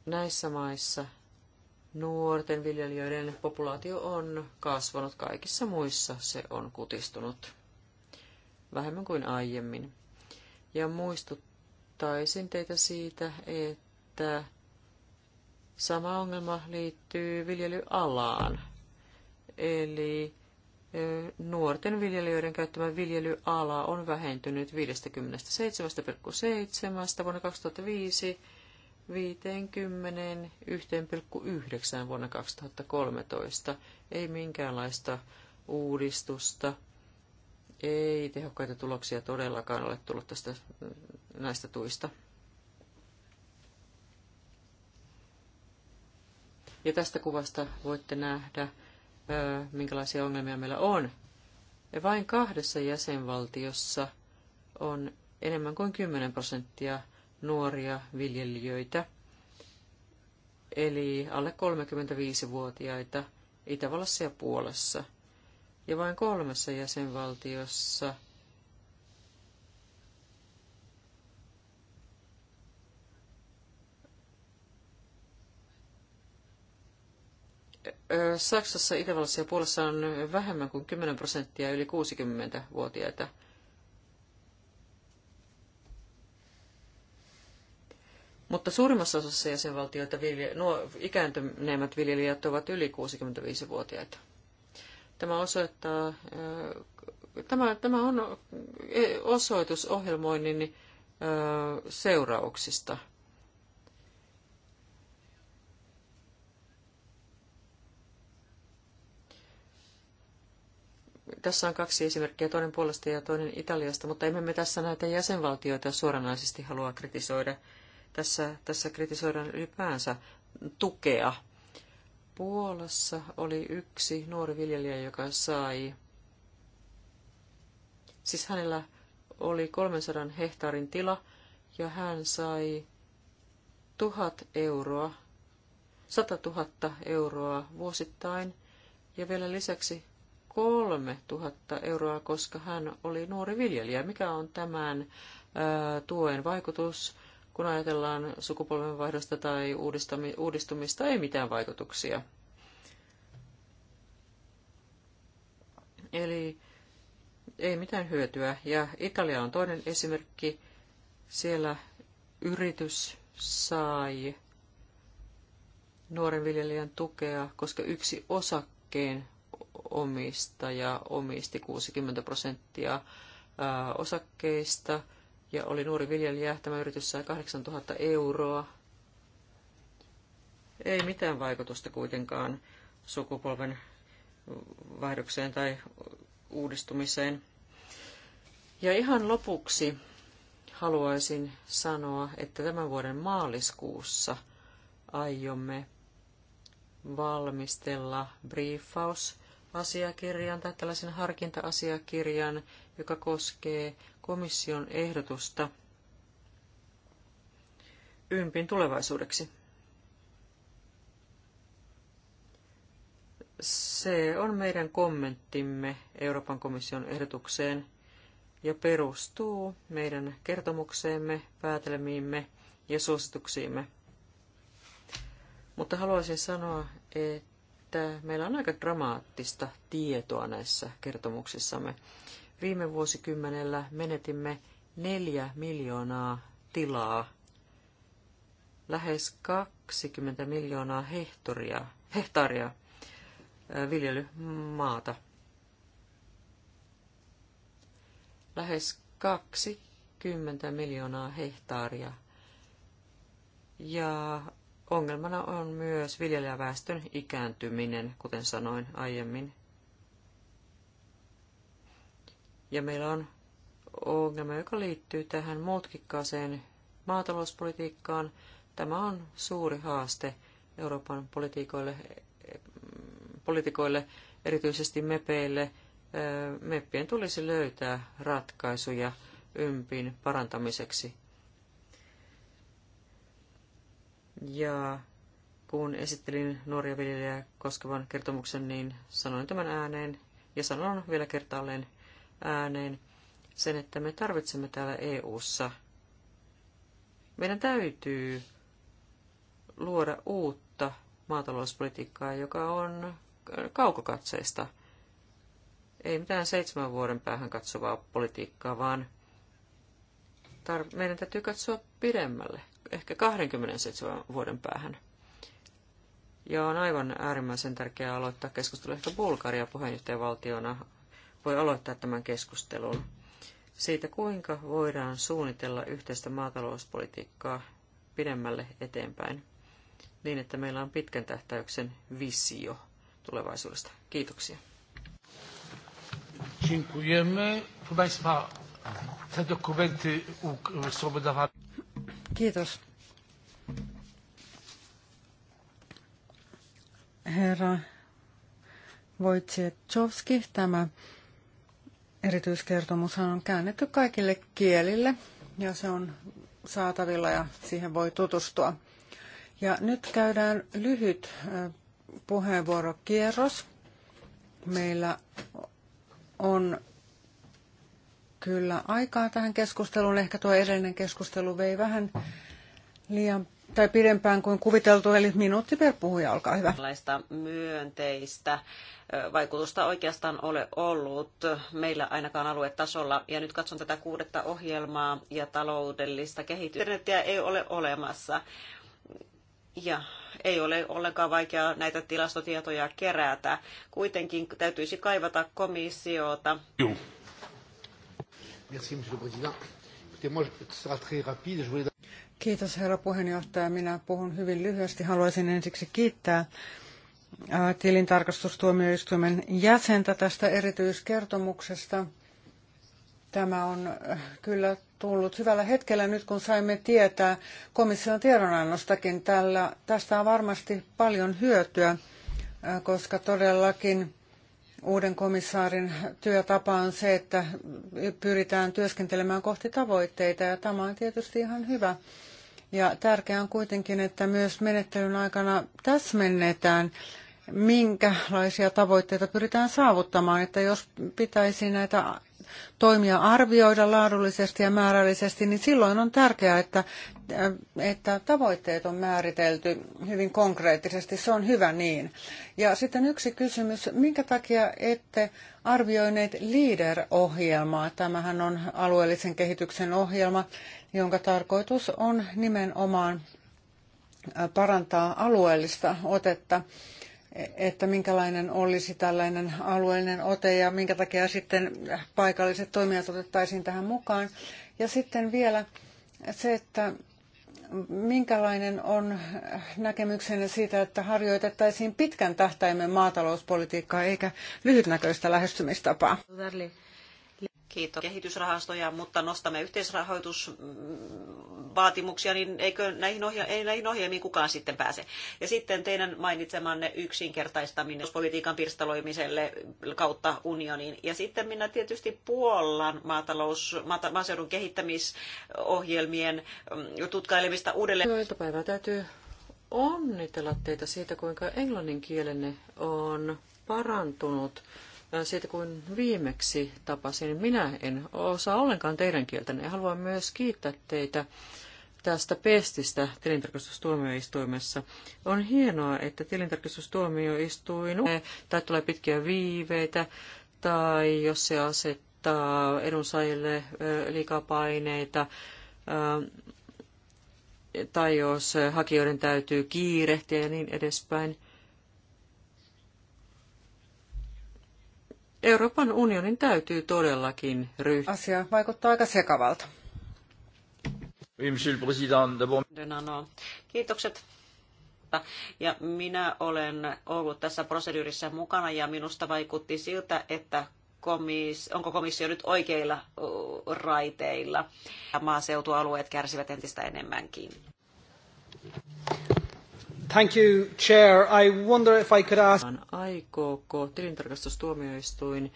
Näissä maissa nuorten viljelijöiden populaatio on kasvanut, kaikissa muissa se on kutistunut vähemmän kuin aiemmin. Ja muistuttaisin teitä siitä, että Sama ongelma liittyy viljelyalaan, eli nuorten viljelijöiden käyttämä viljelyala on vähentynyt 57,7 vuonna 2005 51,9 vuonna 2013. Ei minkäänlaista uudistusta, ei tehokkaita tuloksia todellakaan ole tullut tästä, mm, näistä tuista. Ja tästä kuvasta voitte nähdä, minkälaisia ongelmia meillä on. Ja vain kahdessa jäsenvaltiossa on enemmän kuin 10 prosenttia nuoria viljelijöitä, eli alle 35-vuotiaita Itävallassa ja Puolassa. Ja vain kolmessa jäsenvaltiossa – Saksassa, Itävallassa ja Puolassa on vähemmän kuin 10 prosenttia yli 60-vuotiaita. Mutta suurimmassa osassa jäsenvaltioita vilje, nuo ikääntyneemmät viljelijät ovat yli 65-vuotiaita. Tämä osoittaa, tämä, tämä on osoitus ohjelmoinnin seurauksista – Tässä on kaksi esimerkkiä, toinen puolesta ja toinen Italiasta, mutta emme me tässä näitä jäsenvaltioita suoranaisesti halua kritisoida. Tässä, tässä kritisoidaan ylipäänsä tukea. Puolassa oli yksi nuori viljelijä, joka sai, siis hänellä oli 300 hehtaarin tila ja hän sai 1000 euroa, 100 000 euroa vuosittain ja vielä lisäksi 3 000 euroa, koska hän oli nuori viljelijä. Mikä on tämän tuen vaikutus, kun ajatellaan sukupolvenvaihdosta tai uudistumista? Ei mitään vaikutuksia. Eli ei mitään hyötyä. Ja Italia on toinen esimerkki. Siellä yritys sai nuoren viljelijän tukea, koska yksi osakkeen omistaja omisti 60 prosenttia osakkeista ja oli nuori viljelijä. Tämä yritys sai 8000 euroa. Ei mitään vaikutusta kuitenkaan sukupolven vaihdokseen tai uudistumiseen. Ja ihan lopuksi haluaisin sanoa, että tämän vuoden maaliskuussa aiomme valmistella briefaus asiakirjan tai tällaisen harkinta-asiakirjan, joka koskee komission ehdotusta ympin tulevaisuudeksi. Se on meidän kommenttimme Euroopan komission ehdotukseen ja perustuu meidän kertomukseemme, päätelmiimme ja suosituksiimme. Mutta haluaisin sanoa, että että meillä on aika dramaattista tietoa näissä kertomuksissamme. Viime vuosikymmenellä menetimme neljä miljoonaa tilaa, lähes 20 miljoonaa hehtoria, hehtaaria viljelymaata. Lähes 20 miljoonaa hehtaaria. Ja Ongelmana on myös viljelijäväestön ikääntyminen, kuten sanoin aiemmin. Ja meillä on ongelma, joka liittyy tähän mutkikkaaseen maatalouspolitiikkaan. Tämä on suuri haaste Euroopan politiikoille, politiikoille erityisesti mepeille. Meppien tulisi löytää ratkaisuja ympin parantamiseksi Ja kun esittelin nuoria viljelijää koskevan kertomuksen, niin sanoin tämän ääneen ja sanon vielä kertaalleen ääneen sen, että me tarvitsemme täällä EU:ssa. Meidän täytyy luoda uutta maatalouspolitiikkaa, joka on kaukokatseista. Ei mitään seitsemän vuoden päähän katsovaa politiikkaa, vaan meidän täytyy katsoa pidemmälle ehkä 27 vuoden päähän. Ja on aivan äärimmäisen tärkeää aloittaa keskustelu. Ehkä Bulgaria puheenjohtajavaltiona voi aloittaa tämän keskustelun siitä, kuinka voidaan suunnitella yhteistä maatalouspolitiikkaa pidemmälle eteenpäin, niin että meillä on pitkän tähtäyksen visio tulevaisuudesta. Kiitoksia. Dziękujemy. Proszę Państwa, te dokumenty są wydawane. Kiitos. Herra Wojciechowski, tämä erityiskertomus on käännetty kaikille kielille ja se on saatavilla ja siihen voi tutustua. Ja nyt käydään lyhyt puheenvuorokierros. Meillä on kyllä aikaa tähän keskusteluun. Ehkä tuo edellinen keskustelu vei vähän liian tai pidempään kuin kuviteltu, eli minuutti per puhuja, olkaa hyvä. myönteistä vaikutusta oikeastaan ole ollut meillä ainakaan aluetasolla. Ja nyt katson tätä kuudetta ohjelmaa ja taloudellista kehitystä. Internetiä ei ole olemassa. Ja ei ole ollenkaan vaikea näitä tilastotietoja kerätä. Kuitenkin täytyisi kaivata komissiota. Juh. Merci, monsieur le président. Kiitos herra puheenjohtaja. Minä puhun hyvin lyhyesti. Haluaisin ensiksi kiittää tilintarkastustuomioistuimen jäsentä tästä erityiskertomuksesta. Tämä on äh, kyllä tullut hyvällä hetkellä nyt, kun saimme tietää komission tiedonannostakin. Tällä, tästä on varmasti paljon hyötyä, koska todellakin uuden komissaarin työtapa on se, että pyritään työskentelemään kohti tavoitteita ja tämä on tietysti ihan hyvä. Ja tärkeää on kuitenkin, että myös menettelyn aikana täsmennetään, minkälaisia tavoitteita pyritään saavuttamaan, että jos pitäisi näitä toimia arvioida laadullisesti ja määrällisesti, niin silloin on tärkeää, että, äh, että tavoitteet on määritelty hyvin konkreettisesti. Se on hyvä niin. Ja sitten yksi kysymys, minkä takia ette arvioineet LEADER-ohjelmaa? Tämähän on alueellisen kehityksen ohjelma, jonka tarkoitus on nimenomaan äh, parantaa alueellista otetta että minkälainen olisi tällainen alueellinen ote ja minkä takia sitten paikalliset toimijat otettaisiin tähän mukaan. Ja sitten vielä se, että minkälainen on näkemyksenne siitä, että harjoitettaisiin pitkän tähtäimen maatalouspolitiikkaa eikä lyhytnäköistä lähestymistapaa? kiitos kehitysrahastoja, mutta nostamme yhteisrahoitusvaatimuksia, niin eikö näihin, ohja- ei näihin ohjelmiin kukaan sitten pääse. Ja sitten teidän mainitsemanne yksinkertaistaminen politiikan pirstaloimiselle kautta unioniin. Ja sitten minä tietysti Puolan maatalous, maata, maaseudun kehittämisohjelmien mm, tutkailemista uudelleen. Joo, iltapäivää täytyy onnitella teitä siitä, kuinka englannin kielenne on parantunut Äh, siitä, kun viimeksi tapasin. Niin minä en osaa ollenkaan teidän kieltänne ja haluan myös kiittää teitä tästä pestistä tilintarkastustuomioistuimessa. On hienoa, että tilintarkastustuomioistuin eh, tai tulee pitkiä viiveitä tai jos se asettaa edunsaajille eh, liikaa paineita eh, tai jos hakijoiden täytyy kiirehtiä ja niin edespäin – Euroopan unionin täytyy todellakin ryhtyä. Asia vaikuttaa aika sekavalta. Kiitokset ja minä olen ollut tässä proseduurissa mukana ja minusta vaikutti siltä, että komis, onko komissio nyt oikeilla raiteilla. Maaseutualueet kärsivät entistä enemmänkin. Thank you, Chair. I wonder if I could ask... Aikooko tilintarkastustuomioistuin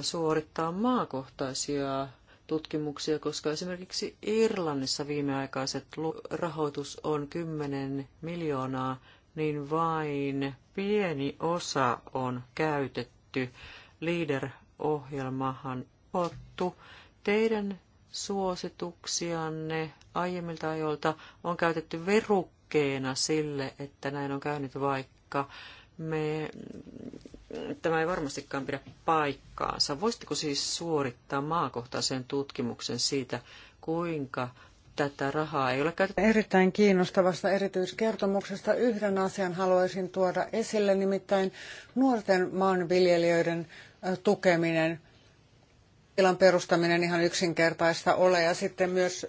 suorittaa maakohtaisia tutkimuksia, koska esimerkiksi Irlannissa viimeaikaiset rahoitus on 10 miljoonaa, niin vain pieni osa on käytetty. Leader-ohjelmahan ottu. Teidän suosituksianne aiemmilta ajoilta on käytetty veru, tukena sille, että näin on käynyt, vaikka me, tämä ei varmastikaan pidä paikkaansa. Voisitteko siis suorittaa maakohtaisen tutkimuksen siitä, kuinka tätä rahaa ei ole käytetty? Erittäin kiinnostavasta erityiskertomuksesta yhden asian haluaisin tuoda esille, nimittäin nuorten maanviljelijöiden tukeminen tilan perustaminen ihan yksinkertaista ole ja sitten myös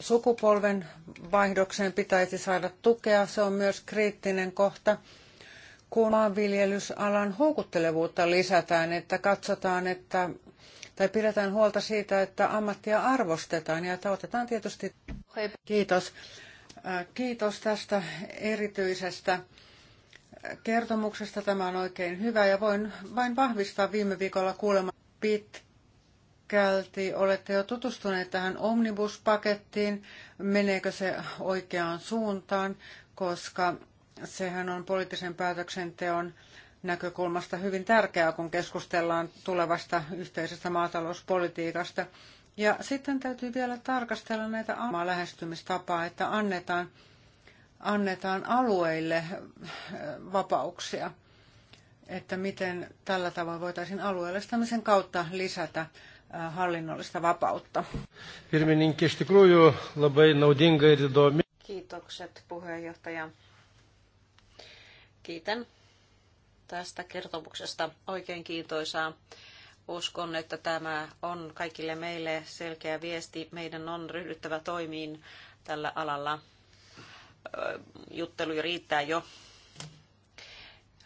Sukupolven vaihdokseen pitäisi saada tukea. Se on myös kriittinen kohta, kun maanviljelysalan houkuttelevuutta lisätään, että katsotaan, että tai pidetään huolta siitä, että ammattia arvostetaan ja että otetaan tietysti... Kiitos. Äh, kiitos tästä erityisestä kertomuksesta. Tämä on oikein hyvä ja voin vain vahvistaa viime viikolla kuulemma pitkä pitkälti olette jo tutustuneet tähän omnibuspakettiin, meneekö se oikeaan suuntaan, koska sehän on poliittisen päätöksenteon näkökulmasta hyvin tärkeää, kun keskustellaan tulevasta yhteisestä maatalouspolitiikasta. Ja sitten täytyy vielä tarkastella näitä omaa lähestymistapaa, että annetaan, annetaan alueille äh, vapauksia, että miten tällä tavoin voitaisiin alueellistamisen kautta lisätä hallinnollista vapautta. labai naudinga Kiitokset puheenjohtaja. Kiitän tästä kertomuksesta. Oikein kiitoisaa. Uskon, että tämä on kaikille meille selkeä viesti. Meidän on ryhdyttävä toimiin tällä alalla. Juttelu riittää jo.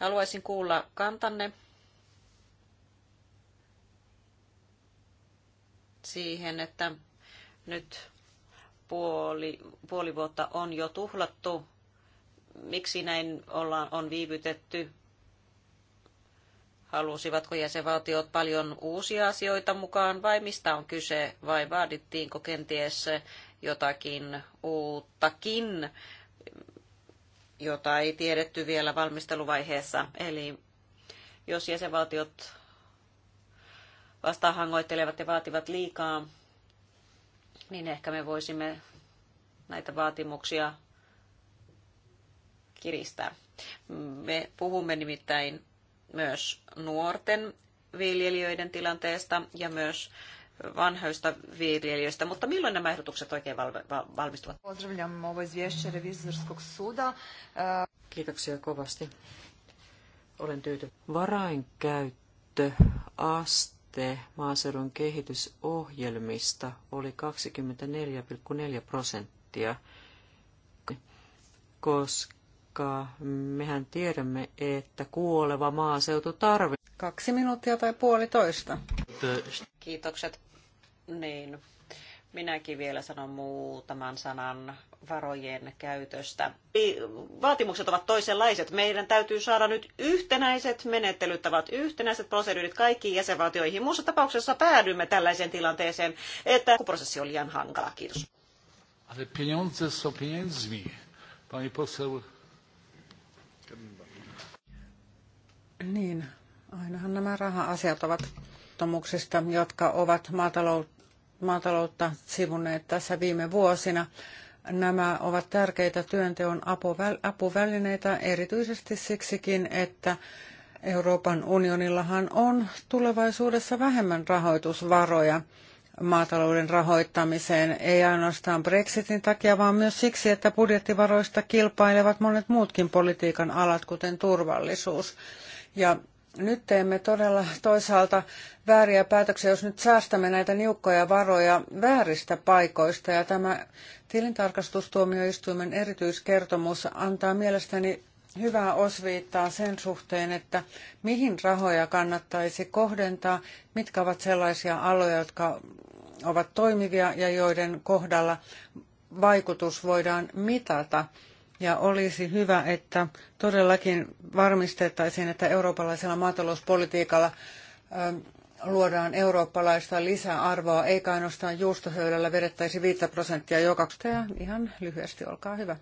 Haluaisin kuulla kantanne siihen, että nyt puoli, puoli vuotta on jo tuhlattu. Miksi näin ollaan, on viivytetty? Halusivatko jäsenvaltiot paljon uusia asioita mukaan vai mistä on kyse vai vaadittiinko kenties jotakin uuttakin, jota ei tiedetty vielä valmisteluvaiheessa? Eli jos jäsenvaltiot vastahangoittelevat ja vaativat liikaa, niin ehkä me voisimme näitä vaatimuksia kiristää. Me puhumme nimittäin myös nuorten viljelijöiden tilanteesta ja myös vanhoista viljelijöistä, mutta milloin nämä ehdotukset oikein valmistuvat? Pozdravljam ovo suda. Kiitoksia kovasti. Olen tyytyväinen. Varainkäyttöaste tavoite maaseudun kehitysohjelmista oli 24,4 prosenttia, koska mehän tiedämme, että kuoleva maaseutu tarvitsee. Kaksi minuuttia tai puolitoista. Kiitokset. Niin, Minäkin vielä sanon muutaman sanan varojen käytöstä. Vaatimukset ovat toisenlaiset. Meidän täytyy saada nyt yhtenäiset menettelytavat, yhtenäiset proseduurit kaikkiin jäsenvaltioihin. Muussa tapauksessa päädymme tällaiseen tilanteeseen, että prosessi oli liian hankala. Kiitos. Ale pieniądze są pieniędzmi. Pani poseł... Niin, ainahan nämä raha-asiat ovat jotka ovat maataloutta maataloutta sivunneet tässä viime vuosina. Nämä ovat tärkeitä työnteon apuvälineitä erityisesti siksikin, että Euroopan unionillahan on tulevaisuudessa vähemmän rahoitusvaroja maatalouden rahoittamiseen, ei ainoastaan Brexitin takia, vaan myös siksi, että budjettivaroista kilpailevat monet muutkin politiikan alat, kuten turvallisuus. Ja nyt teemme todella toisaalta vääriä päätöksiä, jos nyt säästämme näitä niukkoja varoja vääristä paikoista. Ja tämä tilintarkastustuomioistuimen erityiskertomus antaa mielestäni hyvää osviittaa sen suhteen, että mihin rahoja kannattaisi kohdentaa, mitkä ovat sellaisia aloja, jotka ovat toimivia ja joiden kohdalla vaikutus voidaan mitata. Ja olisi hyvä, että todellakin varmistettaisiin, että eurooppalaisella maatalouspolitiikalla luodaan eurooppalaista lisäarvoa, eikä ainoastaan juustohöydällä vedettäisi 5 prosenttia joka. Ja ihan lyhyesti, olkaa hyvä.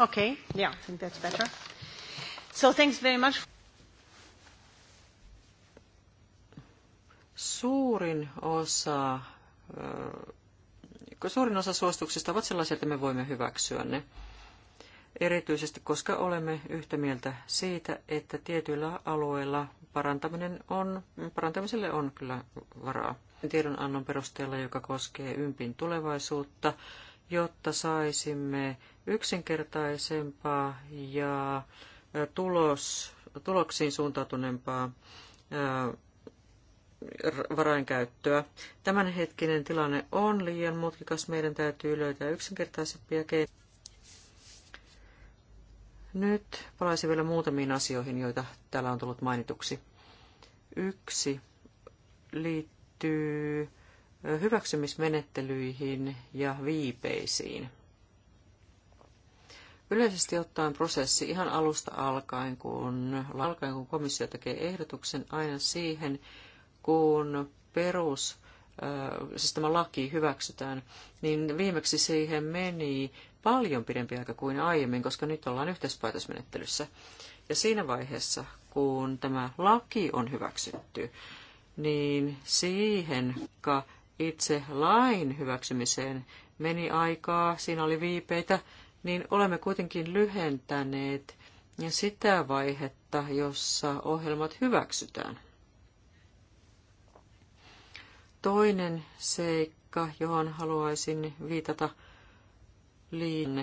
Okay, yeah, I think that's better. So thanks very much. Suurin osa, suurin osa suostuksista ovat sellaisia, että me voimme hyväksyä ne. Erityisesti, koska olemme yhtä mieltä siitä, että tietyillä alueilla parantaminen on, parantamiselle on kyllä varaa. Tiedonannon perusteella, joka koskee ympin tulevaisuutta, jotta saisimme yksinkertaisempaa ja tulos, tuloksiin suuntautuneempaa varainkäyttöä. Tämänhetkinen tilanne on liian mutkikas. Meidän täytyy löytää yksinkertaisempia keinoja. Nyt palaisin vielä muutamiin asioihin, joita täällä on tullut mainituksi. Yksi liittyy hyväksymismenettelyihin ja viipeisiin. Yleisesti ottaen prosessi ihan alusta alkaen, kun, alkaen, kun komissio tekee ehdotuksen aina siihen, kun perus, siis tämä laki hyväksytään, niin viimeksi siihen meni paljon pidempi aika kuin aiemmin, koska nyt ollaan yhteispäätösmenettelyssä. Ja siinä vaiheessa, kun tämä laki on hyväksytty, niin siihen, itse lain hyväksymiseen meni aikaa, siinä oli viipeitä, niin olemme kuitenkin lyhentäneet sitä vaihetta, jossa ohjelmat hyväksytään. Toinen seikka, johon haluaisin viitata liinne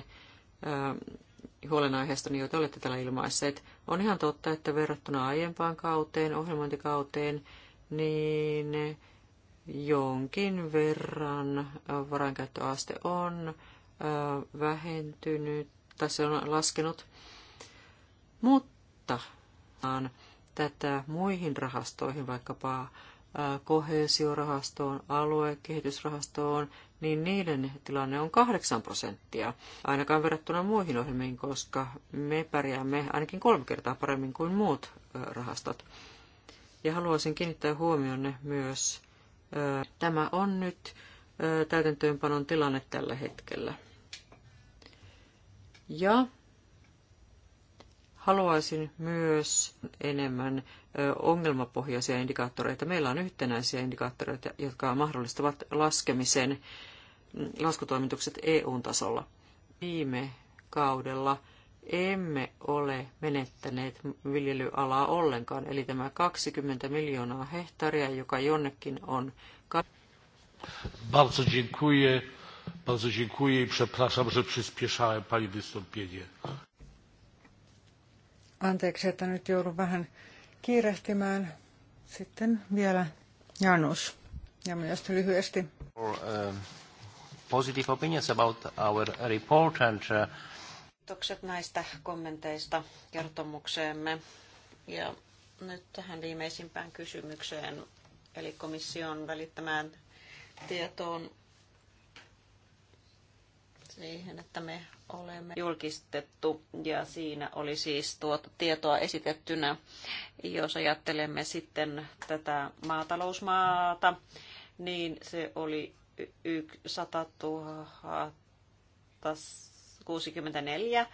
äh, huolenaiheesta, joita olette täällä ilmaisseet. On ihan totta, että verrattuna aiempaan kauteen, ohjelmointikauteen, niin jonkin verran varainkäyttöaste on vähentynyt, tai se on laskenut, mutta tätä muihin rahastoihin, vaikkapa kohesiorahastoon, aluekehitysrahastoon, niin niiden tilanne on 8 prosenttia, ainakaan verrattuna muihin ohjelmiin, koska me pärjäämme ainakin kolme kertaa paremmin kuin muut rahastot. Ja haluaisin kiinnittää huomionne myös Tämä on nyt täytäntöönpanon tilanne tällä hetkellä. Ja haluaisin myös enemmän ongelmapohjaisia indikaattoreita. Meillä on yhtenäisiä indikaattoreita, jotka mahdollistavat laskemisen mm, laskutoimitukset eu tasolla. Viime kaudella emme ole menettäneet viljelyalaa ollenkaan, eli tämä 20 miljoonaa hehtaaria, joka jonnekin on. Bardzo dziękuję, bardzo dziękuję i przepraszam, że przyspieszałem Pani wystąpienie. Anteeksi, että nyt joudun vähän kiirehtimään. Sitten vielä Janus. Ja myös lyhyesti. Uh, positive opinions about our report and uh, Kiitokset näistä kommenteista kertomukseemme. Ja nyt tähän viimeisimpään kysymykseen, eli komission välittämään tietoon siihen, että me olemme julkistettu ja siinä oli siis tuota tietoa esitettynä, jos ajattelemme sitten tätä maatalousmaata, niin se oli 100 000 64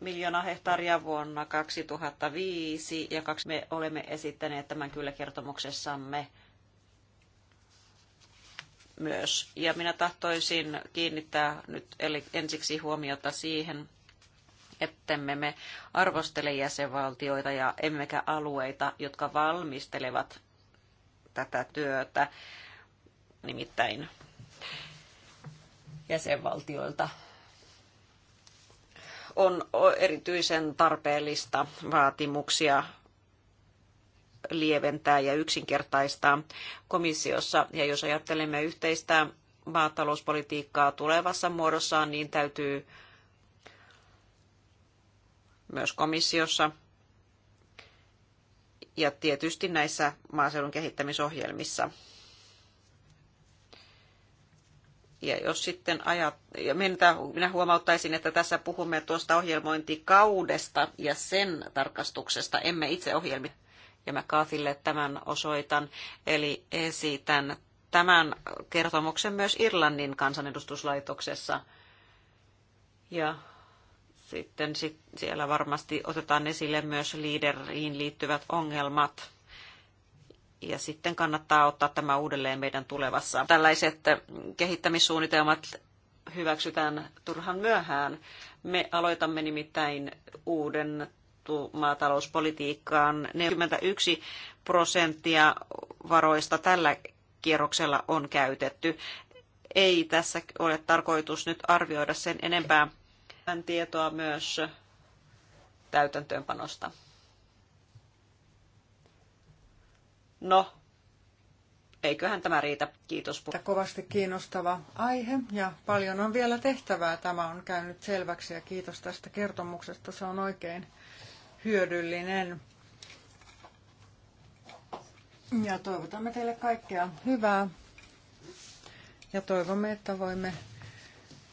miljoonaa hehtaaria vuonna 2005 ja kaksi me olemme esittäneet tämän kyllä kertomuksessamme myös. Ja minä tahtoisin kiinnittää nyt eli ensiksi huomiota siihen, ettemme me arvostele jäsenvaltioita ja emmekä alueita, jotka valmistelevat tätä työtä, nimittäin jäsenvaltioilta on erityisen tarpeellista vaatimuksia lieventää ja yksinkertaistaa komissiossa. Ja jos ajattelemme yhteistä maatalouspolitiikkaa tulevassa muodossaan, niin täytyy myös komissiossa ja tietysti näissä maaseudun kehittämisohjelmissa ja jos sitten ajat, ja minä, minä huomauttaisin, että tässä puhumme tuosta ohjelmointikaudesta ja sen tarkastuksesta, emme itse ohjelmi. Ja mä Kaatille tämän osoitan, eli esitän tämän kertomuksen myös Irlannin kansanedustuslaitoksessa. Ja sitten sit siellä varmasti otetaan esille myös liideriin liittyvät ongelmat ja sitten kannattaa ottaa tämä uudelleen meidän tulevassa. Tällaiset kehittämissuunnitelmat hyväksytään turhan myöhään. Me aloitamme nimittäin uuden maatalouspolitiikkaan. 41 prosenttia varoista tällä kierroksella on käytetty. Ei tässä ole tarkoitus nyt arvioida sen enempää tietoa myös täytäntöönpanosta. No, eiköhän tämä riitä. Kiitos. Kovasti kiinnostava aihe ja paljon on vielä tehtävää. Tämä on käynyt selväksi ja kiitos tästä kertomuksesta. Se on oikein hyödyllinen. Ja toivotamme teille kaikkea hyvää ja toivomme, että voimme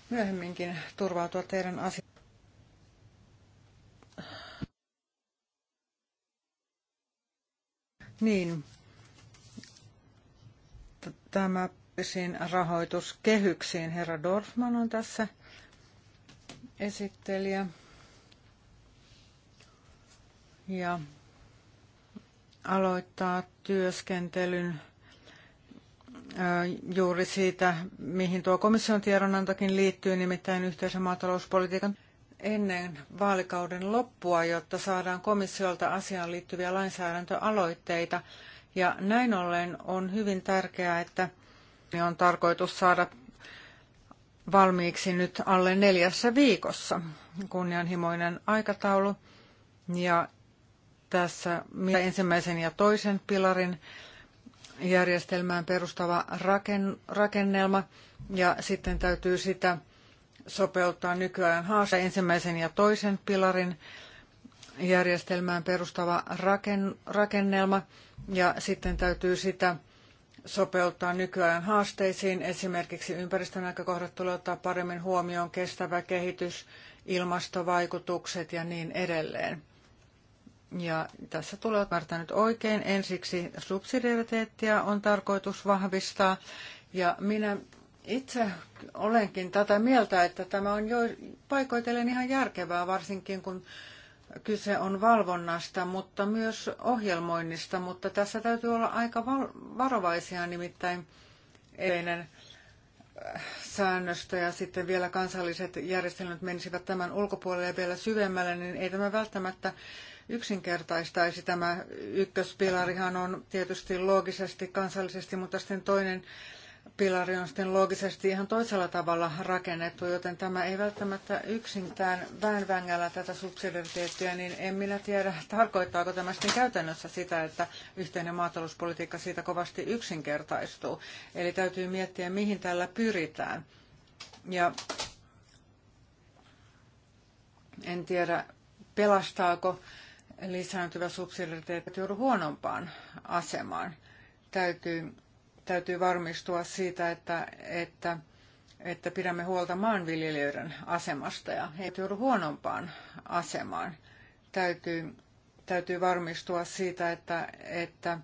myöhemminkin turvautua teidän asioihin. Niin, tämä sin rahoituskehyksiin. Herra Dorfman on tässä esittelijä. Ja aloittaa työskentelyn juuri siitä, mihin tuo komission tiedonantokin liittyy, nimittäin yhteisen maatalouspolitiikan ennen vaalikauden loppua, jotta saadaan komissiolta asiaan liittyviä lainsäädäntöaloitteita. Ja näin ollen on hyvin tärkeää, että on tarkoitus saada valmiiksi nyt alle neljässä viikossa. Kunnianhimoinen aikataulu. Ja tässä ensimmäisen ja toisen pilarin järjestelmään perustava rakennelma. Ja sitten täytyy sitä sopeuttaa nykyään haaste ensimmäisen ja toisen pilarin järjestelmään perustava rakennelma ja sitten täytyy sitä sopeuttaa nykyajan haasteisiin. Esimerkiksi ympäristön näkökohdat tulee ottaa paremmin huomioon, kestävä kehitys, ilmastovaikutukset ja niin edelleen. Ja tässä tulee ymmärtää nyt oikein. Ensiksi subsidiariteettia on tarkoitus vahvistaa. Ja minä itse olenkin tätä mieltä, että tämä on jo paikoitellen ihan järkevää, varsinkin kun Kyse on valvonnasta, mutta myös ohjelmoinnista, mutta tässä täytyy olla aika varovaisia, nimittäin eilinen äh, säännöstä ja sitten vielä kansalliset järjestelmät menisivät tämän ulkopuolelle ja vielä syvemmälle, niin ei tämä välttämättä yksinkertaistaisi. Tämä ykköspilarihan on tietysti loogisesti kansallisesti, mutta sitten toinen pilari on sitten loogisesti ihan toisella tavalla rakennettu, joten tämä ei välttämättä yksintään väänvängällä tätä subsidiariteettia, niin en minä tiedä, tarkoittaako tämä sitten käytännössä sitä, että yhteinen maatalouspolitiikka siitä kovasti yksinkertaistuu. Eli täytyy miettiä, mihin tällä pyritään. Ja en tiedä, pelastaako lisääntyvä subsidiariteetti juuri huonompaan asemaan. Täytyy täytyy varmistua siitä, että, että, että pidämme huolta maanviljelijöiden asemasta ja he eivät joudu huonompaan asemaan. Täytyy, täytyy varmistua siitä, että, että,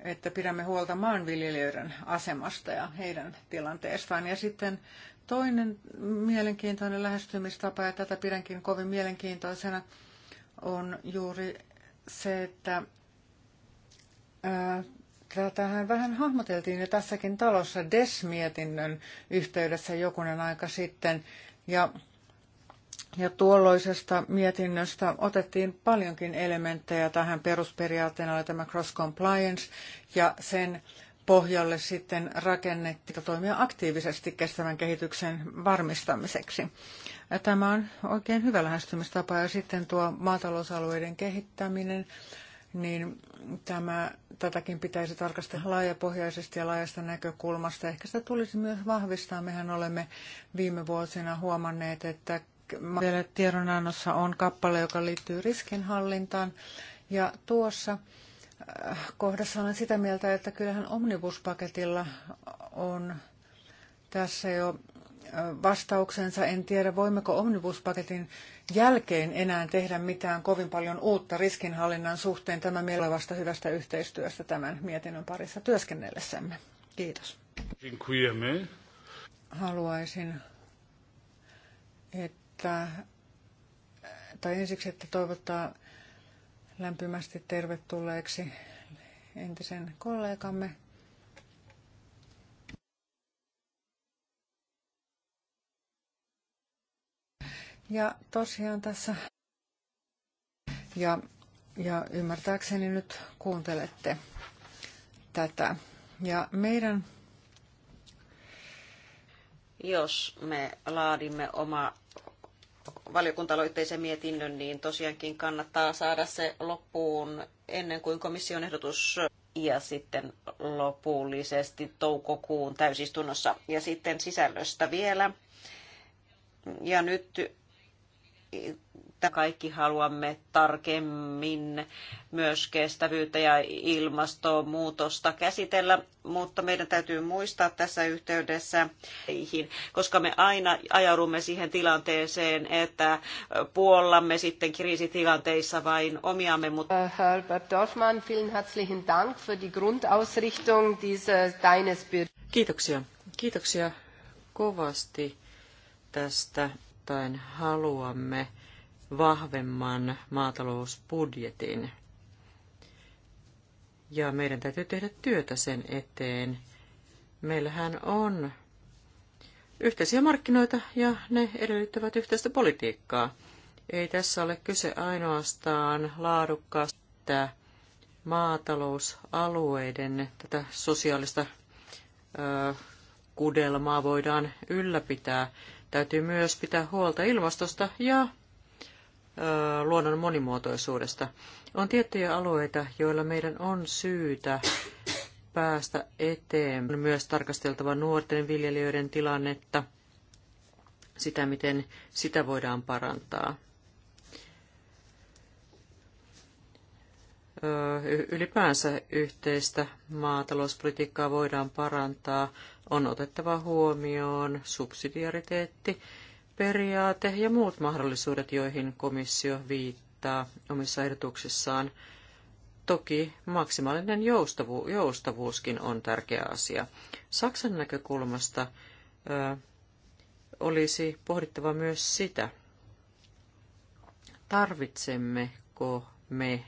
että pidämme huolta maanviljelijöiden asemasta ja heidän tilanteestaan. Ja sitten toinen mielenkiintoinen lähestymistapa, ja tätä pidänkin kovin mielenkiintoisena, on juuri se, että Tätähän vähän hahmoteltiin jo tässäkin talossa DES-mietinnön yhteydessä jokunen aika sitten. Ja, ja tuolloisesta mietinnöstä otettiin paljonkin elementtejä tähän perusperiaatteena oli tämä cross-compliance ja sen pohjalle sitten rakennettiin toimia aktiivisesti kestävän kehityksen varmistamiseksi. Tämä on oikein hyvä lähestymistapa ja sitten tuo maatalousalueiden kehittäminen niin tämä, tätäkin pitäisi tarkastella laajapohjaisesti ja laajasta näkökulmasta. Ehkä sitä tulisi myös vahvistaa. Mehän olemme viime vuosina huomanneet, että vielä tiedonannossa on kappale, joka liittyy riskinhallintaan. Ja tuossa äh, kohdassa olen sitä mieltä, että kyllähän omnibuspaketilla on tässä jo äh, vastauksensa. En tiedä, voimmeko omnibuspaketin jälkeen enää tehdä mitään kovin paljon uutta riskinhallinnan suhteen tämän mielevasta hyvästä yhteistyöstä tämän mietinnön parissa työskennellessämme. Kiitos. Haluaisin, että, tai ensiksi, että toivottaa lämpimästi tervetulleeksi entisen kollegamme Ja tosiaan tässä, ja, ja ymmärtääkseni nyt kuuntelette tätä. Ja meidän jos me laadimme oma valiokuntaloitteisen mietinnön, niin tosiaankin kannattaa saada se loppuun ennen kuin komission ehdotus ja sitten lopullisesti toukokuun täysistunnossa. Ja sitten sisällöstä vielä. Ja nyt kaikki haluamme tarkemmin myös kestävyyttä ja ilmastonmuutosta käsitellä, mutta meidän täytyy muistaa tässä yhteydessä, koska me aina ajaudumme siihen tilanteeseen, että puollamme sitten kriisitilanteissa vain omiamme. Mutta... Äh, Herbert Dorfmann, vielen herzlichen Dank für die Grundausrichtung dieses deines Kiitoksia. Kiitoksia kovasti tästä ottaen haluamme vahvemman maatalousbudjetin. Ja meidän täytyy tehdä työtä sen eteen. Meillähän on yhteisiä markkinoita ja ne edellyttävät yhteistä politiikkaa. Ei tässä ole kyse ainoastaan laadukkaasta maatalousalueiden tätä sosiaalista ö, kudelmaa voidaan ylläpitää Täytyy myös pitää huolta ilmastosta ja luonnon monimuotoisuudesta. On tiettyjä alueita, joilla meidän on syytä päästä eteen. On myös tarkasteltava nuorten viljelijöiden tilannetta, sitä miten sitä voidaan parantaa. ylipäänsä yhteistä maatalouspolitiikkaa voidaan parantaa, on otettava huomioon subsidiariteetti, periaate ja muut mahdollisuudet, joihin komissio viittaa omissa ehdotuksissaan. Toki maksimaalinen joustavu, joustavuuskin on tärkeä asia. Saksan näkökulmasta ö, olisi pohdittava myös sitä, tarvitsemmeko me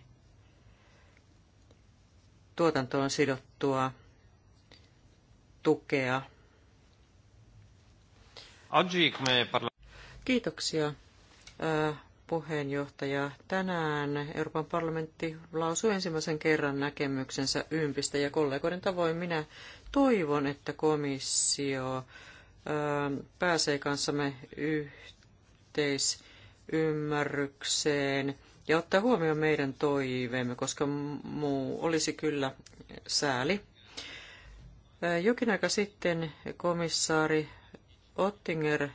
tuotantoon sidottua tukea. Kiitoksia puheenjohtaja. Tänään Euroopan parlamentti lausui ensimmäisen kerran näkemyksensä ympistä ja kollegoiden tavoin minä toivon, että komissio pääsee kanssamme yhteisymmärrykseen ja ottaa huomioon meidän toiveemme, koska muu olisi kyllä sääli. Jokin aika sitten komissaari Ottinger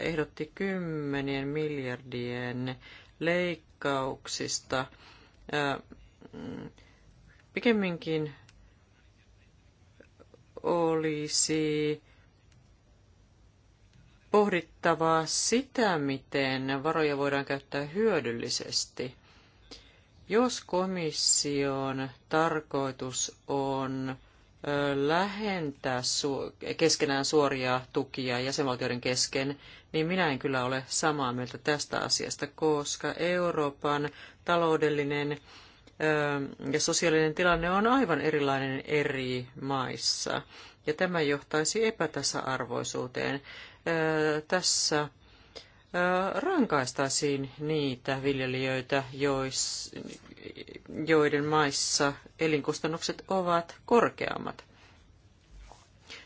ehdotti kymmenien miljardien leikkauksista. Mm, pikemminkin olisi pohdittava sitä, miten varoja voidaan käyttää hyödyllisesti. Jos komission tarkoitus on lähentää keskenään suoria tukia jäsenvaltioiden kesken, niin minä en kyllä ole samaa mieltä tästä asiasta, koska Euroopan taloudellinen ja sosiaalinen tilanne on aivan erilainen eri maissa. Ja tämä johtaisi epätasa-arvoisuuteen tässä rankaistaisiin niitä viljelijöitä, jois, joiden maissa elinkustannukset ovat korkeammat.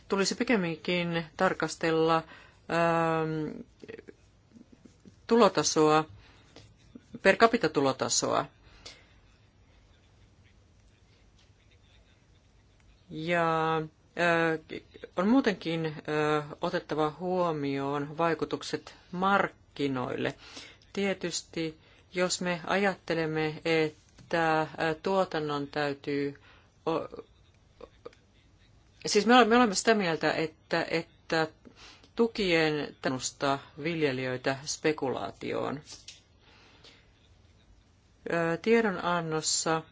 Tulisi pikemminkin tarkastella ähm, tulotasoa, per capita tulotasoa. Ja on muutenkin otettava huomioon vaikutukset markkinoille. Tietysti, jos me ajattelemme, että tuotannon täytyy. Siis me olemme sitä mieltä, että, että tukien tannusta viljelijöitä spekulaatioon. Tiedonannossa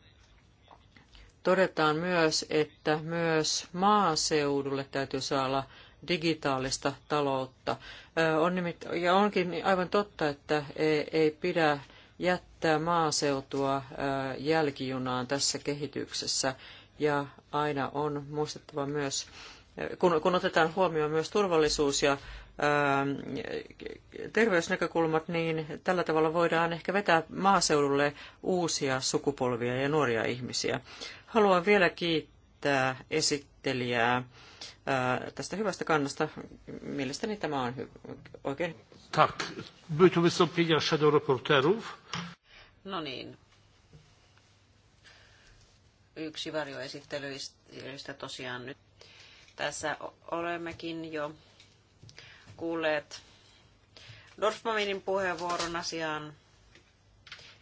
Todetaan myös, että myös maaseudulle täytyy saada digitaalista taloutta. On ja onkin aivan totta, että ei, ei pidä jättää maaseutua jälkijunaan tässä kehityksessä. Ja aina on muistettava myös, kun, kun otetaan huomioon myös turvallisuus ja terveysnäkökulmat, niin tällä tavalla voidaan ehkä vetää maaseudulle uusia sukupolvia ja nuoria ihmisiä. Haluan vielä kiittää esittelijää tästä hyvästä kannasta. Mielestäni tämä on hy- oikein. Tak. Były wystąpienia shadow reporterów. No niin. Yksi varjoesittelyistä tosiaan nyt. Tässä olemmekin jo kuulleet Dorfmanin puheenvuoron asiaan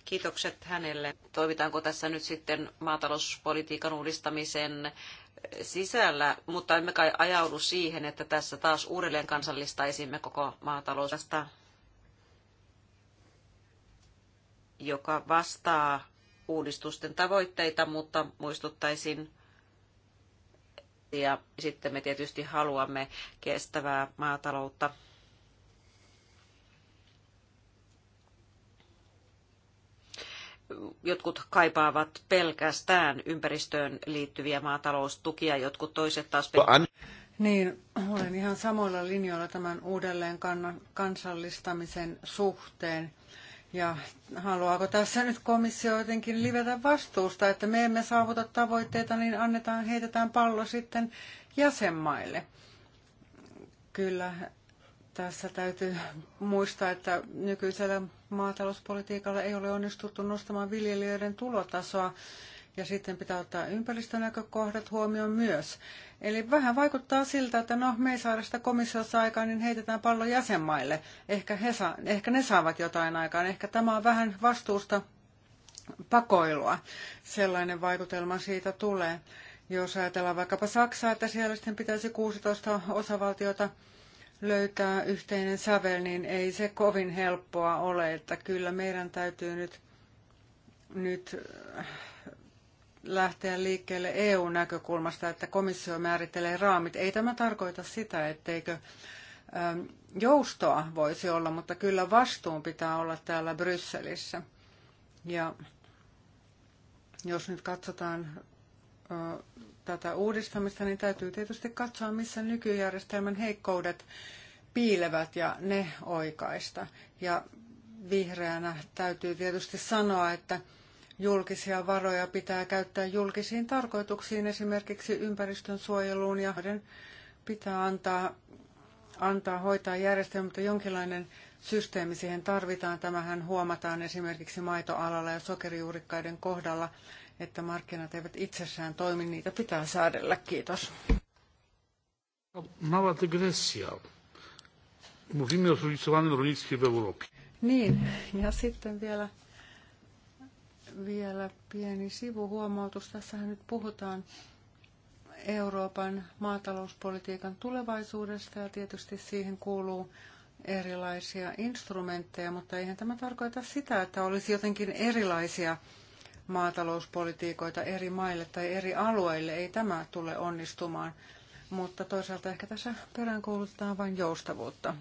Kiitokset hänelle. Toivitaanko tässä nyt sitten maatalouspolitiikan uudistamisen sisällä, mutta emme kai ajaudu siihen, että tässä taas uudelleen kansallistaisimme koko maataloudesta, joka vastaa uudistusten tavoitteita, mutta muistuttaisin, ja sitten me tietysti haluamme kestävää maataloutta jotkut kaipaavat pelkästään ympäristöön liittyviä maataloustukia, jotkut toiset taas... Niin, olen ihan samoilla linjoilla tämän uudelleen kansallistamisen suhteen. Ja haluaako tässä nyt komissio jotenkin livetä vastuusta, että me emme saavuta tavoitteita, niin annetaan, heitetään pallo sitten jäsenmaille. Kyllä tässä täytyy muistaa, että nykyisellä maatalouspolitiikalla ei ole onnistuttu nostamaan viljelijöiden tulotasoa ja sitten pitää ottaa ympäristönäkökohdat huomioon myös. Eli vähän vaikuttaa siltä, että no me ei saada sitä komissiossa aikaa, niin heitetään pallo jäsenmaille. Ehkä, he saa, ehkä ne saavat jotain aikaan. Ehkä tämä on vähän vastuusta pakoilua. Sellainen vaikutelma siitä tulee. Jos ajatellaan vaikkapa Saksaa, että siellä sitten pitäisi 16 osavaltiota löytää yhteinen sävel, niin ei se kovin helppoa ole, että kyllä meidän täytyy nyt, nyt äh, lähteä liikkeelle EU-näkökulmasta, että komissio määrittelee raamit. Ei tämä tarkoita sitä, etteikö ähm, joustoa voisi olla, mutta kyllä vastuun pitää olla täällä Brysselissä. Ja jos nyt katsotaan äh, tätä uudistamista, niin täytyy tietysti katsoa, missä nykyjärjestelmän heikkoudet piilevät ja ne oikaista. Ja vihreänä täytyy tietysti sanoa, että julkisia varoja pitää käyttää julkisiin tarkoituksiin, esimerkiksi ympäristön suojeluun ja pitää antaa, antaa hoitaa järjestelmä, mutta jonkinlainen systeemi siihen tarvitaan. Tämähän huomataan esimerkiksi maitoalalla ja sokerijuurikkaiden kohdalla että markkinat eivät itsessään toimi, niitä pitää säädellä. Kiitos. Niin, ja sitten vielä, vielä pieni sivuhuomautus. Tässähän nyt puhutaan Euroopan maatalouspolitiikan tulevaisuudesta ja tietysti siihen kuuluu erilaisia instrumentteja, mutta eihän tämä tarkoita sitä, että olisi jotenkin erilaisia maatalouspolitiikoita eri maille tai eri alueille. Ei tämä tule onnistumaan, mutta toisaalta ehkä tässä peräänkuulutetaan vain joustavuutta.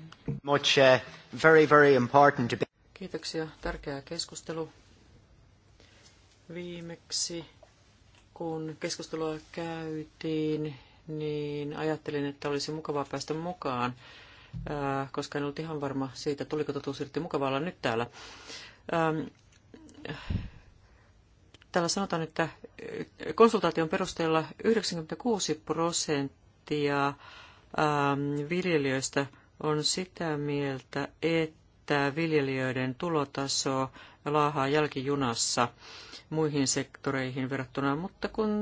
Much, uh, very, very important to be... Kiitoksia. Tärkeä keskustelu. Viimeksi, kun keskustelua käytiin, niin ajattelin, että olisi mukavaa päästä mukaan, äh, koska en ollut ihan varma siitä, tuliko totuus irti mukavaa olla nyt täällä. Ähm, Täällä sanotaan, että konsultaation perusteella 96 prosenttia ähm, viljelijöistä on sitä mieltä, että viljelijöiden tulotaso laahaa jälkijunassa muihin sektoreihin verrattuna. Mutta kun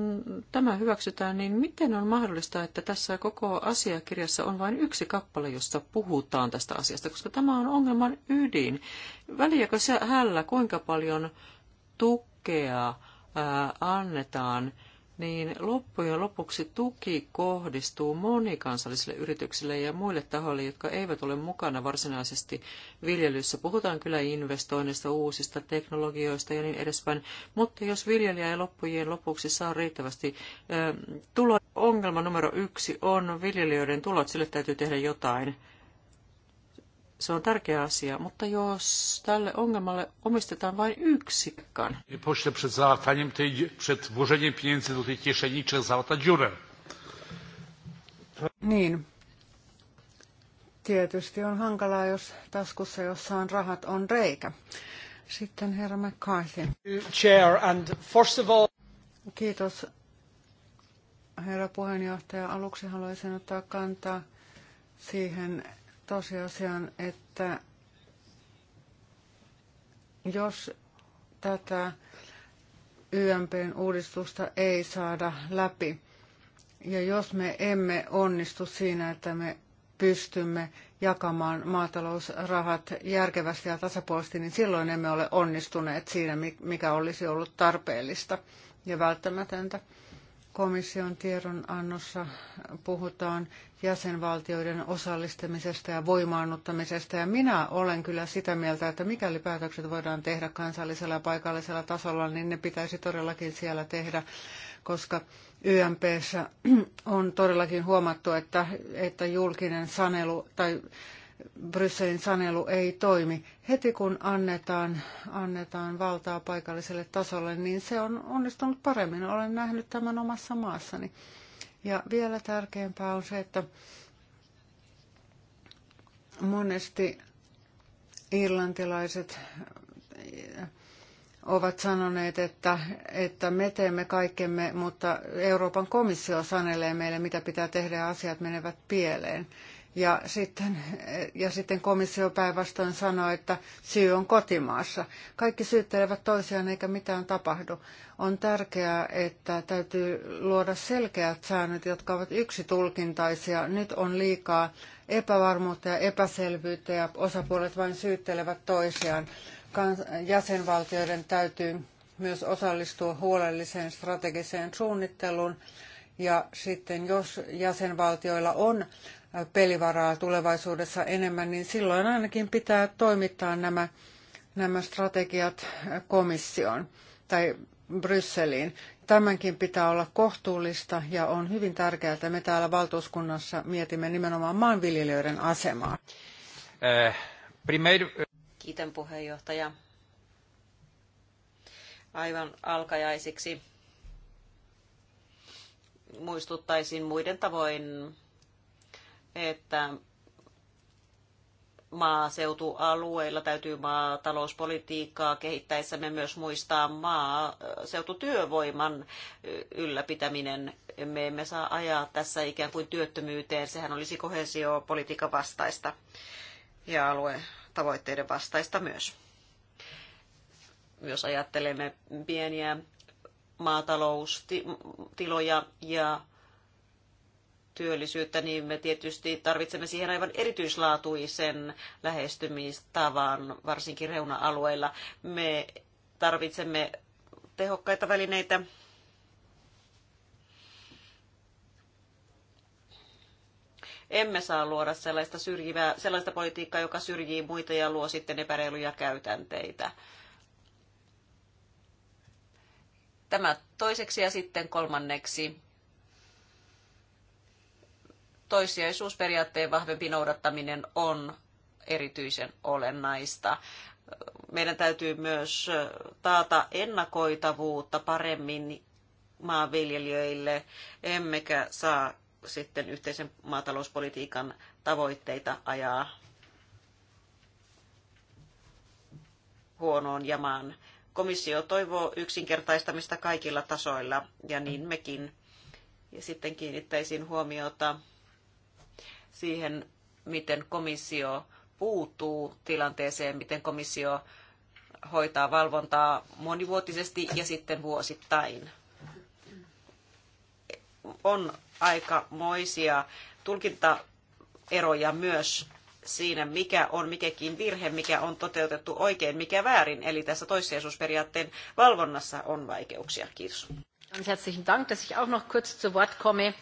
tämä hyväksytään, niin miten on mahdollista, että tässä koko asiakirjassa on vain yksi kappale, jossa puhutaan tästä asiasta, koska tämä on ongelman ydin. Väliäkö se hällä, kuinka paljon tukea? tukea annetaan, niin loppujen lopuksi tuki kohdistuu monikansallisille yrityksille ja muille tahoille, jotka eivät ole mukana varsinaisesti viljelyssä. Puhutaan kyllä investoinneista, uusista teknologioista ja niin edespäin, mutta jos viljelijä ei loppujen lopuksi saa riittävästi tuloa. ongelma numero yksi on viljelijöiden tulot, sille täytyy tehdä jotain. Se on tärkeä asia, mutta jos tälle ongelmalle omistetaan vain yksi kan. Pośle, przed załataniem tej, przed włożeniem pieniędzy do tej kieszeni trzeba załatać dziurę. Niin. Tietysti on hankalaa, jos taskussa, jossa on rahat, on reikä. Sitten herra McCarthy. Chair, and first of all... Kiitos, herra puheenjohtaja. Aluksi haluaisin ottaa kantaa siihen, tosiasian, että jos tätä YMPn uudistusta ei saada läpi, ja jos me emme onnistu siinä, että me pystymme jakamaan maatalousrahat järkevästi ja tasapuolisesti, niin silloin emme ole onnistuneet siinä, mikä olisi ollut tarpeellista ja välttämätöntä komission tiedonannossa puhutaan jäsenvaltioiden osallistamisesta ja voimaannuttamisesta. Ja minä olen kyllä sitä mieltä, että mikäli päätökset voidaan tehdä kansallisella ja paikallisella tasolla, niin ne pitäisi todellakin siellä tehdä, koska YMPssä on todellakin huomattu, että, että julkinen sanelu tai Brysselin sanelu ei toimi. Heti kun annetaan, annetaan valtaa paikalliselle tasolle, niin se on onnistunut paremmin. Olen nähnyt tämän omassa maassani. Ja vielä tärkeämpää on se, että monesti irlantilaiset eh, ovat sanoneet, että, että me teemme kaikkemme, mutta Euroopan komissio sanelee meille, mitä pitää tehdä ja asiat menevät pieleen. Ja sitten, ja sitten komissio päinvastoin sanoi, että syy on kotimaassa. Kaikki syyttelevät toisiaan eikä mitään tapahdu. On tärkeää, että täytyy luoda selkeät säännöt, jotka ovat yksitulkintaisia. Nyt on liikaa epävarmuutta ja epäselvyyttä ja osapuolet vain syyttelevät toisiaan. jäsenvaltioiden täytyy myös osallistua huolelliseen strategiseen suunnitteluun. Ja sitten jos jäsenvaltioilla on pelivaraa tulevaisuudessa enemmän, niin silloin ainakin pitää toimittaa nämä, nämä strategiat komissioon tai Brysseliin. Tämänkin pitää olla kohtuullista ja on hyvin tärkeää, että me täällä valtuuskunnassa mietimme nimenomaan maanviljelijöiden asemaa. Eh, Kiitän puheenjohtaja. Aivan alkajaisiksi muistuttaisin muiden tavoin että maaseutualueilla täytyy maatalouspolitiikkaa kehittäessämme myös muistaa maaseututyövoiman ylläpitäminen. Me emme saa ajaa tässä ikään kuin työttömyyteen, sehän olisi kohesiopolitiikan vastaista ja aluetavoitteiden vastaista myös. Jos ajattelemme pieniä maataloustiloja ja työllisyyttä, niin me tietysti tarvitsemme siihen aivan erityislaatuisen lähestymistavan, varsinkin reuna-alueilla. Me tarvitsemme tehokkaita välineitä emme saa luoda sellaista, syrjivää, sellaista politiikkaa, joka syrjii muita ja luo sitten epäreiluja käytänteitä. Tämä toiseksi ja sitten kolmanneksi toissijaisuusperiaatteen vahvempi noudattaminen on erityisen olennaista. Meidän täytyy myös taata ennakoitavuutta paremmin maanviljelijöille, emmekä saa sitten yhteisen maatalouspolitiikan tavoitteita ajaa huonoon jamaan. Komissio toivoo yksinkertaistamista kaikilla tasoilla, ja niin mekin. Ja sitten kiinnittäisin huomiota siihen, miten komissio puuttuu tilanteeseen, miten komissio hoitaa valvontaa monivuotisesti ja sitten vuosittain. On aikamoisia tulkintaeroja myös siinä, mikä on mikäkin virhe, mikä on toteutettu oikein, mikä väärin. Eli tässä toissijaisuusperiaatteen valvonnassa on vaikeuksia. Kiitos. Herzlichen Dank, dass ich auch noch kurz zu Wort komme.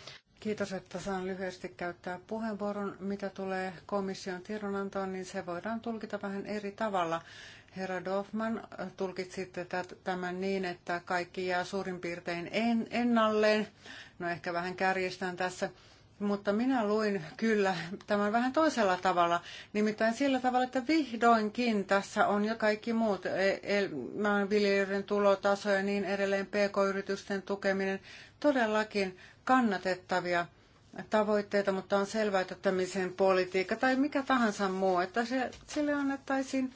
Kiitos, että saan lyhyesti käyttää puheenvuoron. Mitä tulee komission tiedonantoon, niin se voidaan tulkita vähän eri tavalla. Herra Dorfman, tulkitsitte tämän niin, että kaikki jää suurin piirtein en, ennalleen. No ehkä vähän kärjistän tässä, mutta minä luin kyllä tämän vähän toisella tavalla. Nimittäin sillä tavalla, että vihdoinkin tässä on jo kaikki muut e-, maanviljelijöiden tulotaso ja niin edelleen, pk-yritysten tukeminen. Todellakin kannatettavia tavoitteita, mutta on selvää, että tämmöiseen politiikka tai mikä tahansa muu, että se, sille annettaisiin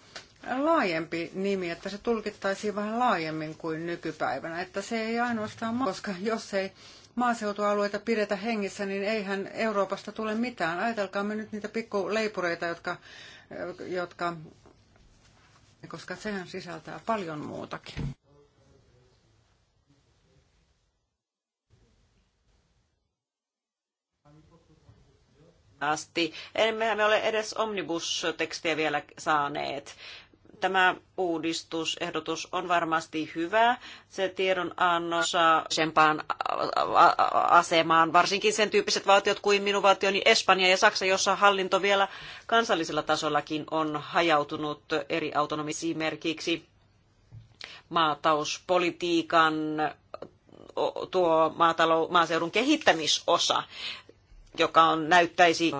laajempi nimi, että se tulkittaisiin vähän laajemmin kuin nykypäivänä, että se ei ainoastaan, koska jos ei maaseutualueita pidetä hengissä, niin eihän Euroopasta tule mitään. Ajatelkaamme nyt niitä pikkuleipureita, jotka, jotka koska sehän sisältää paljon muutakin. asti. Emmehän me ole edes omnibus-tekstiä vielä saaneet. Tämä uudistusehdotus on varmasti hyvä. Se tiedon sempaan asemaan, varsinkin sen tyyppiset valtiot kuin minun valtioni Espanja ja Saksa, jossa hallinto vielä kansallisella tasollakin on hajautunut eri autonomisiin esimerkiksi maatauspolitiikan tuo maatalou, maaseudun kehittämisosa joka on, näyttäisi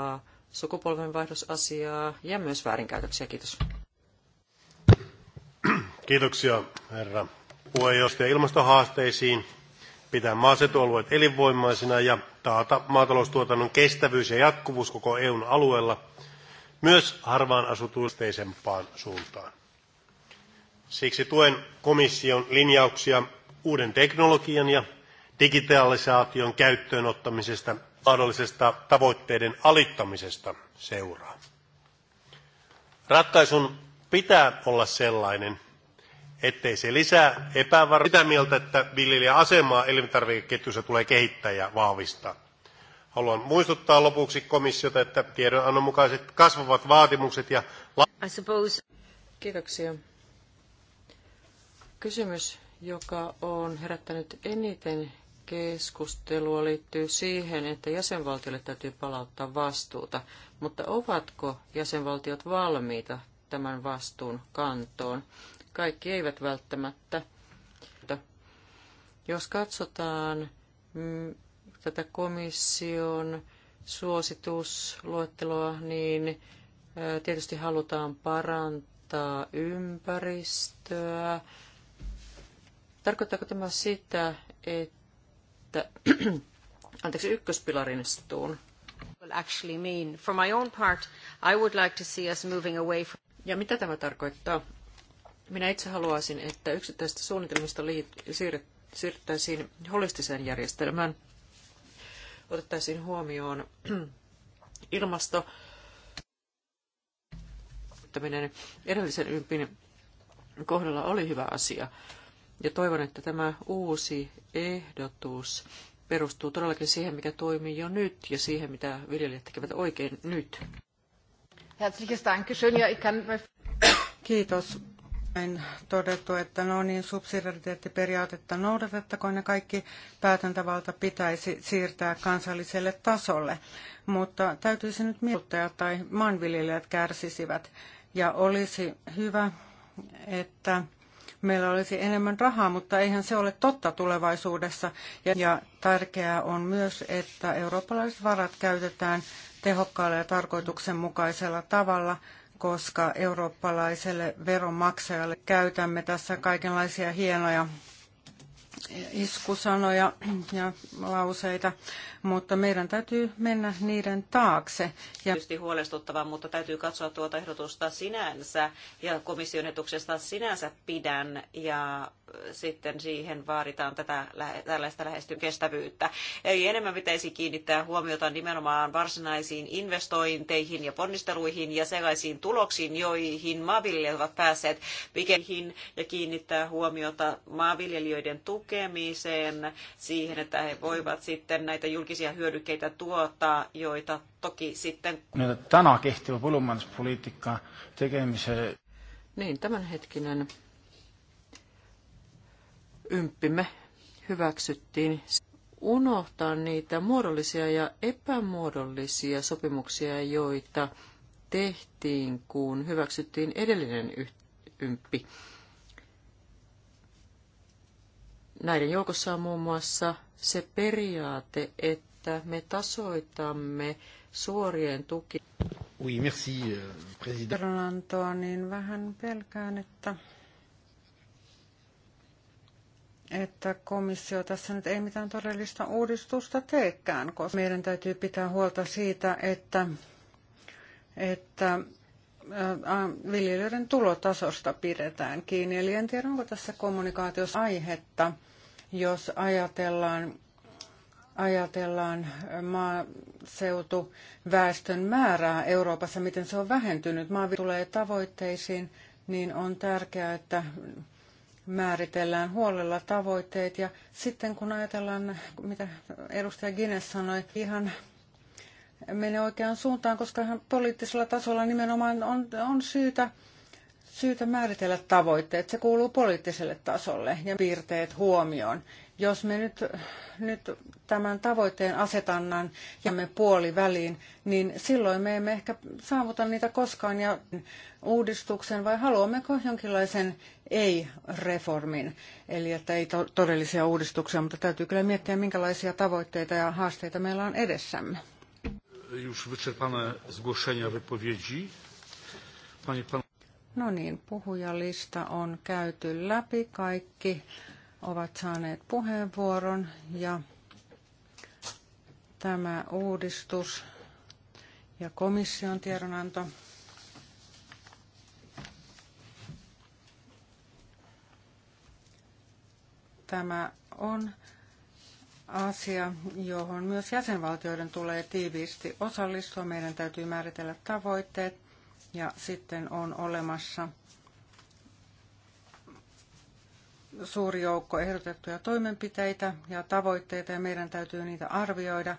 sukupolvenvaihdosasiaa ja myös väärinkäytöksiä. Kiitos. Kiitoksia, herra puheenjohtaja. Ilmastohaasteisiin pitää maaseutualueet elinvoimaisina ja taata maataloustuotannon kestävyys ja jatkuvuus koko EUn alueella myös harvaan asutuisteisempaan suuntaan. Siksi tuen komission linjauksia uuden teknologian ja digitalisaation käyttöönottamisesta mahdollisesta tavoitteiden alittamisesta seuraa. Ratkaisun pitää olla sellainen, ettei se lisää epävarmuutta. Mitä mieltä, että viljelijän asemaa elintarvikeketjussa tulee kehittää ja vahvistaa. Haluan muistuttaa lopuksi komissiota, että tiedonannon mukaiset kasvavat vaatimukset ja... I suppose... Kiitoksia. Kysymys, joka on herättänyt eniten keskustelua liittyy siihen, että jäsenvaltiolle täytyy palauttaa vastuuta, mutta ovatko jäsenvaltiot valmiita tämän vastuun kantoon? Kaikki eivät välttämättä. Jos katsotaan mm, tätä komission suositusluetteloa, niin tietysti halutaan parantaa ympäristöä. Tarkoittaako tämä sitä, että että anteeksi, ykköspilarin from. Ja mitä tämä tarkoittaa? Minä itse haluaisin, että yksittäistä suunnitelmista siirryttäisiin holistiseen järjestelmään. Otettaisiin huomioon ilmasto, edellisen ympin kohdalla oli hyvä asia. Ja toivon, että tämä uusi ehdotus perustuu todellakin siihen, mikä toimii jo nyt ja siihen, mitä viljelijät tekevät oikein nyt. Herzliches Kiitos. Näin todettu, että no niin, subsidiariteettiperiaatetta noudatettakoon ja kaikki päätäntävalta pitäisi siirtää kansalliselle tasolle. Mutta täytyisi nyt miettiä tai maanviljelijät kärsisivät. Ja olisi hyvä, että meillä olisi enemmän rahaa, mutta eihän se ole totta tulevaisuudessa. Ja tärkeää on myös, että eurooppalaiset varat käytetään tehokkaalla ja tarkoituksenmukaisella tavalla, koska eurooppalaiselle veronmaksajalle käytämme tässä kaikenlaisia hienoja iskusanoja ja lauseita, mutta meidän täytyy mennä niiden taakse. Ja tietysti huolestuttavaa, mutta täytyy katsoa tuota ehdotusta sinänsä ja komission etuksesta sinänsä pidän ja sitten siihen vaaditaan tätä, tällaista lähestyn kestävyyttä. Eli enemmän pitäisi kiinnittää huomiota nimenomaan varsinaisiin investointeihin ja ponnisteluihin ja sellaisiin tuloksiin, joihin maanviljelijät ovat päässeet pikemmin ja kiinnittää huomiota maanviljelijöiden tukeen tukemiseen, siihen, että he voivat sitten näitä julkisia hyödykkeitä tuottaa, joita toki sitten... No, tänä kehtivä pulmannispolitiikka tekemiseen... Niin, tämänhetkinen ymppimme hyväksyttiin unohtaa niitä muodollisia ja epämuodollisia sopimuksia, joita tehtiin, kun hyväksyttiin edellinen ymppi. Näiden joukossa on muun muassa se periaate, että me tasoitamme suorien tuki. Oui, merci, euh, president. niin vähän pelkään, että, että komissio tässä nyt ei mitään todellista uudistusta teekään, koska meidän täytyy pitää huolta siitä, että, että Äh, äh, viljelijöiden tulotasosta pidetään kiinni. Eli en tiedä, onko tässä kommunikaatiossa aihetta, jos ajatellaan, ajatellaan maaseutuväestön määrää Euroopassa, miten se on vähentynyt. Maa tulee tavoitteisiin, niin on tärkeää, että määritellään huolella tavoitteet. Ja sitten kun ajatellaan, mitä edustaja Gines sanoi, ihan mene oikeaan suuntaan, koska poliittisella tasolla nimenomaan on, on syytä, syytä määritellä tavoitteet. Se kuuluu poliittiselle tasolle ja piirteet huomioon. Jos me nyt, nyt tämän tavoitteen asetannan ja me puoli väliin, niin silloin me emme ehkä saavuta niitä koskaan ja uudistuksen vai haluammeko jonkinlaisen ei-reformin. Eli että ei to- todellisia uudistuksia, mutta täytyy kyllä miettiä, minkälaisia tavoitteita ja haasteita meillä on edessämme już wyczerpane zgłoszenia wypowiedzi. Panie, pan... No niin, puhujalista on käyty läpi. Kaikki ovat saaneet puheenvuoron ja tämä uudistus ja komission tiedonanto tämä on asia, johon myös jäsenvaltioiden tulee tiiviisti osallistua. Meidän täytyy määritellä tavoitteet ja sitten on olemassa suuri joukko ehdotettuja toimenpiteitä ja tavoitteita ja meidän täytyy niitä arvioida.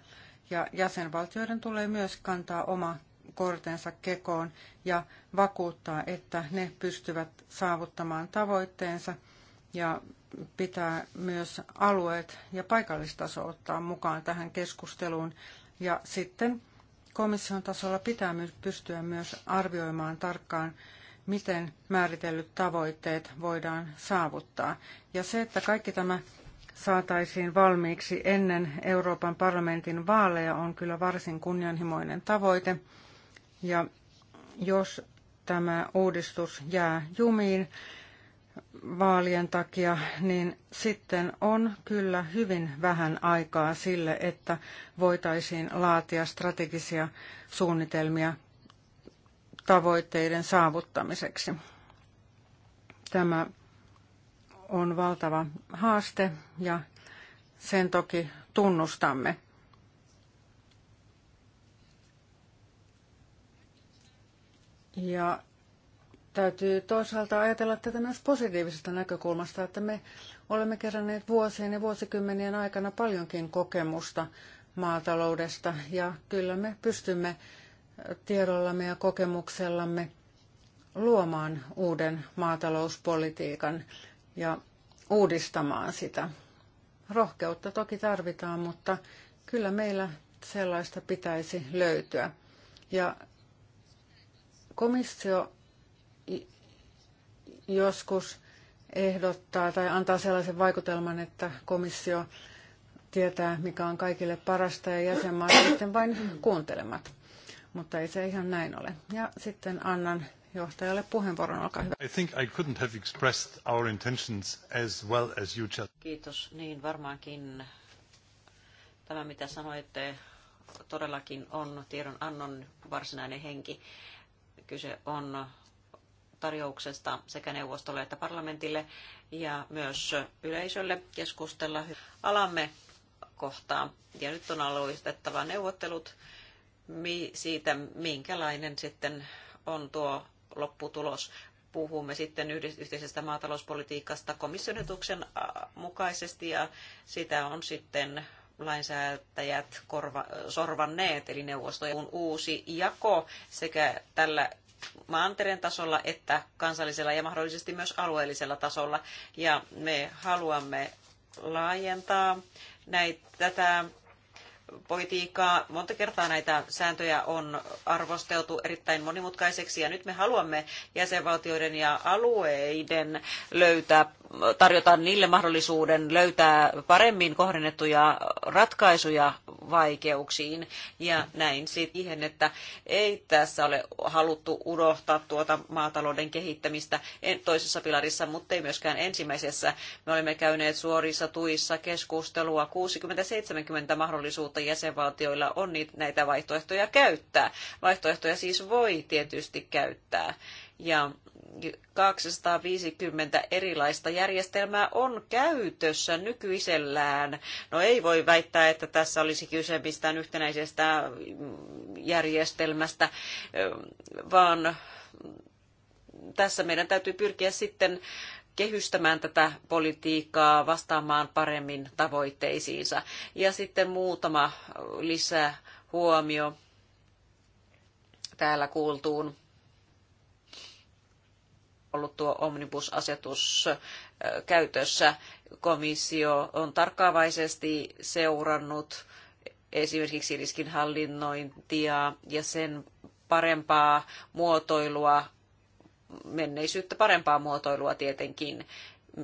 Ja jäsenvaltioiden tulee myös kantaa oma kortensa kekoon ja vakuuttaa, että ne pystyvät saavuttamaan tavoitteensa – ja pitää myös alueet ja paikallistaso ottaa mukaan tähän keskusteluun. Ja sitten komission tasolla pitää myös pystyä myös arvioimaan tarkkaan, miten määritellyt tavoitteet voidaan saavuttaa. Ja se, että kaikki tämä saataisiin valmiiksi ennen Euroopan parlamentin vaaleja, on kyllä varsin kunnianhimoinen tavoite. Ja jos tämä uudistus jää jumiin, vaalien takia, niin sitten on kyllä hyvin vähän aikaa sille, että voitaisiin laatia strategisia suunnitelmia tavoitteiden saavuttamiseksi. Tämä on valtava haaste ja sen toki tunnustamme. Ja täytyy toisaalta ajatella tätä myös positiivisesta näkökulmasta, että me olemme keränneet vuosien ja vuosikymmenien aikana paljonkin kokemusta maataloudesta ja kyllä me pystymme tiedollamme ja kokemuksellamme luomaan uuden maatalouspolitiikan ja uudistamaan sitä. Rohkeutta toki tarvitaan, mutta kyllä meillä sellaista pitäisi löytyä. Ja komissio joskus ehdottaa tai antaa sellaisen vaikutelman, että komissio tietää, mikä on kaikille parasta ja jäsenmaat sitten vain kuuntelemat. Mutta ei se ihan näin ole. Ja sitten annan johtajalle puheenvuoron, olkaa hyvä. I think I couldn't have expressed our intentions as well as you just. Kiitos. Niin varmaankin tämä, mitä sanoitte, todellakin on tiedon annon varsinainen henki. Kyse on tarjouksesta sekä neuvostolle että parlamentille ja myös yleisölle keskustella alamme kohtaa. Ja nyt on aloitettava neuvottelut siitä, minkälainen sitten on tuo lopputulos. Puhumme sitten yhteisestä maatalouspolitiikasta komissionetuksen mukaisesti ja sitä on sitten lainsäätäjät korva, sorvanneet, eli neuvostojen uusi jako sekä tällä mantereen tasolla että kansallisella ja mahdollisesti myös alueellisella tasolla. Ja me haluamme laajentaa näitä, tätä politiikkaa. Monta kertaa näitä sääntöjä on arvosteltu erittäin monimutkaiseksi ja nyt me haluamme jäsenvaltioiden ja alueiden löytää tarjota niille mahdollisuuden löytää paremmin kohdennettuja ratkaisuja vaikeuksiin ja näin siihen, että ei tässä ole haluttu unohtaa tuota maatalouden kehittämistä toisessa pilarissa, mutta ei myöskään ensimmäisessä. Me olemme käyneet suorissa tuissa keskustelua 60-70 mahdollisuutta jäsenvaltioilla on niitä, näitä vaihtoehtoja käyttää. Vaihtoehtoja siis voi tietysti käyttää ja 250 erilaista järjestelmää on käytössä nykyisellään. No ei voi väittää, että tässä olisi kyse mistään yhtenäisestä järjestelmästä, vaan tässä meidän täytyy pyrkiä sitten kehystämään tätä politiikkaa vastaamaan paremmin tavoitteisiinsa. Ja sitten muutama lisähuomio täällä kuultuun ollut tuo omnibusasetus käytössä. Komissio on tarkkaavaisesti seurannut esimerkiksi riskinhallinnointia ja sen parempaa muotoilua, menneisyyttä parempaa muotoilua tietenkin.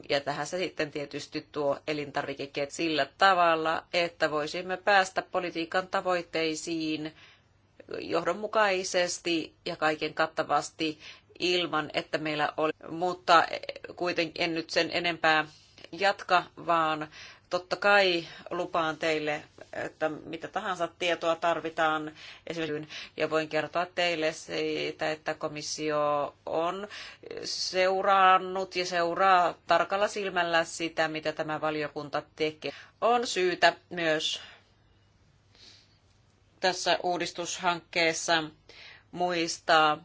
Ja tähän se sitten tietysti tuo elintarvikeket sillä tavalla, että voisimme päästä politiikan tavoitteisiin – johdonmukaisesti ja kaiken kattavasti ilman, että meillä oli. Mutta kuitenkin en nyt sen enempää jatka, vaan totta kai lupaan teille, että mitä tahansa tietoa tarvitaan esimerkiksi, ja voin kertoa teille siitä, että komissio on seurannut ja seuraa tarkalla silmällä sitä, mitä tämä valiokunta tekee. On syytä myös tässä uudistushankkeessa muistaa